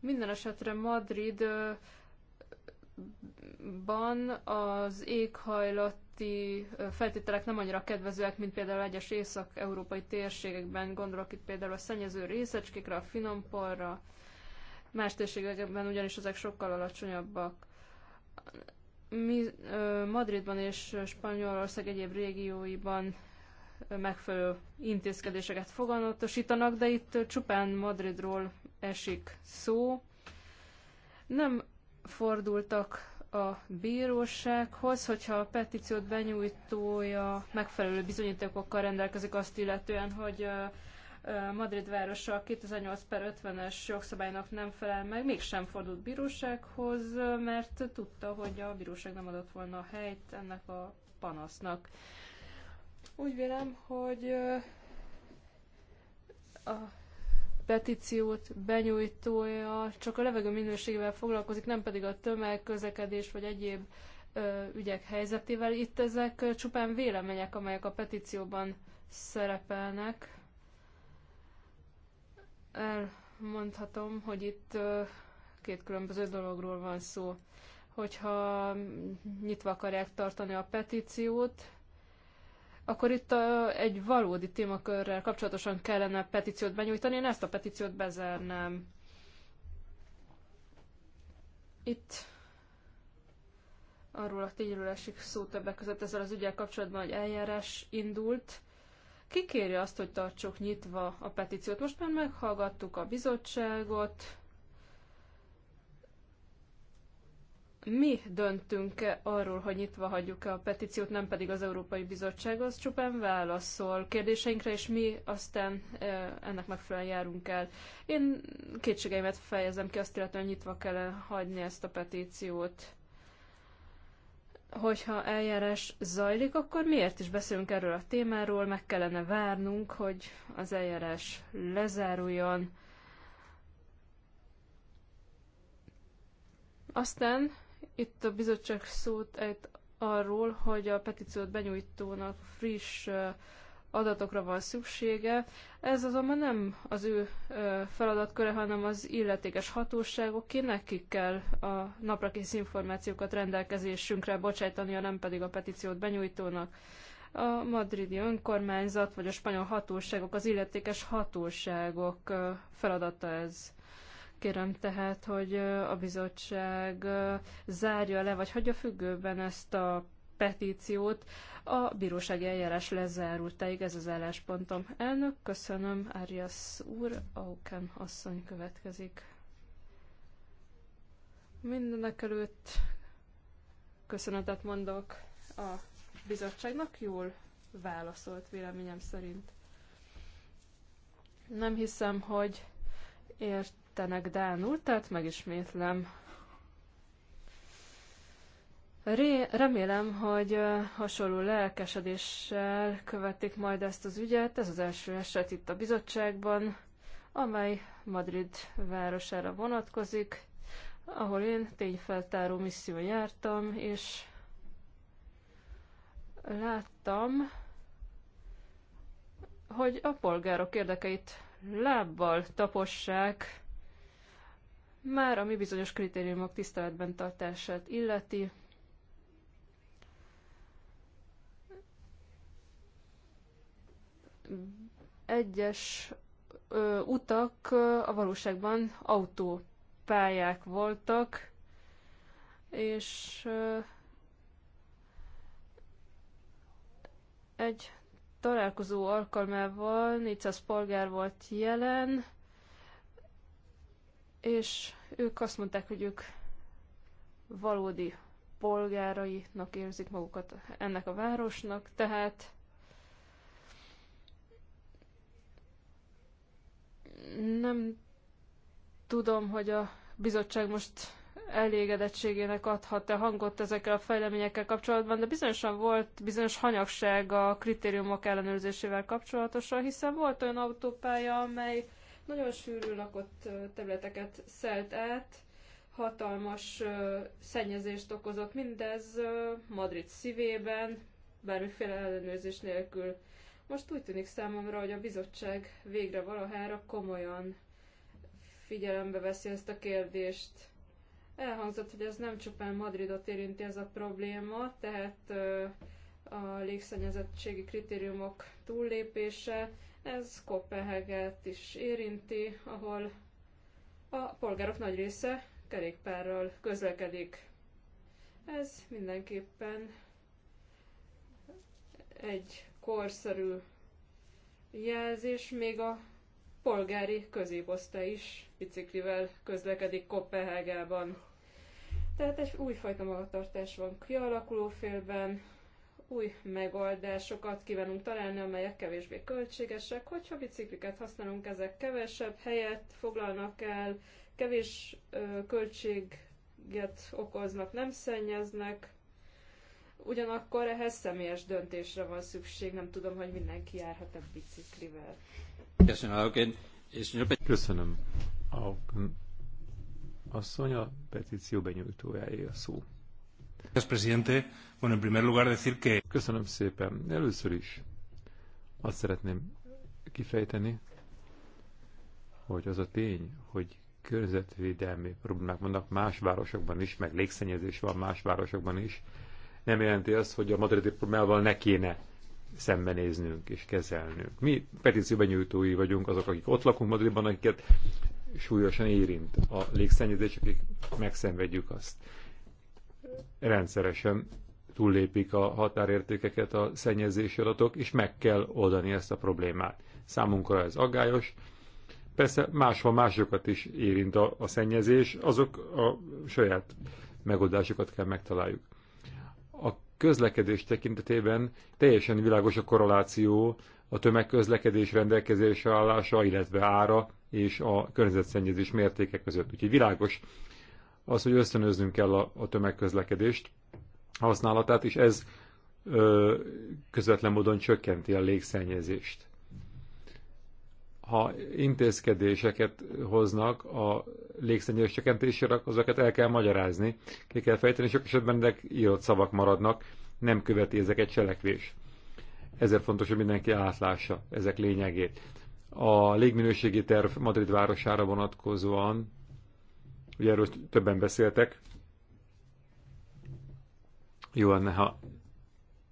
minden esetre Madrid Japánban az éghajlati feltételek nem annyira kedvezőek, mint például egyes észak-európai térségekben, gondolok itt például a szennyező részecskékre, a finomporra, más térségekben ugyanis ezek sokkal alacsonyabbak. Mi Madridban és Spanyolország egyéb régióiban megfelelő intézkedéseket fogalmatosítanak, de itt csupán Madridról esik szó. Nem fordultak a bírósághoz, hogyha a petíciót benyújtója megfelelő bizonyítékokkal rendelkezik azt illetően, hogy Madrid városa a 2008 per 50-es jogszabálynak nem felel meg, mégsem fordult bírósághoz, mert tudta, hogy a bíróság nem adott volna a helyt ennek a panasznak. Úgy vélem, hogy a petíciót benyújtója csak a levegő minőségével foglalkozik, nem pedig a tömegközlekedés vagy egyéb ö, ügyek helyzetével. Itt ezek csupán vélemények, amelyek a petícióban szerepelnek. Elmondhatom, hogy itt ö, két különböző dologról van szó. Hogyha nyitva akarják tartani a petíciót, akkor itt a, egy valódi témakörrel kapcsolatosan kellene petíciót benyújtani. Én ezt a petíciót bezárnám. Itt arról a tényről esik szó többek között ezzel az ügyel kapcsolatban, hogy eljárás indult. Ki kéri azt, hogy tartsuk nyitva a petíciót? Most már meghallgattuk a bizottságot, mi döntünk -e arról, hogy nyitva hagyjuk -e a petíciót, nem pedig az Európai Bizottság, az csupán válaszol kérdéseinkre, és mi aztán e, ennek megfelelően járunk el. Én kétségeimet fejezem ki, azt illetően nyitva kell hagyni ezt a petíciót. Hogyha eljárás zajlik, akkor miért is beszélünk erről a témáról, meg kellene várnunk, hogy az eljárás lezáruljon. Aztán itt a bizottság szót ejt arról, hogy a petíciót benyújtónak friss adatokra van szüksége. Ez azonban nem az ő feladatköre, hanem az illetékes ki nekik kell a naprakész információkat rendelkezésünkre a nem pedig a petíciót benyújtónak. A madridi önkormányzat vagy a spanyol hatóságok, az illetékes hatóságok feladata ez. Kérem tehát, hogy a bizottság zárja le, vagy hagyja függőben ezt a petíciót. A bírósági eljárás lezárultáig ez az álláspontom. Elnök, köszönöm, Arias úr, Auken asszony következik. Mindenek előtt köszönetet mondok a bizottságnak, jól válaszolt véleményem szerint. Nem hiszem, hogy ért Istenek Dán tehát megismétlem. Ré, remélem, hogy hasonló lelkesedéssel követik majd ezt az ügyet. Ez az első eset itt a bizottságban, amely Madrid városára vonatkozik, ahol én tényfeltáró misszió jártam, és láttam, hogy a polgárok érdekeit lábbal tapossák, már ami bizonyos kritériumok tiszteletben tartását illeti. Egyes ö, utak ö, a valóságban autópályák voltak, és ö, egy találkozó alkalmával 400 polgár volt jelen, és ők azt mondták, hogy ők valódi polgárainak érzik magukat ennek a városnak, tehát nem tudom, hogy a bizottság most elégedettségének adhat-e hangot ezekkel a fejleményekkel kapcsolatban, de bizonyosan volt bizonyos hanyagság a kritériumok ellenőrzésével kapcsolatosan, hiszen volt olyan autópálya, amely nagyon sűrű lakott területeket szelt át, hatalmas szennyezést okozott mindez Madrid szívében, bármiféle ellenőrzés nélkül. Most úgy tűnik számomra, hogy a bizottság végre valahára komolyan figyelembe veszi ezt a kérdést. Elhangzott, hogy ez nem csupán Madridot érinti ez a probléma, tehát a légszennyezettségi kritériumok túllépése ez Kopenhágát is érinti, ahol a polgárok nagy része kerékpárral közlekedik. Ez mindenképpen egy korszerű jelzés, még a polgári középosztály is biciklivel közlekedik Kopenhágában. Tehát egy újfajta magatartás van kialakuló félben, új megoldásokat kívánunk találni, amelyek kevésbé költségesek. Hogyha bicikliket használunk, ezek kevesebb helyet foglalnak el, kevés költséget okoznak, nem szennyeznek, ugyanakkor ehhez személyes döntésre van szükség, nem tudom, hogy mindenki járhat a biciklivel. Köszönöm. A asszony a petíció benyújtójáé a szó. Köszönöm szépen. Először is azt szeretném kifejteni, hogy az a tény, hogy környezetvédelmi problémák vannak más városokban is, meg légszennyezés van más városokban is, nem jelenti azt, hogy a madridi problémával ne kéne szembenéznünk és kezelnünk. Mi petícióban nyújtói vagyunk azok, akik ott lakunk Madridban, akiket súlyosan érint a légszennyezés, akik megszenvedjük azt rendszeresen túllépik a határértékeket a szennyezési adatok, és meg kell oldani ezt a problémát. Számunkra ez aggályos. Persze máshol másokat is érint a, a szennyezés, azok a saját megoldásokat kell megtaláljuk. A közlekedés tekintetében teljesen világos a korreláció a tömegközlekedés rendelkezésre állása, illetve ára és a környezetszennyezés mértéke között. Úgyhogy világos az, hogy ösztönöznünk kell a, a tömegközlekedést, használatát, és ez ö, közvetlen módon csökkenti a légszennyezést. Ha intézkedéseket hoznak a légszennyezés csökkentésére, azokat el kell magyarázni, ki kell fejteni, sok esetben ennek írott szavak maradnak, nem követi ezeket cselekvés. Ezért fontos, hogy mindenki átlássa ezek lényegét. A légminőségi terv Madrid városára vonatkozóan Ugye erről többen beszéltek. Jó lenne, ha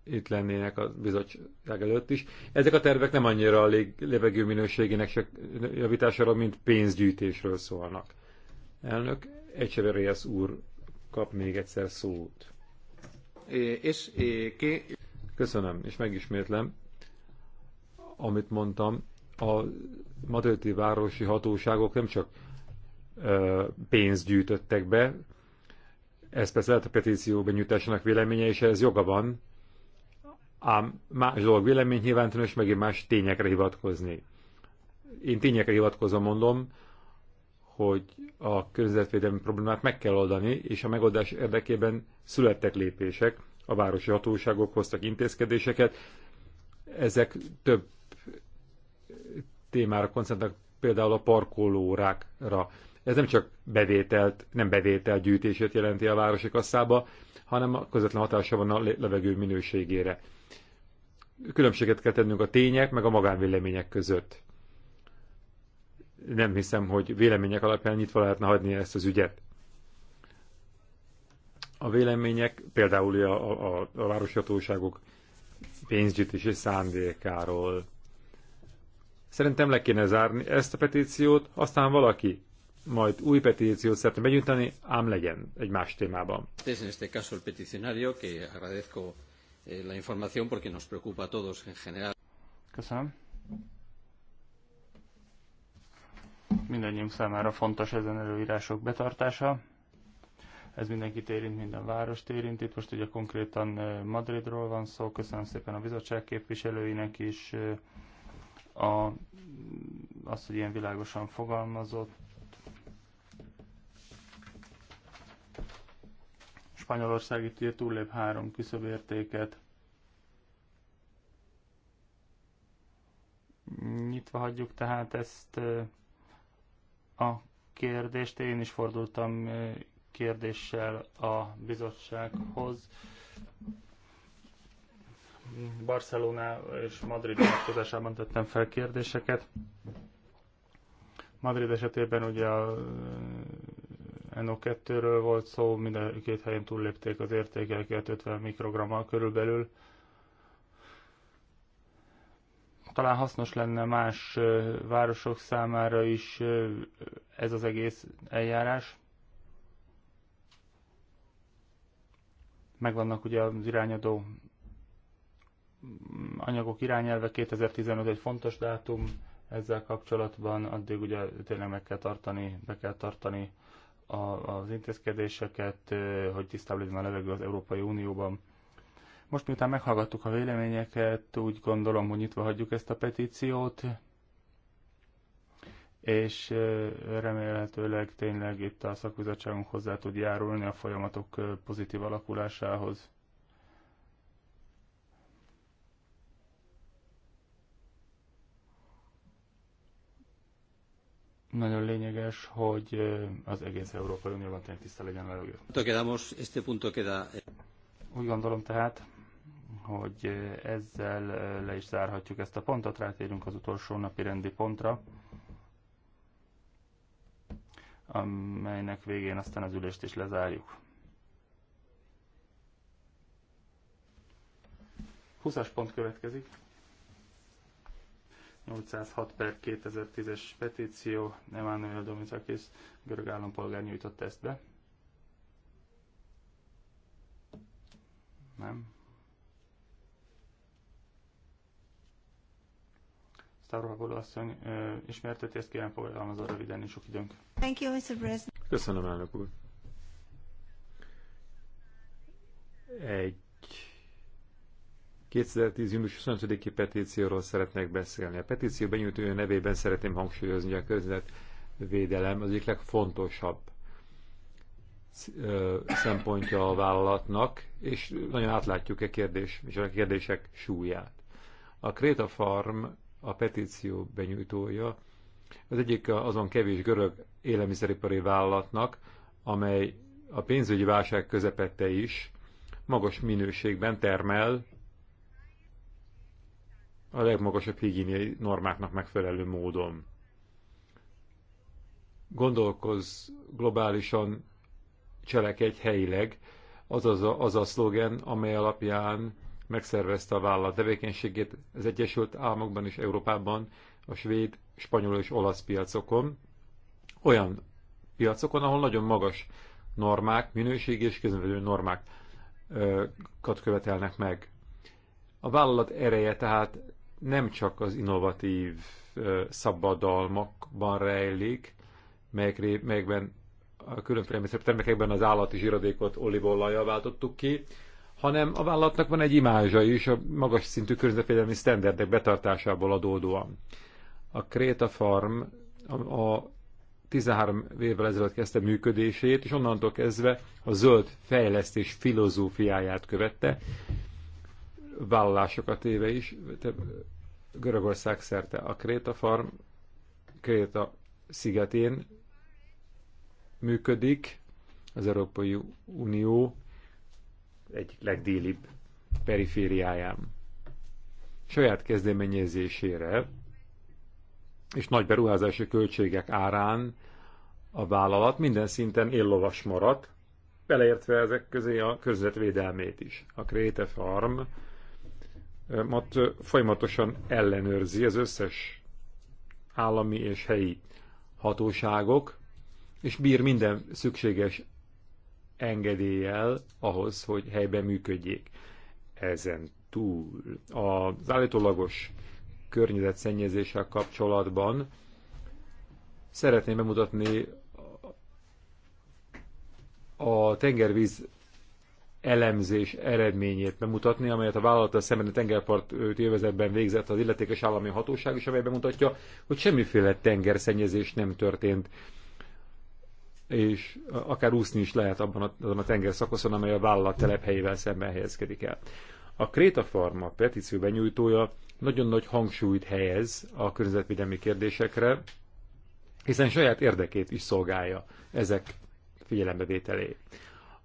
itt lennének a bizottság előtt is. Ezek a tervek nem annyira a lég, levegő minőségének se javítására, mint pénzgyűjtésről szólnak. Elnök Echeverrias úr kap még egyszer szót. És ki... Köszönöm, és megismétlem, amit mondtam, a madridi városi hatóságok nem csak pénzt gyűjtöttek be. Ez persze lehet a petíció benyújtásának véleménye, és ez joga van, ám más dolog vélemény nyilvántalan, és megint más tényekre hivatkozni. Én tényekre hivatkozom, mondom, hogy a környezetvédelmi problémát meg kell oldani, és a megoldás érdekében születtek lépések, a városi hatóságok hoztak intézkedéseket, ezek több témára koncentrálnak, például a parkolórákra, ez nem csak bevételt, nem bevételt gyűjtését jelenti a városi kasszába, hanem a közvetlen hatása van a levegő minőségére. Különbséget kell tennünk a tények meg a magánvélemények között. Nem hiszem, hogy vélemények alapján nyitva lehetne hagyni ezt az ügyet a vélemények, például a, a, a hatóságok pénzgyűjtési szándékáról. Szerintem le kéne zárni ezt a petíciót, aztán valaki majd új petíciót szeretne begyűjteni, ám legyen egy más témában. Es en este caso el peticionario, que agradezco eh, la información porque nos preocupa a todos en general. Köszönöm. Mindennyiunk számára fontos ezen előírások betartása. Ez mindenkit érint, minden várost érint. Itt most ugye konkrétan eh, Madridról van szó. Köszönöm szépen a bizottság képviselőinek is eh, a, azt, hogy ilyen világosan fogalmazott Spanyolország itt írt túllép három értéket. Nyitva hagyjuk tehát ezt a kérdést. Én is fordultam kérdéssel a bizottsághoz. Barcelona és Madrid vonatkozásában tettem fel kérdéseket. Madrid esetében ugye a NO2-ről volt szó, mind a két helyen túllépték az értékeket 50 mikrogrammal körülbelül. Talán hasznos lenne más városok számára is ez az egész eljárás. Megvannak ugye az irányadó anyagok irányelve, 2015 egy fontos dátum, ezzel kapcsolatban addig ugye tényleg meg kell tartani, be kell tartani a, az intézkedéseket, hogy tisztább legyen a levegő az Európai Unióban. Most miután meghallgattuk a véleményeket, úgy gondolom, hogy nyitva hagyjuk ezt a petíciót, és remélhetőleg tényleg itt a szakbizottságunk hozzá tud járulni a folyamatok pozitív alakulásához. nagyon lényeges, hogy az egész Európai Unióban tényleg tiszta legyen a levegő. Úgy gondolom tehát, hogy ezzel le is zárhatjuk ezt a pontot, rátérünk az utolsó napi rendi pontra, amelynek végén aztán az ülést is lezárjuk. 20-as pont következik. 806 per 2010-es petíció, Emmanuel Domitakis, görög állampolgár nyújtott ezt be. Nem. Stavropoulos asszony ismerteti, ezt kérem fogalmazza röviden, és sok időnk. Thank you, Mr. President. Köszönöm, elnök úr. Egy 2010. június 25-i petícióról szeretnék beszélni. A petíció benyújtója nevében szeretném hangsúlyozni, hogy a környezetvédelem az egyik legfontosabb szempontja a vállalatnak, és nagyon átlátjuk e kérdés, és a kérdések súlyát. A Kréta Farm a petíció benyújtója az egyik azon kevés görög élelmiszeripari vállalatnak, amely a pénzügyi válság közepette is magas minőségben termel a legmagasabb higiéniai normáknak megfelelő módon. gondolkoz globálisan, cselekedj helyileg, az az a, az a szlogen, amely alapján megszervezte a vállalat tevékenységét az Egyesült Államokban és Európában, a svéd, spanyol és olasz piacokon, olyan piacokon, ahol nagyon magas normák, minőségi és közművelő normákat követelnek meg. A vállalat ereje tehát nem csak az innovatív szabadalmakban rejlik, melyek, melyekben a különféle termékekben az állati zsíradékot olívaolajjal váltottuk ki, hanem a vállalatnak van egy imázsa is a magas szintű környezetvédelmi sztenderdek betartásából adódóan. A Kréta Farm a, a 13 évvel ezelőtt kezdte működését, és onnantól kezdve a zöld fejlesztés filozófiáját követte, vállalásokat éve is, Görögország szerte a Kréta Farm Kréta szigetén működik, az Európai Unió egyik legdélibb perifériáján. Saját kezdeményezésére és nagy beruházási költségek árán a vállalat minden szinten éllovas maradt, beleértve ezek közé a körzetvédelmét is. A Kréte Farm mat folyamatosan ellenőrzi az összes állami és helyi hatóságok, és bír minden szükséges engedéllyel ahhoz, hogy helyben működjék. Ezen túl az állítólagos környezetszennyezéssel kapcsolatban szeretném bemutatni a tengervíz elemzés eredményét bemutatni, amelyet a vállalat a szemben a tengerpart élvezetben végzett az illetékes állami hatóság, is amely bemutatja, hogy semmiféle tengerszennyezés nem történt és akár úszni is lehet abban a, azon a tenger szakaszon, amely a vállalat telephelyével szemben helyezkedik el. A Kréta Pharma petíció benyújtója nagyon nagy hangsúlyt helyez a környezetvédelmi kérdésekre, hiszen saját érdekét is szolgálja ezek figyelembevételé.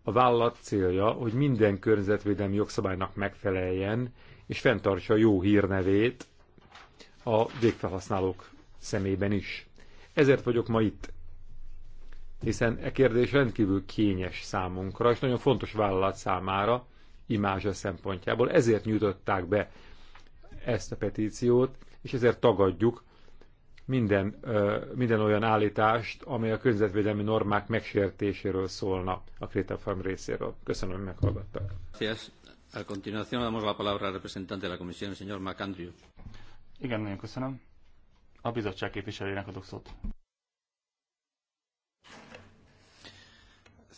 A vállalat célja, hogy minden környezetvédelmi jogszabálynak megfeleljen, és fenntartsa jó hírnevét a végfelhasználók szemében is. Ezért vagyok ma itt, hiszen e kérdés rendkívül kényes számunkra, és nagyon fontos vállalat számára, imázsa szempontjából. Ezért nyújtották be ezt a petíciót, és ezért tagadjuk minden, minden olyan állítást, amely a környezetvédelmi normák megsértéséről szólna a Kreta Farm részéről. Köszönöm, hogy meghallgattak. A continuación damos la palabra al representante de la comisión, señor Igen, nagyon köszönöm. A bizottság képviselőjének adok szót.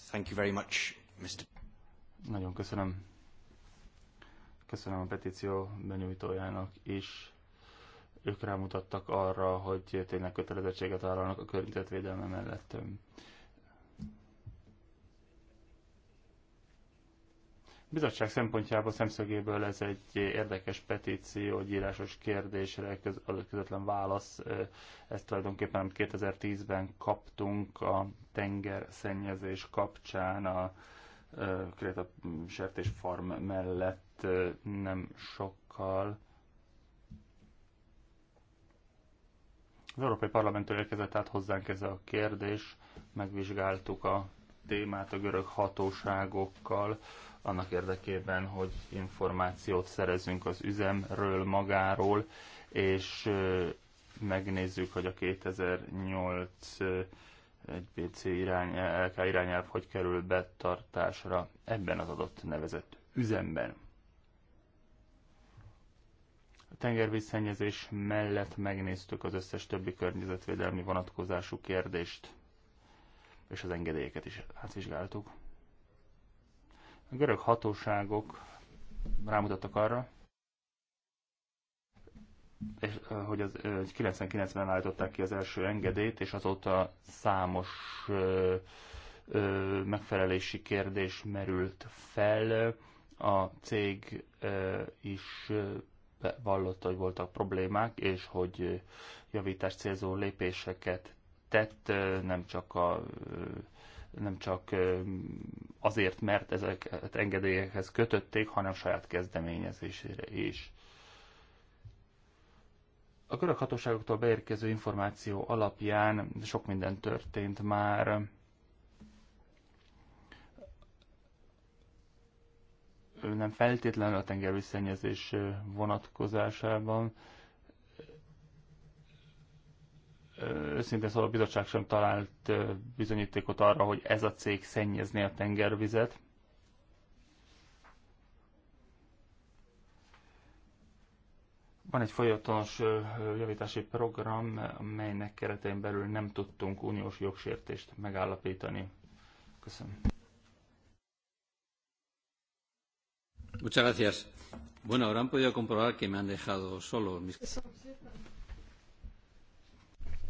Thank you very much, Mr. Nagyon köszönöm. Köszönöm a petíció benyújtójának is ők rámutattak arra, hogy tényleg kötelezettséget vállalnak a környezetvédelme mellett. bizottság szempontjából, szemszögéből ez egy érdekes petíció, egy írásos kérdésre köz, adott közvetlen válasz. Ezt tulajdonképpen 2010-ben kaptunk a tenger szennyezés kapcsán a Kréta sertés farm mellett nem sokkal. Az Európai Parlamenttől érkezett át hozzánk ez a kérdés, megvizsgáltuk a témát a görög hatóságokkal, annak érdekében, hogy információt szerezünk az üzemről, magáról, és megnézzük, hogy a 2008 egy PC irány, LK irányelv hogy kerül betartásra ebben az adott nevezett üzemben tengervízszennyezés mellett megnéztük az összes többi környezetvédelmi vonatkozású kérdést, és az engedélyeket is átvizsgáltuk. A görög hatóságok rámutattak arra, és, hogy az 99-ben állították ki az első engedélyt, és azóta számos ö, ö, megfelelési kérdés merült fel. A cég ö, is bevallotta, hogy voltak problémák, és hogy javítás célzó lépéseket tett, nem csak a nem csak azért, mert ezeket engedélyekhez kötötték, hanem saját kezdeményezésére is. A görög hatóságoktól beérkező információ alapján sok minden történt már. nem feltétlenül a tengeri szennyezés vonatkozásában. Őszintén szóval a bizottság sem talált bizonyítékot arra, hogy ez a cég szennyezné a tengervizet. Van egy folyamatos javítási program, amelynek keretein belül nem tudtunk uniós jogsértést megállapítani. Köszönöm. Muchas gracias. Bueno, habrán podido comprobar que me han dejado solo. Mis...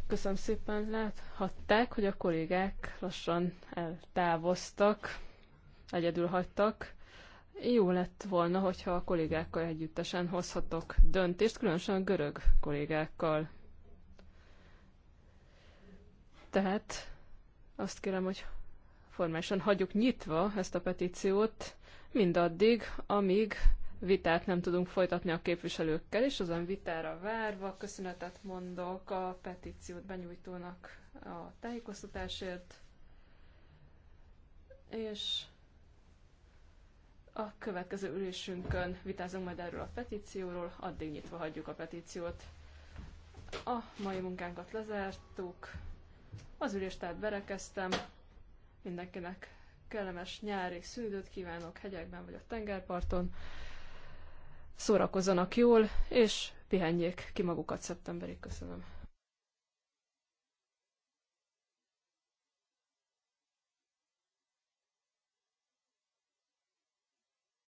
Köszönöm szépen. Láthatták, hogy a kollégák lassan eltávoztak, egyedül hagytak. Jó lett volna, hogyha a kollégákkal együttesen hozhatok döntést, különösen a görög kollégákkal. Tehát azt kérem, hogy formálisan hagyjuk nyitva ezt a petíciót, mindaddig, amíg vitát nem tudunk folytatni a képviselőkkel, és azon vitára várva köszönetet mondok a petíciót benyújtónak a tájékoztatásért, és a következő ülésünkön vitázunk majd erről a petícióról, addig nyitva hagyjuk a petíciót. A mai munkánkat lezártuk, az ülést tehát berekeztem, mindenkinek kellemes nyári szűdőt kívánok hegyekben vagy a tengerparton. Szórakozzanak jól, és pihenjék ki magukat szeptemberig. Köszönöm.